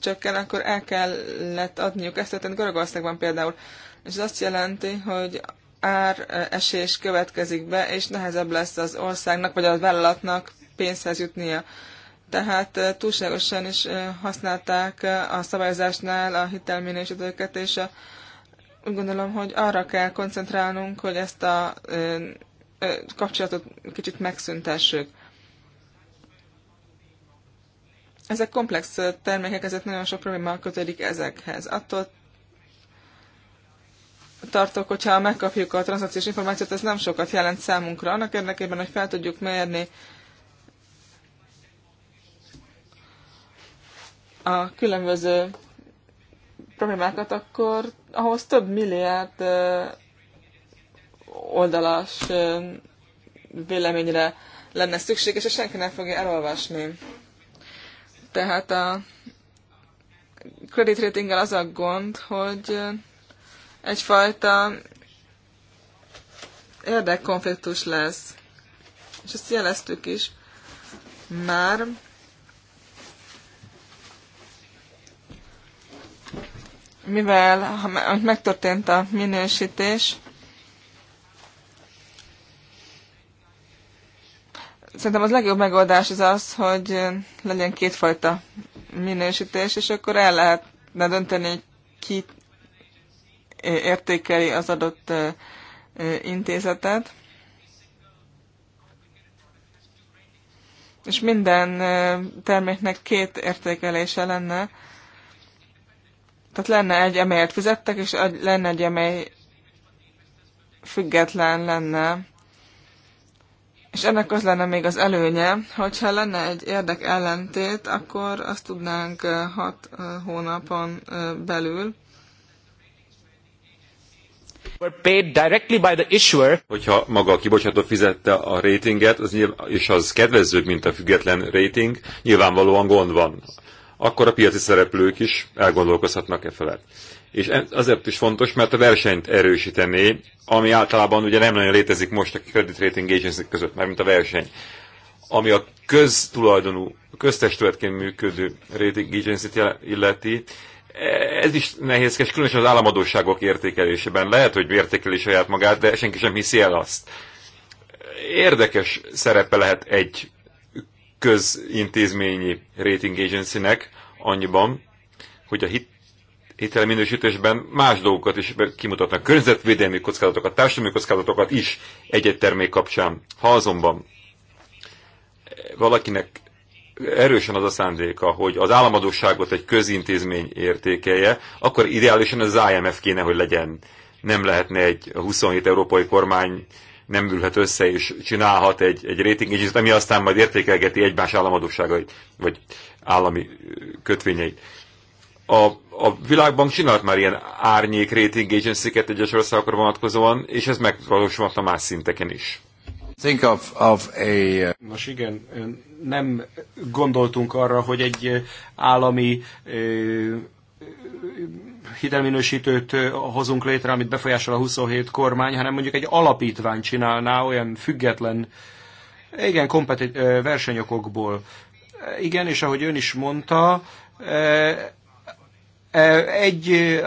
csökken, akkor el kellett adniuk ezt, tehát Görögországban például. És ez azt jelenti, hogy ár eh, esés következik be, és nehezebb lesz az országnak vagy a vállalatnak pénzhez jutnia. Tehát eh, túlságosan is használták a szabályozásnál a hitelminősítőket és a úgy gondolom, hogy arra kell koncentrálnunk, hogy ezt a ö, ö, kapcsolatot kicsit megszüntessük. Ezek komplex termékek, ezért nagyon sok probléma kötődik ezekhez. Attól tartok, hogyha megkapjuk a transzakciós információt, ez nem sokat jelent számunkra. Annak érdekében, hogy fel tudjuk mérni a különböző problémákat, akkor ahhoz több milliárd oldalas véleményre lenne szükség, és senki nem fogja elolvasni. Tehát a credit ratinggel az a gond, hogy egyfajta érdekkonfliktus lesz. És ezt jeleztük is már, mivel megtörtént a minősítés, szerintem az legjobb megoldás az az, hogy legyen kétfajta minősítés, és akkor el lehetne dönteni, hogy ki értékeli az adott intézetet. És minden terméknek két értékelése lenne, tehát lenne egy, amelyet fizettek, és lenne egy, amely független lenne. És ennek az lenne még az előnye, hogyha lenne egy érdek ellentét, akkor azt tudnánk hat hónapon belül. Paid directly by the issuer. Hogyha maga a kibocsátó fizette a ratinget, az nyilván, és az kedvezőbb, mint a független rating, nyilvánvalóan gond van akkor a piaci szereplők is elgondolkozhatnak e felett. És e- azért is fontos, mert a versenyt erősítené, ami általában ugye nem nagyon létezik most a credit rating agency között, mint a verseny. Ami a köztulajdonú, köztestületként működő rating agency illeti, ez is nehézkes, különösen az államadóságok értékelésében. Lehet, hogy értékeli saját magát, de senki sem hiszi el azt. Érdekes szerepe lehet egy közintézményi rating agencynek annyiban, hogy a hit, hitelminősítésben más dolgokat is kimutatnak, környezetvédelmi kockázatokat, társadalmi kockázatokat is egy-egy termék kapcsán. Ha azonban valakinek erősen az a szándéka, hogy az államadóságot egy közintézmény értékelje, akkor ideálisan az IMF kéne, hogy legyen. Nem lehetne egy 27 európai kormány nem ülhet össze és csinálhat egy, egy rating ami aztán majd értékelgeti egymás államadóságait, vagy állami kötvényeit. A, a világban csinált már ilyen árnyék rating agency-ket egyes országokra vonatkozóan, és ez megvalósulhatna más szinteken is. Think of, of a... Nos igen, nem gondoltunk arra, hogy egy állami hitelminősítőt hozunk létre, amit befolyásol a 27 kormány, hanem mondjuk egy alapítvány csinálná olyan független, igen, kompetit, versenyokokból. Igen, és ahogy ön is mondta, egy,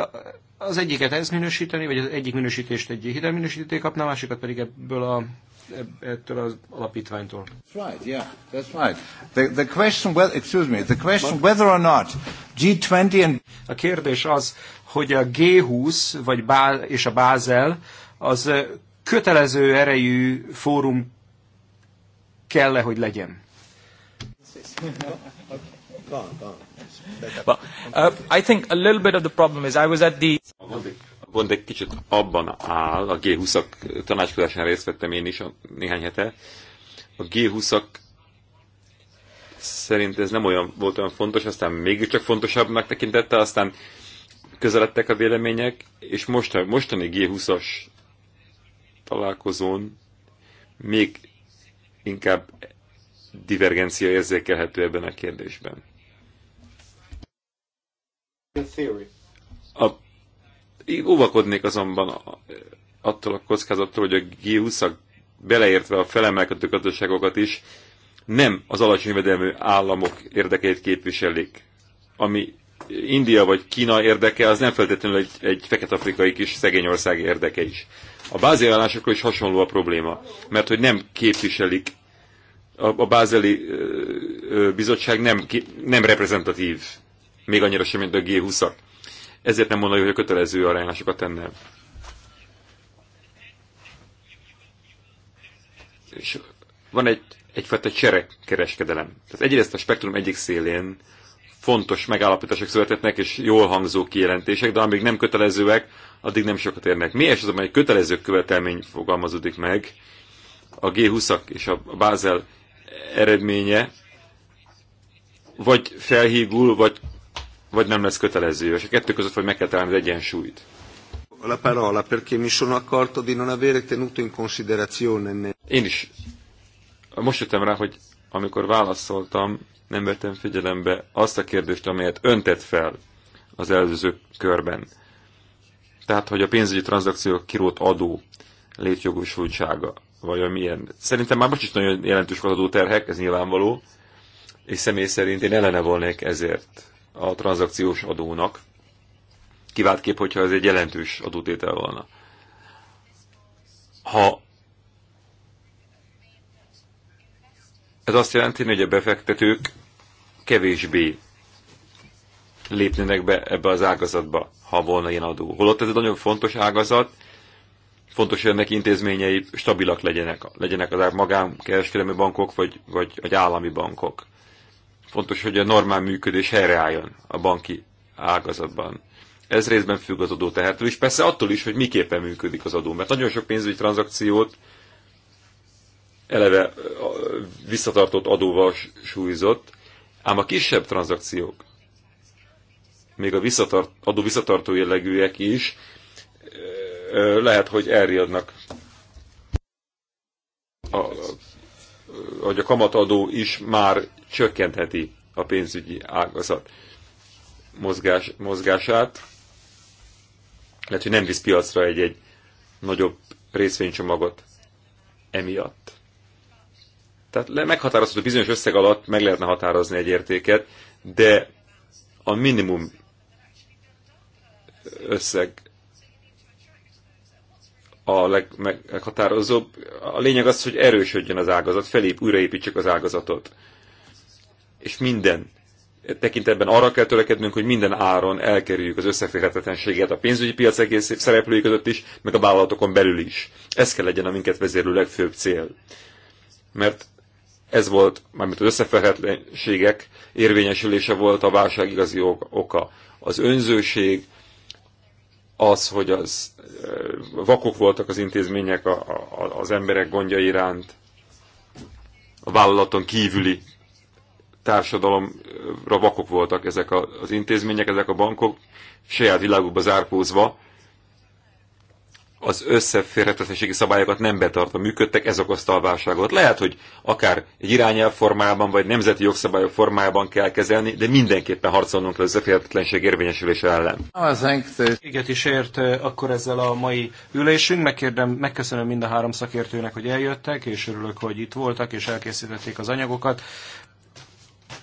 az egyiket ez minősíteni, vagy az egyik minősítést egy hitelminősítő kapna, a másikat pedig ebből a E- ettől az alapítványtól. right, yeah, that's right. The, the question, well, excuse me, the question whether or not G20 and... A kérdés az, hogy a G20 vagy Bá és a Bázel az kötelező erejű fórum kell -e, hogy legyen. Well, uh, I think a little bit of the problem is I was at the pont egy kicsit abban áll, a G20-ak tanácskozásán részt vettem én is a, néhány hete, a G20-ak szerint ez nem olyan volt olyan fontos, aztán mégiscsak fontosabbnak tekintette, aztán közeledtek a vélemények, és mostan, mostani G20-as találkozón még inkább divergencia érzékelhető ebben a kérdésben. A én óvakodnék azonban attól a kockázattól, hogy a g 20 beleértve a felemelkedő gazdaságokat is nem az alacsony vedelmű államok érdekeit képviselik. Ami India vagy Kína érdeke, az nem feltétlenül egy, egy fekete-afrikai kis szegény ország érdeke is. A bázélállásokról is hasonló a probléma, mert hogy nem képviselik, a, a bázeli ö, ö, bizottság nem, nem reprezentatív, még annyira sem, mint a G20-ak ezért nem mondani, hogy a kötelező arányásokat tenne. És van egy, egyfajta cserekkereskedelem. Tehát egyrészt a spektrum egyik szélén fontos megállapítások születetnek, és jól hangzó kijelentések, de amíg nem kötelezőek, addig nem sokat érnek. Mi az, amely kötelező követelmény fogalmazódik meg, a G20-ak és a Bázel eredménye, vagy felhígul, vagy vagy nem lesz kötelező. És a kettő között vagy meg kell találni az egyensúlyt. La parola, perché mi sono accorto di non avere tenuto in considerazione. Én is most jöttem rá, hogy amikor válaszoltam, nem vettem figyelembe azt a kérdést, amelyet öntett fel az előző körben. Tehát, hogy a pénzügyi tranzakciók kirót adó létjogosultsága, vagy milyen. Szerintem már most is nagyon jelentős az adóterhek, ez nyilvánvaló, és személy szerint én ellene volnék ezért a tranzakciós adónak, kiváltképp, hogyha ez egy jelentős adótétel volna. Ha ez azt jelenti, hogy a befektetők kevésbé lépnének be ebbe az ágazatba, ha volna ilyen adó. Holott ez egy nagyon fontos ágazat, fontos, hogy ennek intézményei stabilak legyenek, legyenek az magánkereskedelmi bankok, vagy, vagy, vagy állami bankok. Fontos, hogy a normál működés helyreálljon a banki ágazatban. Ez részben függ az adó tehertől is, persze attól is, hogy miképpen működik az adó, mert nagyon sok pénzügyi tranzakciót eleve visszatartott adóval súlyzott, ám a kisebb tranzakciók, még a visszatart, adó visszatartó jellegűek is lehet, hogy elriadnak a hogy a kamatadó is már csökkentheti a pénzügyi ágazat mozgás, mozgását. Lehet, hogy nem visz piacra egy-egy nagyobb részvénycsomagot emiatt. Tehát meghatározható bizonyos összeg alatt meg lehetne határozni egy értéket, de a minimum összeg a legmeghatározóbb. A lényeg az, hogy erősödjön az ágazat, felép, újraépítsük az ágazatot. És minden tekintetben arra kell törekednünk, hogy minden áron elkerüljük az összeférhetetlenséget a pénzügyi piac egész szereplői között is, meg a vállalatokon belül is. Ez kell legyen a minket vezérlő legfőbb cél. Mert ez volt, mármint az összeférhetetlenségek érvényesülése volt a válság igazi oka. Az önzőség, az, hogy az vakok voltak az intézmények a, a, az emberek gondja iránt, a vállalaton kívüli társadalomra vakok voltak ezek a, az intézmények, ezek a bankok, saját világukba zárkózva az összeférhetetlenségi szabályokat nem betartva működtek, ez okozta a válságot. Lehet, hogy akár egy irányelv formájában, vagy nemzeti jogszabályok formájában kell kezelni, de mindenképpen harcolnunk le az összeférhetetlenség érvényesülése ellen. Éget is ért eh, akkor ezzel a mai ülésünk. Megkérdem, megköszönöm mind a három szakértőnek, hogy eljöttek, és örülök, hogy itt voltak, és elkészítették az anyagokat.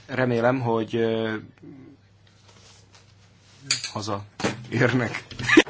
Remélem, hogy eh, haza érnek.